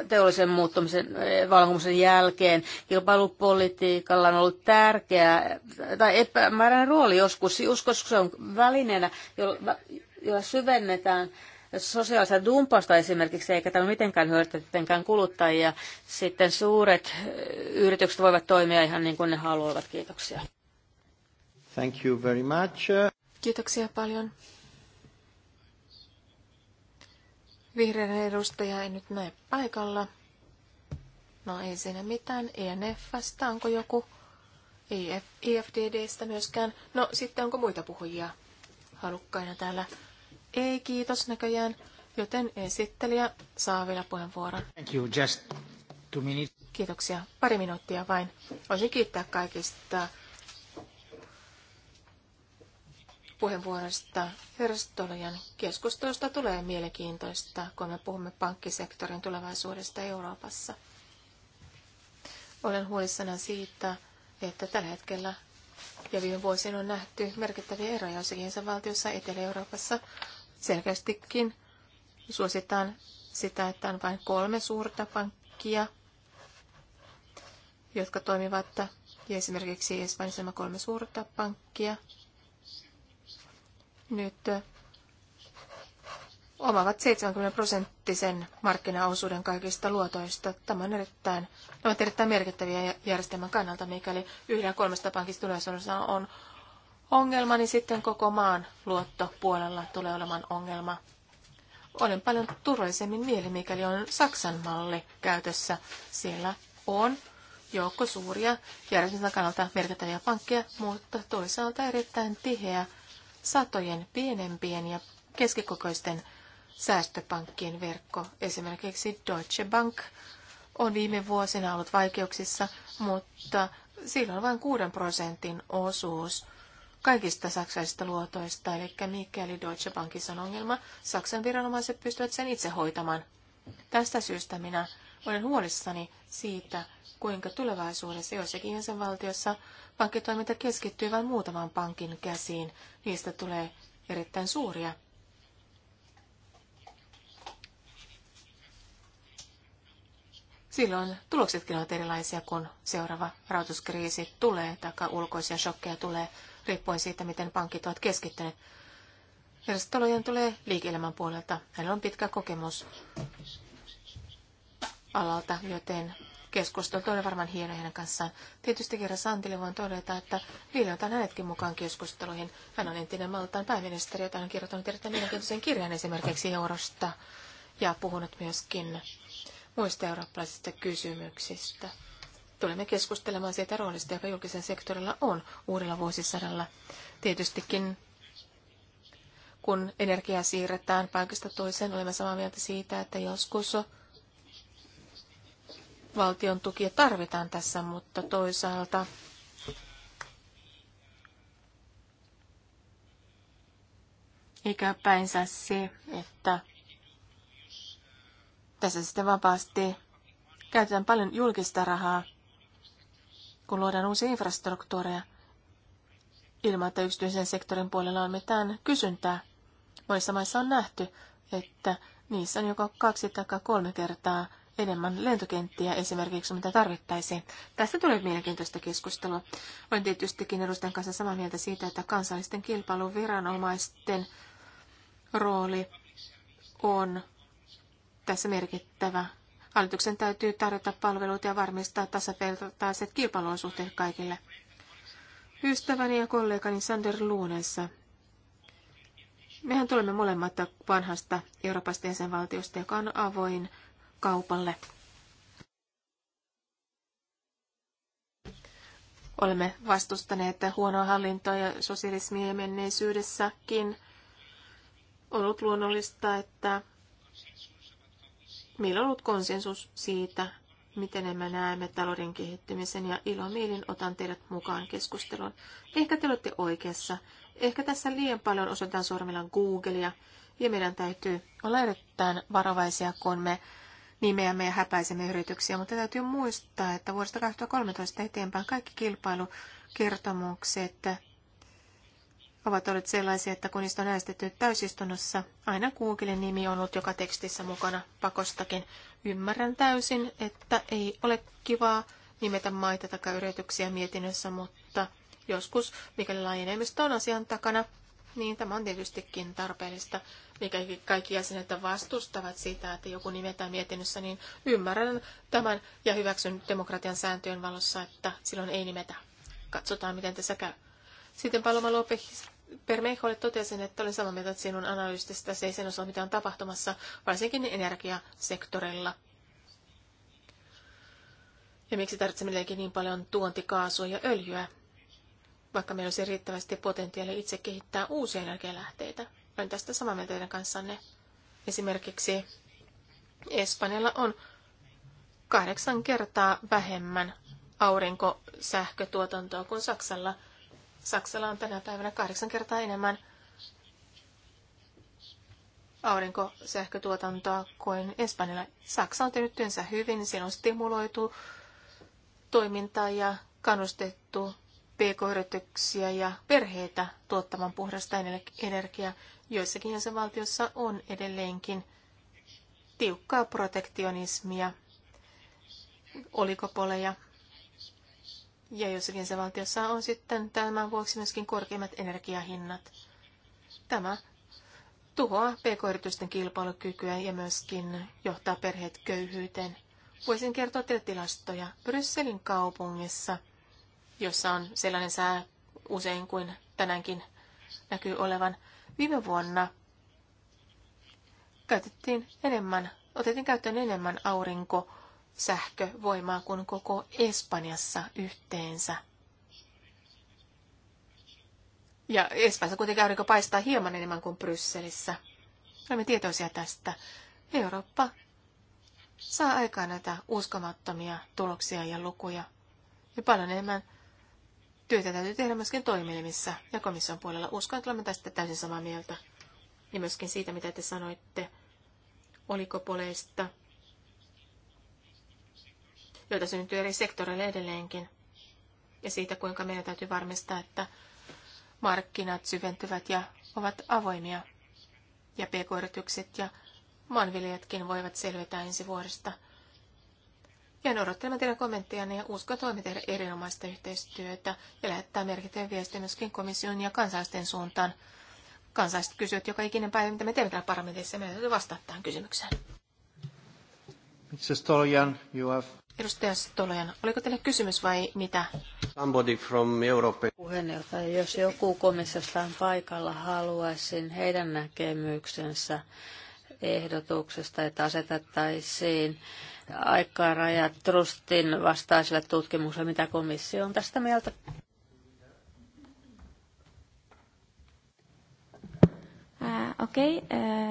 teollisen muuttumisen eh, vallankumouksen jälkeen. Kilpailupolitiikalla on ollut tärkeä tai epämääräinen rooli joskus, joskus se on välineenä, jolla syvennetään sosiaalista dumpausta esimerkiksi, eikä tämä mitenkään hyödytä tietenkään kuluttajia. Sitten suuret yritykset voivat toimia ihan niin kuin ne haluavat. Kiitoksia. Thank you very much. Kiitoksia paljon. Vihreän edustaja ei nyt näe paikalla. No ei siinä mitään. ENFstä onko joku? EF, EFDDstä myöskään. No sitten onko muita puhujia halukkaina täällä? Ei, kiitos näköjään. Joten esittelijä saa vielä puheenvuoron. Thank you. Just two minutes. Kiitoksia. Pari minuuttia vain. Voisin kiittää kaikista puheenvuorosta. Herstolian keskustelusta tulee mielenkiintoista, kun me puhumme pankkisektorin tulevaisuudesta Euroopassa. Olen huolissani siitä, että tällä hetkellä ja viime vuosina on nähty merkittäviä eroja jossakin valtiossa Etelä-Euroopassa selkeästikin suositaan sitä, että on vain kolme suurta pankkia, jotka toimivat, ja esimerkiksi Espanjassa on kolme suurta pankkia. Nyt omavat 70 prosenttisen markkinaosuuden kaikista luotoista. Tämä on erittäin, nämä ovat erittäin merkittäviä järjestelmän kannalta, mikäli yhden kolmesta pankista yleisössä on ongelma, niin sitten koko maan luottopuolella tulee olemaan ongelma. Olen paljon turvallisemmin mieli, mikäli on Saksan malli käytössä. Siellä on joukko suuria järjestelmän kannalta merkittäviä pankkeja, mutta toisaalta erittäin tiheä satojen pienempien ja keskikokoisten säästöpankkien verkko. Esimerkiksi Deutsche Bank on viime vuosina ollut vaikeuksissa, mutta sillä on vain 6 prosentin osuus kaikista saksaisista luotoista, eli mikäli Deutsche Bankissa on ongelma, Saksan viranomaiset pystyvät sen itse hoitamaan. Tästä syystä minä olen huolissani siitä, kuinka tulevaisuudessa joissakin jäsenvaltiossa pankkitoiminta keskittyy vain muutaman pankin käsiin. Niistä tulee erittäin suuria. Silloin tuloksetkin ovat erilaisia, kun seuraava rahoituskriisi tulee tai ulkoisia shokkeja tulee riippuen siitä, miten pankit ovat keskittyneet. Järjestötalojen tulee liike-elämän puolelta. Hänellä on pitkä kokemus alalta, joten keskustelut on varmaan hieno hänen kanssaan. Tietysti kerran Santille voin todeta, että viilataan hänetkin mukaan keskusteluihin. Hän on entinen Maltaan pääministeri, jota on kirjoittanut erittäin mielenkiintoisen kirjan esimerkiksi eurosta ja puhunut myöskin muista eurooppalaisista kysymyksistä. Tulemme keskustelemaan siitä roolista, joka julkisen sektorilla on uudella vuosisadalla. Tietystikin kun energiaa siirretään paikasta toiseen, olemme samaa mieltä siitä, että joskus valtion tukia tarvitaan tässä, mutta toisaalta eikä päinsä se, että tässä sitten vapaasti käytetään paljon julkista rahaa kun luodaan uusia infrastruktuureja ilman, että yksityisen sektorin puolella on mitään kysyntää. Monissa maissa on nähty, että niissä on joko kaksi tai kolme kertaa enemmän lentokenttiä esimerkiksi, mitä tarvittaisiin. Tästä tulee mielenkiintoista keskustelua. Olen tietystikin edustajan kanssa samaa mieltä siitä, että kansallisten kilpailuviranomaisten rooli on tässä merkittävä Hallituksen täytyy tarjota palveluita ja varmistaa tasavertaiset kilpailuolosuhteet kaikille. Ystäväni ja kollegani Sander Luunessa. Mehän tulemme molemmat vanhasta Euroopasta jäsenvaltiosta, joka on avoin kaupalle. Olemme vastustaneet huonoa hallintoa ja sosialismia menneisyydessäkin. On ollut luonnollista, että meillä on ollut konsensus siitä, miten me näemme talouden kehittymisen ja ilomielin otan teidät mukaan keskusteluun. Ehkä te olette oikeassa. Ehkä tässä liian paljon osoitetaan sormilla Googlea ja meidän täytyy olla erittäin varovaisia, kun me nimeämme ja häpäisemme yrityksiä, mutta täytyy muistaa, että vuodesta 2013 eteenpäin kaikki kilpailukertomukset ovat olleet sellaisia, että kun niistä on äästetty täysistunnossa, aina Googlen nimi on ollut joka tekstissä mukana pakostakin. Ymmärrän täysin, että ei ole kivaa nimetä maita tai yrityksiä mietinnössä, mutta joskus, mikäli laajenemista on asian takana, niin tämä on tietystikin tarpeellista. Mikä kaikki jäsenet vastustavat sitä, että joku nimetään mietinnössä, niin ymmärrän tämän ja hyväksyn demokratian sääntöjen valossa, että silloin ei nimetä. Katsotaan, miten tässä käy. Sitten Paloma Lopez Permeikolle totesin, että olen samaa mieltä sinun analyysistä, se ei sen osaa, mitä on tapahtumassa, varsinkin energiasektorilla. Ja miksi tarvitsemme niin paljon tuontikaasua ja öljyä, vaikka meillä olisi riittävästi potentiaalia itse kehittää uusia energialähteitä. Olen tästä samaa mieltä teidän kanssanne. Esimerkiksi Espanjalla on kahdeksan kertaa vähemmän aurinkosähkötuotantoa kuin Saksalla – Saksalla on tänä päivänä kahdeksan kertaa enemmän aurinkosähkötuotantoa kuin Espanjalla. Saksa on tehnyt työnsä hyvin, siinä on stimuloitu toimintaa ja kannustettu pk-yrityksiä ja perheitä tuottamaan puhdasta energiaa. Joissakin jäsenvaltiossa on edelleenkin tiukkaa protektionismia, olikopoleja ja jossakin valtiossa on sitten tämän vuoksi myöskin korkeimmat energiahinnat. Tämä tuhoaa pk-yritysten kilpailukykyä ja myöskin johtaa perheet köyhyyteen. Voisin kertoa teille tilastoja. Brysselin kaupungissa, jossa on sellainen sää usein kuin tänäänkin näkyy olevan, viime vuonna käytettiin enemmän, otettiin käyttöön enemmän aurinko sähkövoimaa kuin koko Espanjassa yhteensä. Ja Espanjassa kuitenkin aurinko paistaa hieman enemmän kuin Brysselissä. Olemme tietoisia tästä. Eurooppa saa aikaan näitä uskomattomia tuloksia ja lukuja. Ja paljon enemmän työtä täytyy tehdä myöskin toimielimissä ja komission puolella. Uskon, että olemme tästä täysin samaa mieltä. Ja myöskin siitä, mitä te sanoitte oliko poleista? joita syntyy eri sektoreille edelleenkin. Ja siitä, kuinka meidän täytyy varmistaa, että markkinat syventyvät ja ovat avoimia. Ja pk-yritykset ja maanviljelijätkin voivat selvitä ensi vuodesta. Ja odottelemme teidän kommenttejanne ja usko toimi tehdä erinomaista yhteistyötä ja lähettää merkittävän viestiä myöskin komission ja kansalaisten suuntaan. Kansalaiset kysyvät joka ikinen päivä, mitä me teemme täällä parlamentissa, ja meidän täytyy vastata tähän kysymykseen. Mr. you have... Edustaja Stolojan, oliko teille kysymys vai mitä? Somebody from Europe. Puheenjohtaja, jos joku komissiosta on paikalla, haluaisin heidän näkemyksensä ehdotuksesta, että asetettaisiin rajat Trustin vastaiselle tutkimukselle, mitä komissio on tästä mieltä. Okei, uh, okay,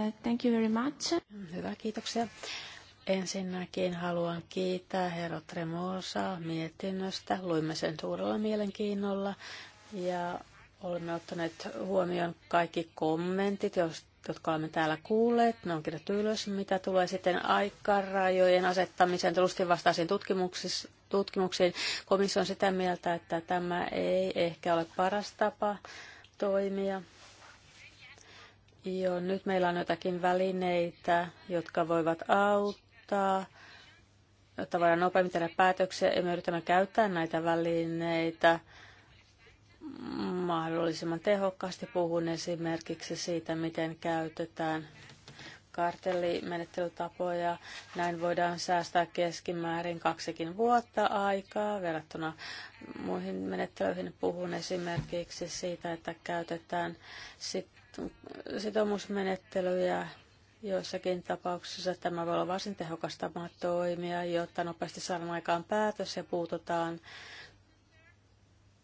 uh, thank you very much. Hyvä, kiitoksia. Ensinnäkin haluan kiittää herra Tremosa mietinnöstä. Luimme sen suurella mielenkiinnolla ja olemme ottaneet huomioon kaikki kommentit, jotka olemme täällä kuulleet. Ne on kirjattu ylös, mitä tulee sitten aikarajojen asettamiseen tulustin vastaisiin tutkimuksiin. Komissio on sitä mieltä, että tämä ei ehkä ole paras tapa toimia. Joo, nyt meillä on jotakin välineitä, jotka voivat auttaa auttaa, jotta voidaan nopeammin tehdä päätöksiä ja me yritämme käyttää näitä välineitä mahdollisimman tehokkaasti. Puhun esimerkiksi siitä, miten käytetään kartellimenettelytapoja. Näin voidaan säästää keskimäärin kaksikin vuotta aikaa verrattuna muihin menettelyihin. Puhun esimerkiksi siitä, että käytetään sit- sitoumusmenettelyjä Joissakin tapauksissa tämä voi olla varsin tehokas tapa toimia, jotta nopeasti saadaan aikaan päätös ja puututaan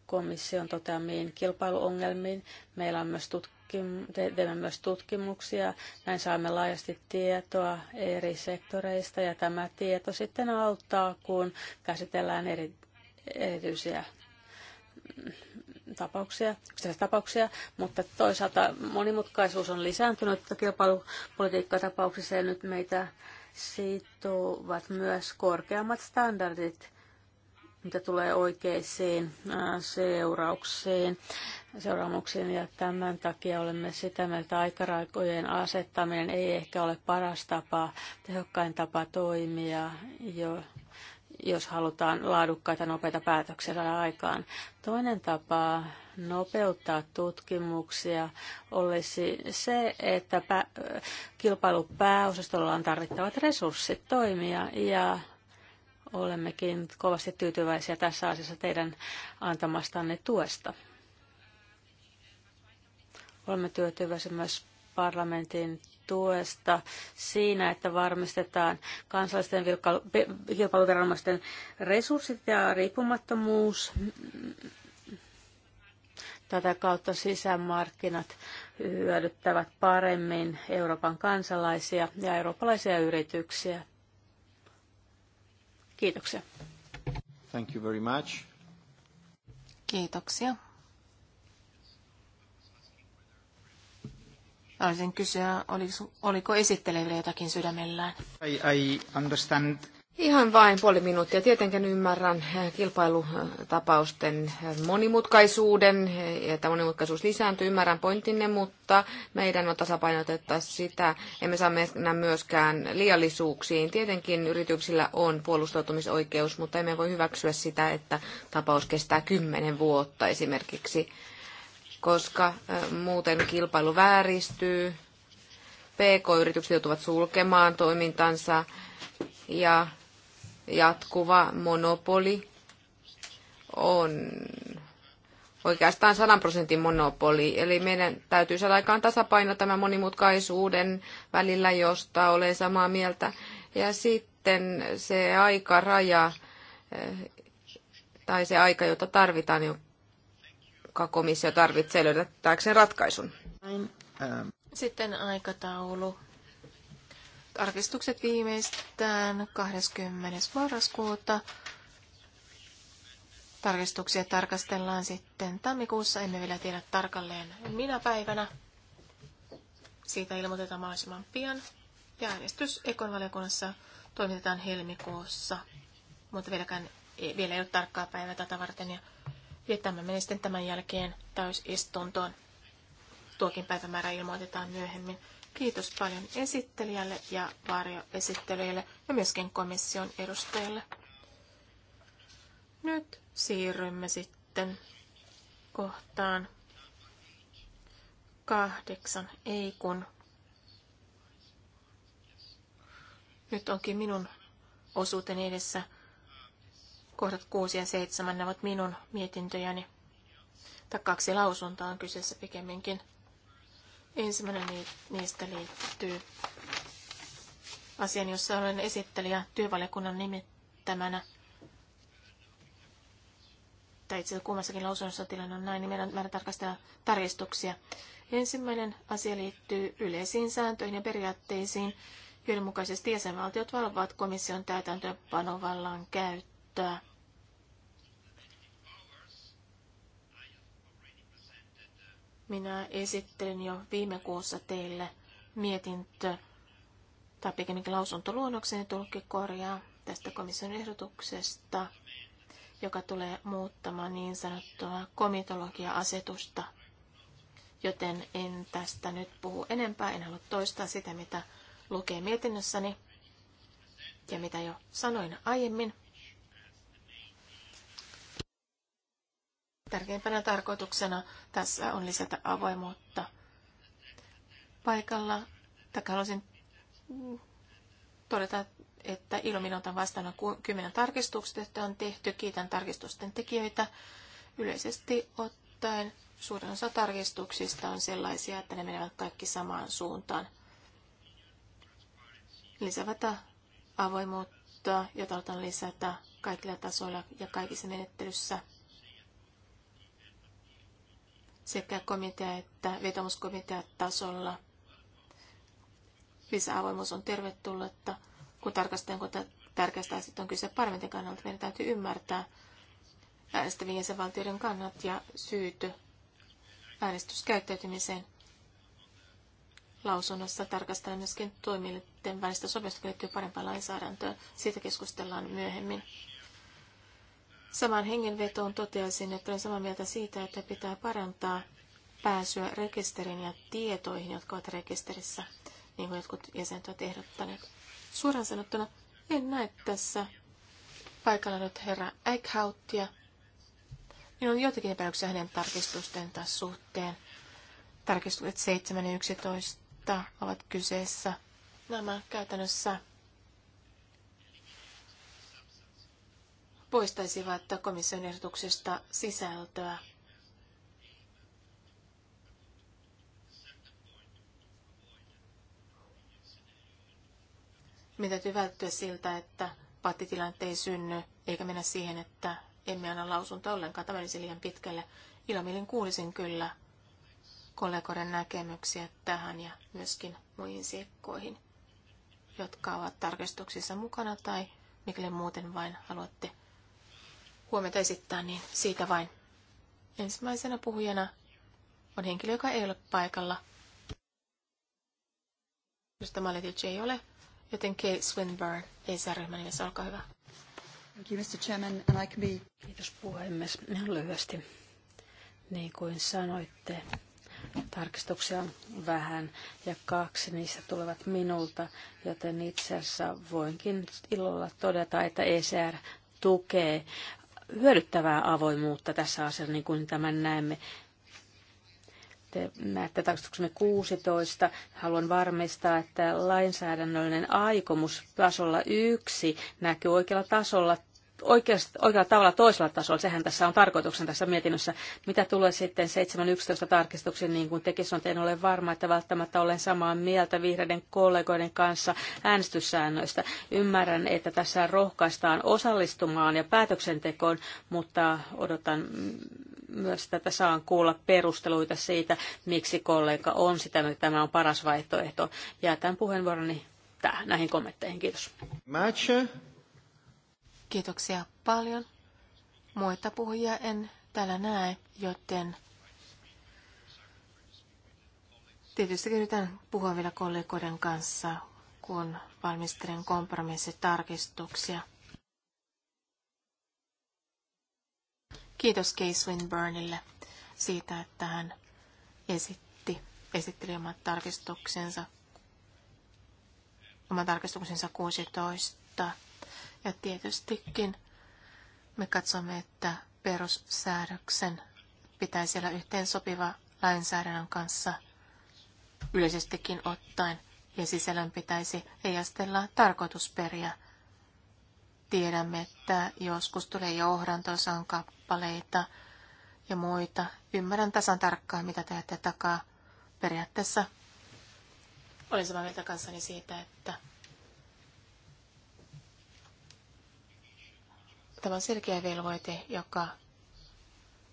komission toteamiin kilpailuongelmiin. Meillä on myös tutkim- teemme myös tutkimuksia, näin saamme laajasti tietoa eri sektoreista ja tämä tieto sitten auttaa, kun käsitellään eri, erityisiä tapauksia, yksittäisiä tapauksia, mutta toisaalta monimutkaisuus on lisääntynyt kilpailupolitiikkatapauksissa ja nyt meitä sitovat myös korkeammat standardit, mitä tulee oikeisiin seurauksiin, seuraamuksiin ja tämän takia olemme sitä mieltä, että aikaraikojen asettaminen ei ehkä ole paras tapa, tehokkain tapa toimia, jo jos halutaan laadukkaita nopeita päätöksiä saada aikaan. Toinen tapa nopeuttaa tutkimuksia olisi se, että pä- kilpailupääosastolla on tarvittavat resurssit toimia ja olemmekin kovasti tyytyväisiä tässä asiassa teidän antamastanne tuesta. Olemme tyytyväisiä myös parlamentin tuesta siinä, että varmistetaan kansallisten kilpailuviranomaisten resurssit ja riippumattomuus. Tätä kautta sisämarkkinat hyödyttävät paremmin Euroopan kansalaisia ja eurooppalaisia yrityksiä. Kiitoksia. Thank you very much. Kiitoksia. Haluaisin kysyä, oliko, oliko esittelevillä jotakin sydämellään? I, I understand. Ihan vain puoli minuuttia. Tietenkin ymmärrän kilpailutapausten monimutkaisuuden, että monimutkaisuus lisääntyy, ymmärrän pointinne, mutta meidän on tasapainotettava sitä. Emme saa mennä myöskään liiallisuuksiin. Tietenkin yrityksillä on puolustautumisoikeus, mutta emme voi hyväksyä sitä, että tapaus kestää kymmenen vuotta esimerkiksi koska muuten kilpailu vääristyy, PK-yritykset joutuvat sulkemaan toimintansa ja jatkuva monopoli on oikeastaan 100 prosentin monopoli. Eli meidän täytyy saada aikaan tasapaino tämän monimutkaisuuden välillä, josta olen samaa mieltä. Ja sitten se aikaraja tai se aika, jota tarvitaan, joka komissio tarvitsee löydettääkseen ratkaisun. Ähm. Sitten aikataulu. Tarkistukset viimeistään 20. marraskuuta. Tarkistuksia tarkastellaan sitten tammikuussa, emme vielä tiedä tarkalleen minä päivänä. Siitä ilmoitetaan mahdollisimman pian. Ja äänestys ekonvaliokunnassa toimitetaan helmikuussa, mutta vieläkään, vielä ei ole tarkkaa päivää tätä varten. Ja ja tämä menee sitten tämän jälkeen täysistuntoon. Tuokin päivämäärä ilmoitetaan myöhemmin. Kiitos paljon esittelijälle ja varjoesittelijälle ja myöskin komission edustajille. Nyt siirrymme sitten kohtaan kahdeksan, ei kun. Nyt onkin minun osuuteni edessä Kohdat 6 ja 7 ne ovat minun mietintöjäni. Tai kaksi lausuntaa on kyseessä pikemminkin. Ensimmäinen niistä liittyy asian, jossa olen esittelijä työvaliokunnan nimittämänä. Tai itse asiassa kummassakin lausunnossa tilanne on näin, niin meidän määrä tarkastella tarkistuksia. Ensimmäinen asia liittyy yleisiin sääntöihin ja periaatteisiin, joiden mukaisesti jäsenvaltiot valvovat komission täytäntöönpanovallan käyttöä. Minä esittelin jo viime kuussa teille mietintö tai pikemminkin lausuntoluonnoksen tulkki korjaa tästä komission ehdotuksesta, joka tulee muuttamaan niin sanottua komitologia-asetusta. Joten en tästä nyt puhu enempää, en halua toistaa sitä, mitä lukee mietinnössäni ja mitä jo sanoin aiemmin. Tärkeimpänä tarkoituksena tässä on lisätä avoimuutta. Paikalla, Tätä haluaisin todeta, että ilomin otan vastaan kymmenen tarkistuksesta, joita on tehty. Kiitän tarkistusten tekijöitä. Yleisesti ottaen suurin osa tarkistuksista on sellaisia, että ne menevät kaikki samaan suuntaan. Lisävätä avoimuutta, jota otan lisätä kaikilla tasoilla ja kaikissa menettelyssä – sekä komitea- että vetomuskomiteatasolla. Lisäavoimuus on tervetullutta, kun tarkastetaan, kun tärkeästä asiasta on kyse parlamentin kannalta. Meidän täytyy ymmärtää äänestävien jäsenvaltioiden kannat ja syyt äänestyskäyttäytymiseen. Lausunnossa tarkastellaan myöskin toimijoiden välistä sopimusta liittyy parempaan lainsäädäntöön. Siitä keskustellaan myöhemmin. Saman hengenvetoon toteaisin, että olen samaa mieltä siitä, että pitää parantaa pääsyä rekisterin ja tietoihin, jotka ovat rekisterissä, niin kuin jotkut jäsenet ovat ehdottaneet. Suoraan sanottuna en näe tässä paikalla nyt herra Eichhauttia. Minulla on joitakin epäilyksiä hänen tarkistusten taas suhteen. Tarkistukset 7 ja 11 ovat kyseessä. Nämä käytännössä poistaisivat komission ehdotuksesta sisältöä. Meidän täytyy välttyä siltä, että pattitilanteet ei synny, eikä mennä siihen, että emme anna lausunta ollenkaan. Tämä olisi liian pitkälle. Ilomielin kuulisin kyllä kollegoiden näkemyksiä tähän ja myöskin muihin siekkoihin, jotka ovat tarkistuksissa mukana tai mikäli muuten vain haluatte huomiota esittää, niin siitä vain. Ensimmäisenä puhujana on henkilö, joka ei ole paikalla. Mr. Maletic ei ole, joten Kate Swinburne ei ryhmän nimessä, olkaa hyvä. Thank you, Mr. Chairman, and I can be... Kiitos puhemies. Ihan lyhyesti. Niin kuin sanoitte, tarkistuksia on vähän ja kaksi niistä tulevat minulta, joten itse asiassa voinkin ilolla todeta, että ECR tukee hyödyttävää avoimuutta tässä asiassa, niin kuin tämän näemme. Te näette tarkastuksemme 16. Haluan varmistaa, että lainsäädännöllinen aikomus tasolla yksi näkyy oikealla tasolla oikealla tavalla toisella tasolla. Sehän tässä on tarkoituksen tässä mietinnössä. Mitä tulee sitten 7.11 tarkistuksiin, niin kuin tekin on, en ole varma, että välttämättä olen samaa mieltä vihreiden kollegoiden kanssa äänestyssäännöistä. Ymmärrän, että tässä rohkaistaan osallistumaan ja päätöksentekoon, mutta odotan myös tätä saan kuulla perusteluita siitä, miksi kollega on sitä, että tämä on paras vaihtoehto. Jätän puheenvuoroni tähän, näihin kommentteihin. Kiitos. Matcha. Kiitoksia paljon. Muita puhujia en täällä näe, joten tietysti yritän puhua vielä kollegoiden kanssa, kun valmistelen kompromissitarkistuksia. Kiitos Case Winburnille siitä, että hän esitti, esitteli omat tarkistuksensa, oman tarkistuksensa 16 ja tietystikin me katsomme, että perussäädöksen pitäisi olla yhteen sopiva lainsäädännön kanssa yleisestikin ottaen, ja sisällön pitäisi heijastella tarkoitusperiä. Tiedämme, että joskus tulee johdantosan kappaleita ja muita. Ymmärrän tasan tarkkaan, mitä teette takaa. Periaatteessa olen samaa mieltä kanssani siitä, että Tämä on selkeä velvoite, joka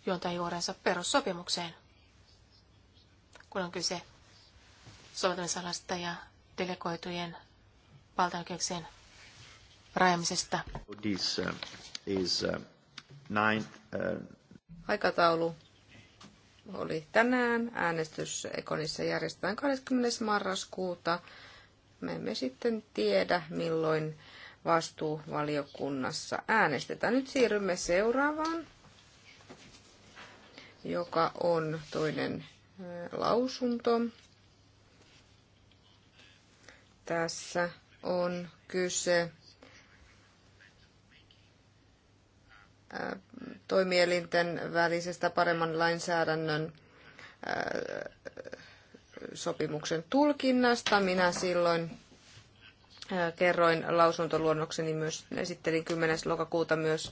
juontaa juurensa perussopimukseen, kun on kyse soveltamisalasta ja delegoitujen valtaoikeuksien rajamisesta. This uh, is uh, nine, uh, Aikataulu oli tänään. Äänestys Ekonissa järjestetään 20. marraskuuta. Me emme sitten tiedä, milloin vastuuvaliokunnassa äänestetään. Nyt siirrymme seuraavaan, joka on toinen lausunto. Tässä on kyse toimielinten välisestä paremman lainsäädännön sopimuksen tulkinnasta. Minä silloin Kerroin lausuntoluonnokseni myös, esittelin 10. lokakuuta myös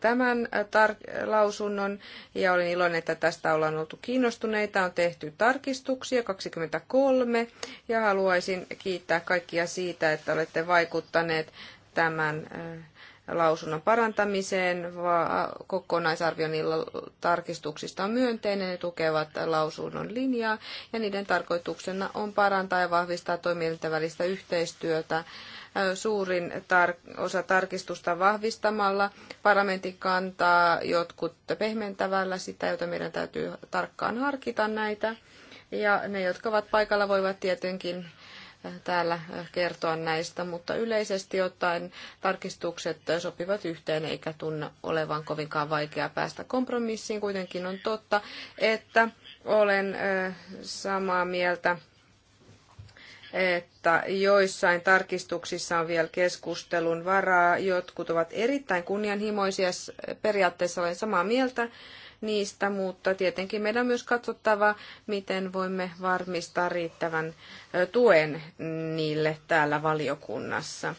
tämän tar- lausunnon ja olin iloinen, että tästä ollaan oltu kiinnostuneita. On tehty tarkistuksia 23 ja haluaisin kiittää kaikkia siitä, että olette vaikuttaneet tämän lausunnon parantamiseen, vaan tarkistuksista on myönteinen, ne tukevat lausunnon linjaa ja niiden tarkoituksena on parantaa ja vahvistaa toimielinten välistä yhteistyötä suurin tar- osa tarkistusta vahvistamalla, parlamentin kantaa jotkut pehmentävällä sitä, jota meidän täytyy tarkkaan harkita näitä. Ja ne, jotka ovat paikalla, voivat tietenkin täällä kertoa näistä, mutta yleisesti ottaen tarkistukset sopivat yhteen eikä tunne olevan kovinkaan vaikeaa päästä kompromissiin. Kuitenkin on totta, että olen samaa mieltä että joissain tarkistuksissa on vielä keskustelun varaa. Jotkut ovat erittäin kunnianhimoisia, periaatteessa olen samaa mieltä, niistä, mutta tietenkin meidän on myös katsottava, miten voimme varmistaa riittävän tuen niille täällä valiokunnassa.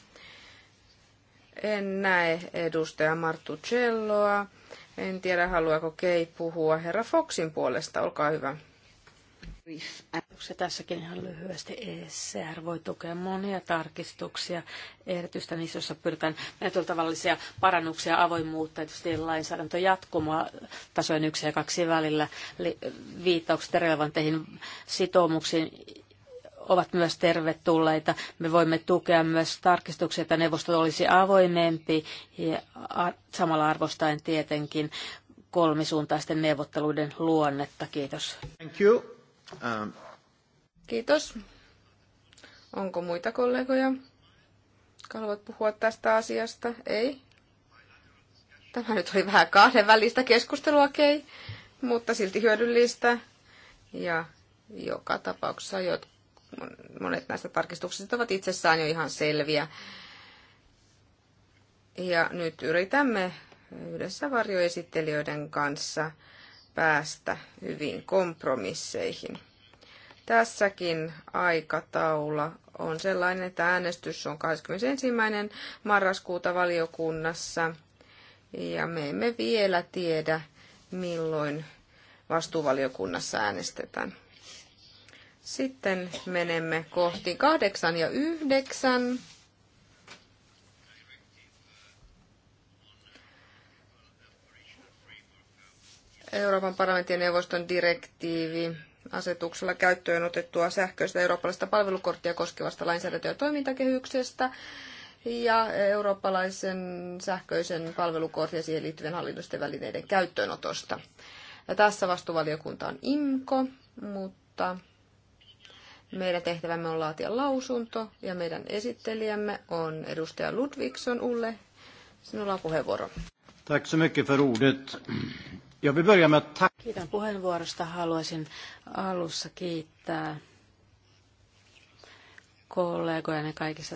En näe edustaja Celloa. En tiedä, haluaako Kei puhua herra Foxin puolesta. Olkaa hyvä tarkistuksia. Tässäkin ihan lyhyesti ECR voi tukea monia tarkistuksia, erityistä niissä, joissa pyritään näitä tavallisia parannuksia, avoimuutta, tietysti lainsäädäntö jatkumaa tasojen yksi ja kaksi välillä, viittaukset relevanteihin sitoumuksiin, ovat myös tervetulleita. Me voimme tukea myös tarkistuksia, että neuvosto olisi avoimempi ja samalla arvostaen tietenkin kolmisuuntaisten neuvotteluiden luonnetta. Kiitos. Thank you. Um, Kiitos. Onko muita kollegoja, jotka haluavat puhua tästä asiasta? Ei. Tämä nyt oli vähän välistä keskustelua, okei, okay. mutta silti hyödyllistä. Ja joka tapauksessa jot, monet näistä tarkistuksista ovat itsessään jo ihan selviä. Ja nyt yritämme yhdessä varjoesittelijöiden kanssa päästä hyvin kompromisseihin. Tässäkin aikataula on sellainen, että äänestys on 21. marraskuuta valiokunnassa ja me emme vielä tiedä, milloin vastuuvaliokunnassa äänestetään. Sitten menemme kohti 8 ja 9. Euroopan parlamentin neuvoston direktiivi asetuksella käyttöön otettua sähköistä eurooppalaista palvelukorttia koskevasta lainsäädäntö- ja toimintakehyksestä ja eurooppalaisen sähköisen palvelukortin ja siihen liittyvien hallinnollisten välineiden käyttöönotosta. Ja tässä vastuvaliokunta on IMKO, mutta meidän tehtävämme on laatia lausunto ja meidän esittelijämme on edustaja Ludvigsson Ulle. Sinulla on puheenvuoro. Tack så mycket för ordet med att Kiitän puheenvuorosta. Haluaisin alussa kiittää kollegojani kaikista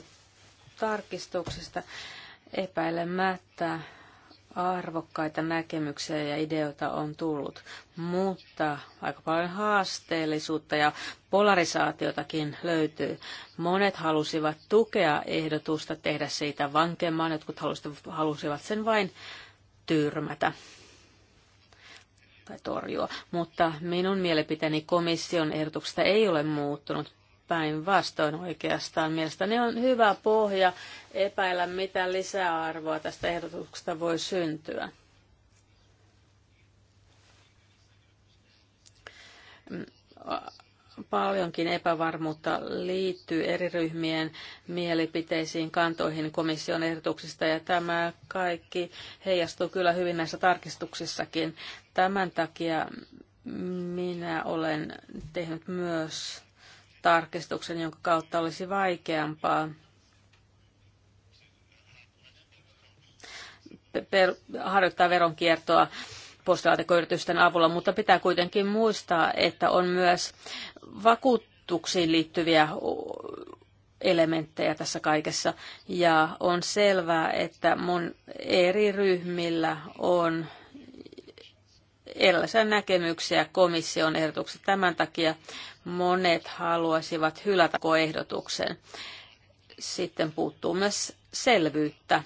tarkistuksista. Epäilemättä arvokkaita näkemyksiä ja ideoita on tullut, mutta aika paljon haasteellisuutta ja polarisaatiotakin löytyy. Monet halusivat tukea ehdotusta, tehdä siitä vankemman, jotkut halusivat sen vain tyrmätä tai torjua. Mutta minun mielipiteeni komission ehdotuksesta ei ole muuttunut päinvastoin oikeastaan. Mielestäni on hyvä pohja epäillä, mitä lisäarvoa tästä ehdotuksesta voi syntyä paljonkin epävarmuutta liittyy eri ryhmien mielipiteisiin kantoihin komission ehdotuksista ja tämä kaikki heijastuu kyllä hyvin näissä tarkistuksissakin. Tämän takia minä olen tehnyt myös tarkistuksen, jonka kautta olisi vaikeampaa harjoittaa veronkiertoa postilaatikoyritysten avulla, mutta pitää kuitenkin muistaa, että on myös vakuutuksiin liittyviä elementtejä tässä kaikessa. Ja on selvää, että mun eri ryhmillä on erilaisia näkemyksiä komission ehdotukset. Tämän takia monet haluaisivat hylätä ehdotuksen. Sitten puuttuu myös selvyyttä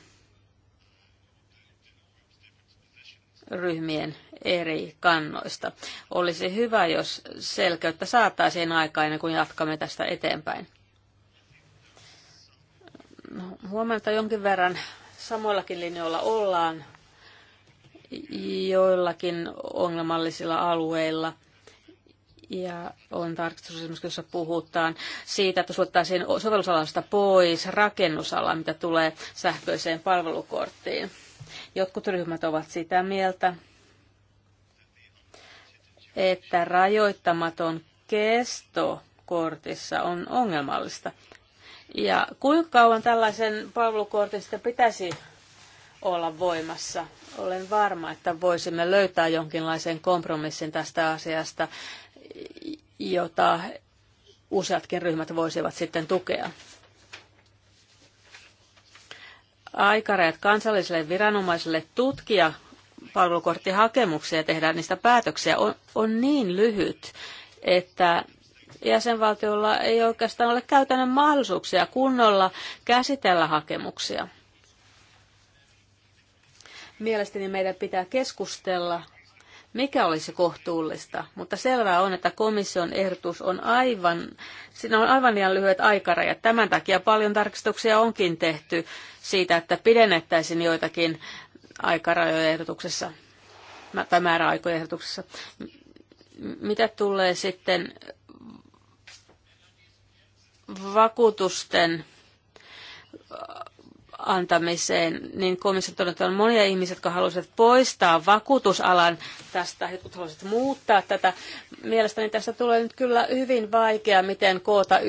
ryhmien eri kannoista. Olisi hyvä, jos selkeyttä saataisiin aikaan ennen kuin jatkamme tästä eteenpäin. No, Huomenta jonkin verran samoillakin linjoilla ollaan joillakin ongelmallisilla alueilla. Ja on tarkistus esimerkiksi, jossa puhutaan siitä, että suottaisiin sovellusalasta pois rakennusala, mitä tulee sähköiseen palvelukorttiin Jotkut ryhmät ovat sitä mieltä, että rajoittamaton kesto kortissa on ongelmallista. Ja kuinka kauan tällaisen palvelukortin sitten pitäisi olla voimassa? Olen varma, että voisimme löytää jonkinlaisen kompromissin tästä asiasta, jota useatkin ryhmät voisivat sitten tukea aikarajat kansallisille viranomaisille tutkia palvelukorttihakemuksia ja tehdä niistä päätöksiä on, on niin lyhyt, että jäsenvaltiolla ei oikeastaan ole käytännön mahdollisuuksia kunnolla käsitellä hakemuksia. Mielestäni meidän pitää keskustella mikä olisi kohtuullista. Mutta selvää on, että komission ehdotus on aivan, siinä on aivan liian lyhyet aikarajat. Tämän takia paljon tarkistuksia onkin tehty siitä, että pidennettäisiin joitakin aikarajoja ehdotuksessa tai määräaikojen ehdotuksessa. Mitä tulee sitten vakuutusten antamiseen, niin komissio todella, että on monia ihmisiä, jotka haluaisivat poistaa vakuutusalan tästä, jotkut haluaisivat muuttaa tätä. Mielestäni tästä tulee nyt kyllä hyvin vaikea, miten koota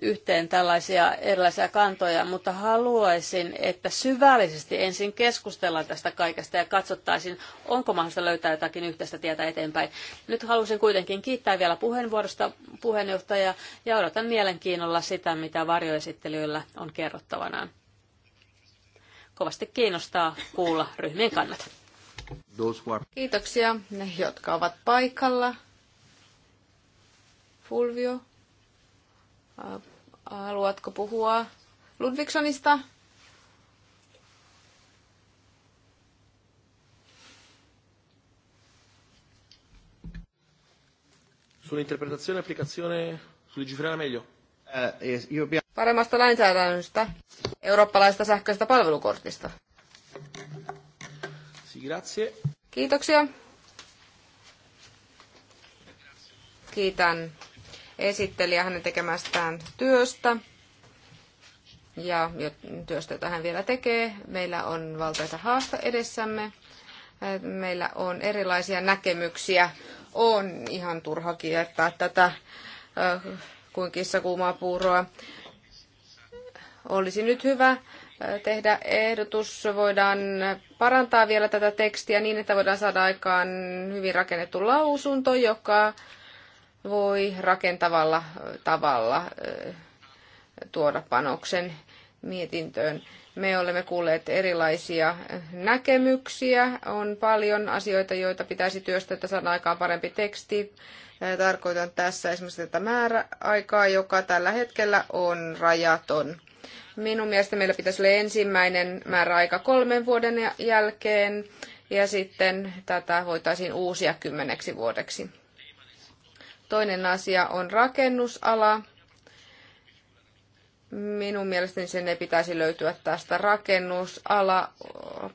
yhteen tällaisia erilaisia kantoja, mutta haluaisin, että syvällisesti ensin keskustellaan tästä kaikesta ja katsottaisiin, onko mahdollista löytää jotakin yhteistä tietä eteenpäin. Nyt halusin kuitenkin kiittää vielä puheenvuorosta puheenjohtajaa ja odotan mielenkiinnolla sitä, mitä varjoesittelyillä on kerrottavanaan kovasti kiinnostaa kuulla ryhmien kannat. Kiitoksia ne, jotka ovat paikalla. Fulvio, äh, haluatko puhua Ludvigsonista? Sull'interpretazione e applicazione, sul legiferare meglio paremmasta lainsäädännöstä, eurooppalaista sähköistä palvelukortista. Kiitoksia. Kiitän esittelijä hänen tekemästään työstä ja työstä, jota hän vielä tekee. Meillä on valtaisa haasta edessämme. Meillä on erilaisia näkemyksiä. On ihan turha kiertää tätä kuin kissakuumaa puuroa. Olisi nyt hyvä äh, tehdä ehdotus. Voidaan parantaa vielä tätä tekstiä niin, että voidaan saada aikaan hyvin rakennettu lausunto, joka voi rakentavalla äh, tavalla äh, tuoda panoksen mietintöön. Me olemme kuulleet erilaisia näkemyksiä. On paljon asioita, joita pitäisi työstää, että saadaan aikaan parempi teksti. Tarkoitan tässä esimerkiksi tätä määräaikaa, joka tällä hetkellä on rajaton. Minun mielestä meillä pitäisi olla ensimmäinen määräaika kolmen vuoden jälkeen ja sitten tätä voitaisiin uusia kymmeneksi vuodeksi. Toinen asia on rakennusala. Minun mielestäni sen ei pitäisi löytyä tästä. Rakennusala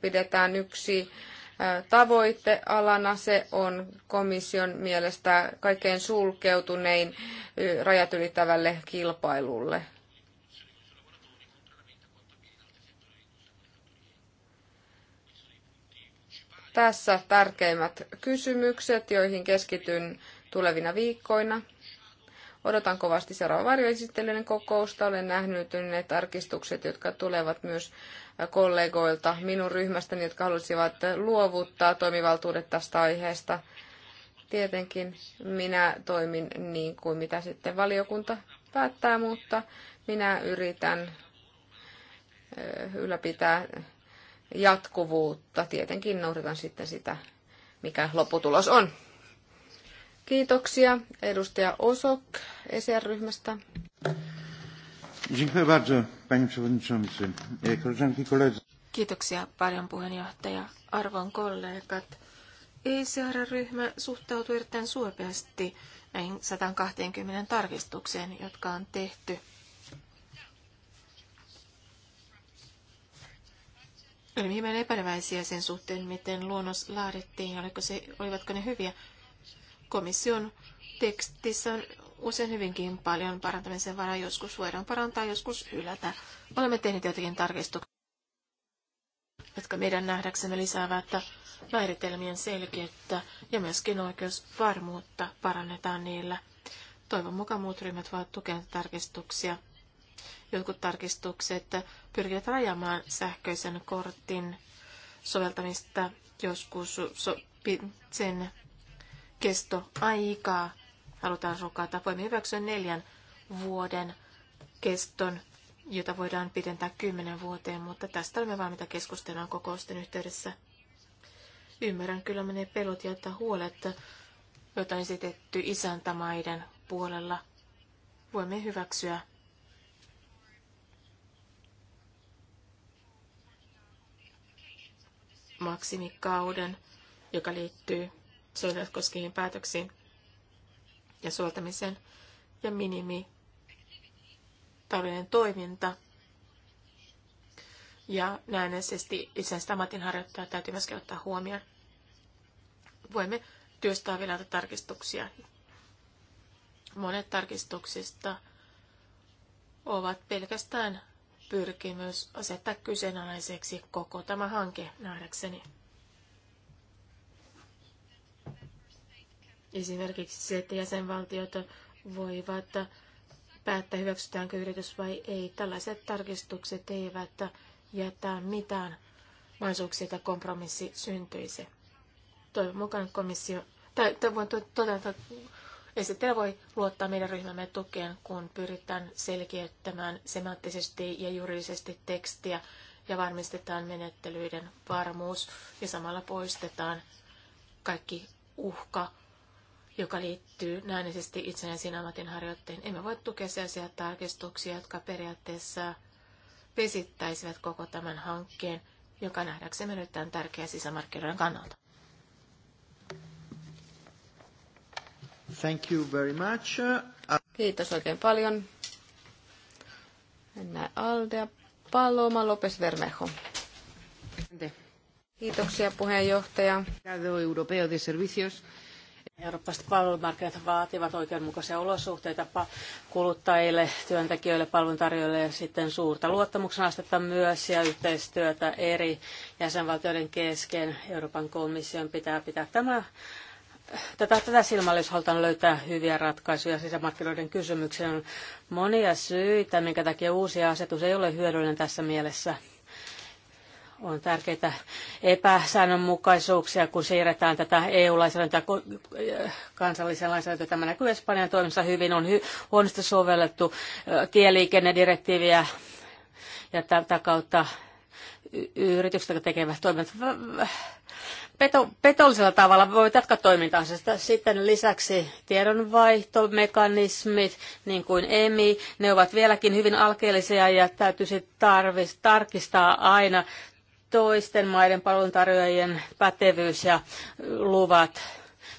pidetään yksi tavoitealana. Se on komission mielestä kaikkein sulkeutunein rajat ylittävälle kilpailulle. Tässä tärkeimmät kysymykset, joihin keskityn tulevina viikkoina. Odotan kovasti seuraava varjoesittelyiden kokousta. Olen nähnyt ne tarkistukset, jotka tulevat myös kollegoilta minun ryhmästäni, jotka haluaisivat luovuttaa toimivaltuudet tästä aiheesta. Tietenkin minä toimin niin kuin mitä sitten valiokunta päättää, mutta minä yritän ylläpitää jatkuvuutta. Tietenkin noudatan sitten sitä, mikä lopputulos on. Kiitoksia. Edustaja Osok ESR-ryhmästä. Dziękuję bardzo, panie przewodniczący. Koleżanki, koledzy. Kiitoksia paljon puheenjohtaja. Arvon kollegat, ECR-ryhmä suhtautuu erittäin suopeasti näihin 120 tarkistukseen, jotka on tehty. Olimme hieman epäileväisiä sen suhteen, miten luonnos laadittiin, oliko se, olivatko ne hyviä. Komission tekstissä on usein hyvinkin paljon parantamisen varaa. Joskus voidaan parantaa, joskus hylätä. Olemme tehneet jotakin tarkistuksia, jotka meidän nähdäksemme lisäävät määritelmien selkeyttä ja myöskin oikeusvarmuutta parannetaan niillä. Toivon mukaan muut ryhmät voivat tukea tarkistuksia. Jotkut tarkistukset pyrkivät rajamaan sähköisen kortin soveltamista joskus so- sen Kesto aikaa halutaan rukata. Voimme hyväksyä neljän vuoden keston, jota voidaan pidentää kymmenen vuoteen, mutta tästä olemme valmiita keskustelemaan kokousten yhteydessä. Ymmärrän kyllä menee pelot ja huolet, joita on esitetty isäntämaiden puolella. Voimme hyväksyä maksimikauden, joka liittyy suojelusta koskeviin päätöksiin ja suoltamisen ja minimi taloudellinen toiminta. Ja näennäisesti itsenäistä ammatinharjoittajaa täytyy myös ottaa huomioon. Voimme työstää vielä tarkistuksia. Monet tarkistuksista ovat pelkästään pyrkimys asettaa kyseenalaiseksi koko tämä hanke nähdäkseni. Esimerkiksi se, että jäsenvaltiot voivat päättää, hyväksytäänkö yritys vai ei. Tällaiset tarkistukset eivät jättää mitään mahdollisuuksia, että kompromissi syntyisi. Toivon mukaan komissio, tai, voin todeta, esittelijä voi luottaa meidän ryhmämme tukeen, kun pyritään selkeyttämään semanttisesti ja juridisesti tekstiä ja varmistetaan menettelyiden varmuus ja samalla poistetaan kaikki uhka joka liittyy näennäisesti itsenäisiin ammatinharjoitteen. Emme voi tukea sellaisia tarkistuksia, jotka periaatteessa vesittäisivät koko tämän hankkeen, joka nähdäksemme nyt tämän tärkeä sisämarkkinoiden kannalta. Thank you very much. Kiitos oikein paljon. Mennään Aldea Paloma López Vermejo. Kiitoksia puheenjohtaja. Europeo de Servicios Eurooppalaiset palvelumarkkinat vaativat oikeudenmukaisia olosuhteita kuluttajille, työntekijöille, palveluntarjoajille ja sitten suurta luottamuksen astetta myös ja yhteistyötä eri jäsenvaltioiden kesken. Euroopan komission pitää pitää tämä tätä, tätä silmällä, jos halutaan löytää hyviä ratkaisuja sisämarkkinoiden kysymyksiin, on monia syitä, minkä takia uusi asetus ei ole hyödyllinen tässä mielessä on tärkeitä epäsäännönmukaisuuksia, kun siirretään tätä EU-lainsäädäntöä äh, kansalliseen lainsäädäntöön. Tämä näkyy Espanjan toimissa hyvin, on hy- huonosti sovellettu äh, tieliikennedirektiiviä ja tätä kautta yritykset, jotka tekevät toimintaa peto, petollisella tavalla voivat jatkaa toimintaansa. Sitten lisäksi tiedonvaihtomekanismit, niin kuin EMI, ne ovat vieläkin hyvin alkeellisia ja täytyisi tarkistaa aina toisten maiden palveluntarjoajien pätevyys ja luvat.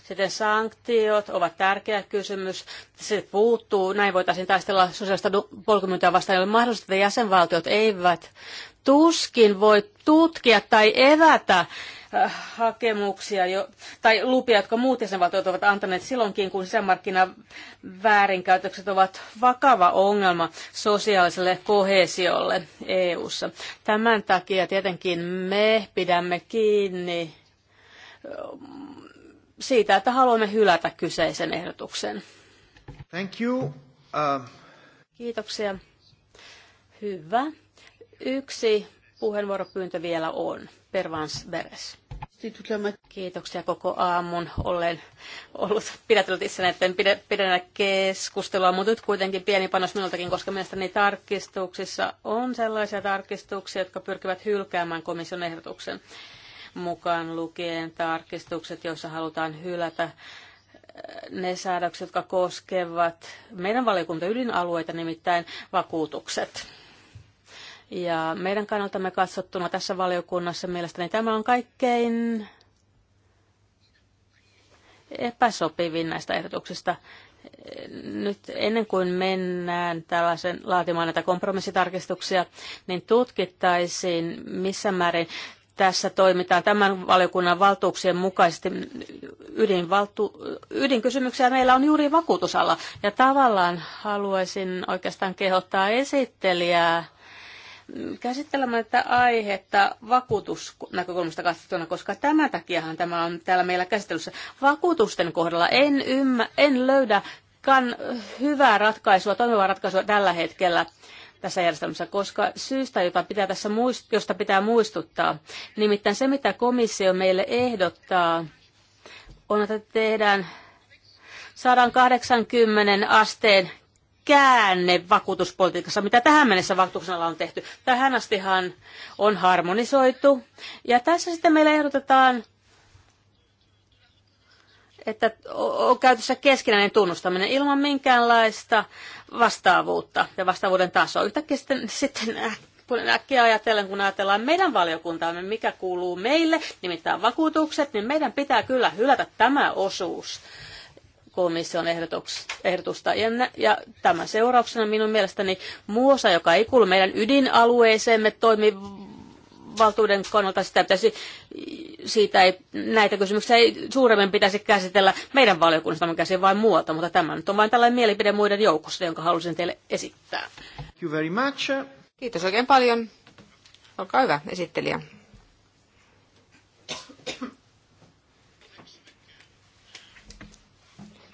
Sitten sanktiot ovat tärkeä kysymys. Se puuttuu, näin voitaisiin taistella sosiaalista polkumyyntiä vastaan, jolloin mahdollista, että jäsenvaltiot eivät tuskin voi tutkia tai evätä Äh, hakemuksia jo, tai lupia, jotka muut jäsenvaltiot ovat antaneet silloinkin, kun sisämarkkinaväärinkäytökset ovat vakava ongelma sosiaaliselle kohesiolle EU:ssa. Tämän takia tietenkin me pidämme kiinni äh, siitä, että haluamme hylätä kyseisen ehdotuksen. Thank you. Uh... Kiitoksia. Hyvä. Yksi puheenvuoropyyntö vielä on. Pervans Beres. Kiitoksia koko aamun. Olen ollut pidätellyt itse näiden pidennä keskustelua, mutta nyt kuitenkin pieni panos minultakin, koska mielestäni tarkistuksissa on sellaisia tarkistuksia, jotka pyrkivät hylkäämään komission ehdotuksen mukaan lukien tarkistukset, joissa halutaan hylätä eh, ne säädökset, jotka koskevat meidän valiokuntaylin alueita, nimittäin vakuutukset. Ja meidän kannaltamme katsottuna tässä valiokunnassa mielestäni tämä on kaikkein epäsopivin näistä ehdotuksista. Nyt ennen kuin mennään tällaisen laatimaan näitä kompromissitarkistuksia, niin tutkittaisiin missä määrin tässä toimitaan tämän valiokunnan valtuuksien mukaisesti. Ydinvaltu, ydinkysymyksiä meillä on juuri vakuutusalla. Ja tavallaan haluaisin oikeastaan kehottaa esittelijää käsittelemään tätä aihetta vakuutusnäkökulmasta katsottuna, koska tämän takiahan tämä on täällä meillä käsittelyssä. Vakuutusten kohdalla en, ymmä, en löydä kan, hyvää ratkaisua, toimivaa ratkaisua tällä hetkellä tässä järjestelmässä, koska syystä, jota pitää tässä muist- josta pitää muistuttaa, nimittäin se, mitä komissio meille ehdottaa, on, että tehdään 180 asteen käänne vakuutuspolitiikassa, mitä tähän mennessä vakuutuksella on tehty. Tähän astihan on harmonisoitu. Ja tässä sitten meillä ehdotetaan, että on käytössä keskinäinen tunnustaminen ilman minkäänlaista vastaavuutta ja vastaavuuden tasoa. Yhtäkkiä sitten, sitten kun äkkiä ajatellen, kun ajatellaan meidän valiokuntaamme, mikä kuuluu meille, nimittäin vakuutukset, niin meidän pitää kyllä hylätä tämä osuus komission ehdotusta. Ja, ja tämän seurauksena minun mielestäni muosa, joka ei kuulu meidän ydinalueeseemme, toimi valtuuden kannalta sitä pitäisi, siitä ei, näitä kysymyksiä ei suuremmin pitäisi käsitellä meidän valiokunnastamme käsin vain muualta, mutta tämä nyt on vain tällainen mielipide muiden joukossa, jonka halusin teille esittää. Thank you very much. Kiitos oikein paljon. Olkaa hyvä, esittelijä.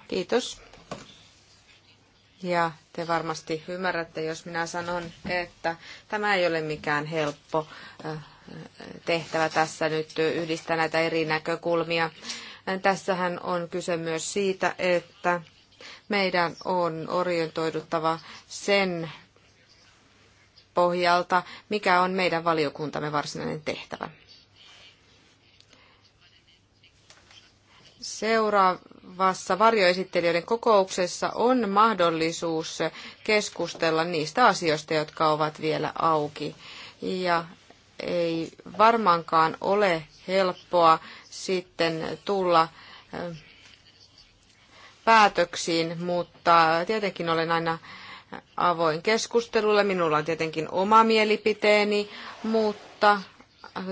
Kiitos. Ja te varmasti ymmärrätte, jos minä sanon, että tämä ei ole mikään helppo äh, tehtävä tässä nyt yhdistää näitä eri näkökulmia. Tässähän on kyse myös siitä, että meidän on orientoiduttava sen pohjalta, mikä on meidän valiokuntamme varsinainen tehtävä. Seuraava seuraavassa varjoesittelijöiden kokouksessa on mahdollisuus keskustella niistä asioista, jotka ovat vielä auki. Ja ei varmaankaan ole helppoa sitten tulla eh, päätöksiin, mutta tietenkin olen aina avoin keskustelulle. Minulla on tietenkin oma mielipiteeni, mutta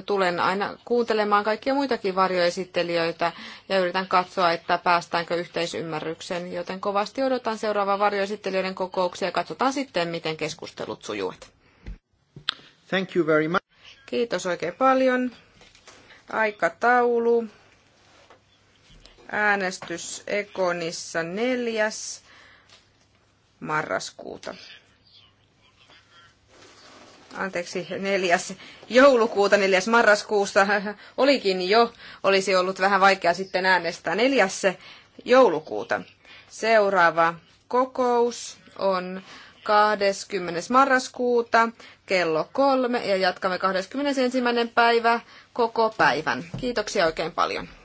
tulen aina kuuntelemaan kaikkia muitakin varjoesittelijöitä ja yritän katsoa, että päästäänkö yhteisymmärrykseen, joten kovasti odotan seuraavaa varjoesittelijöiden kokouksia ja katsotaan sitten, miten keskustelut sujuvat. Thank you very much. Kiitos oikein paljon. Aikataulu. Äänestys Ekonissa 4. marraskuuta anteeksi, 4. joulukuuta, 4. marraskuusta olikin jo, olisi ollut vähän vaikea sitten äänestää 4. joulukuuta. Seuraava kokous on 20. marraskuuta kello kolme ja jatkamme 21. päivä koko päivän. Kiitoksia oikein paljon.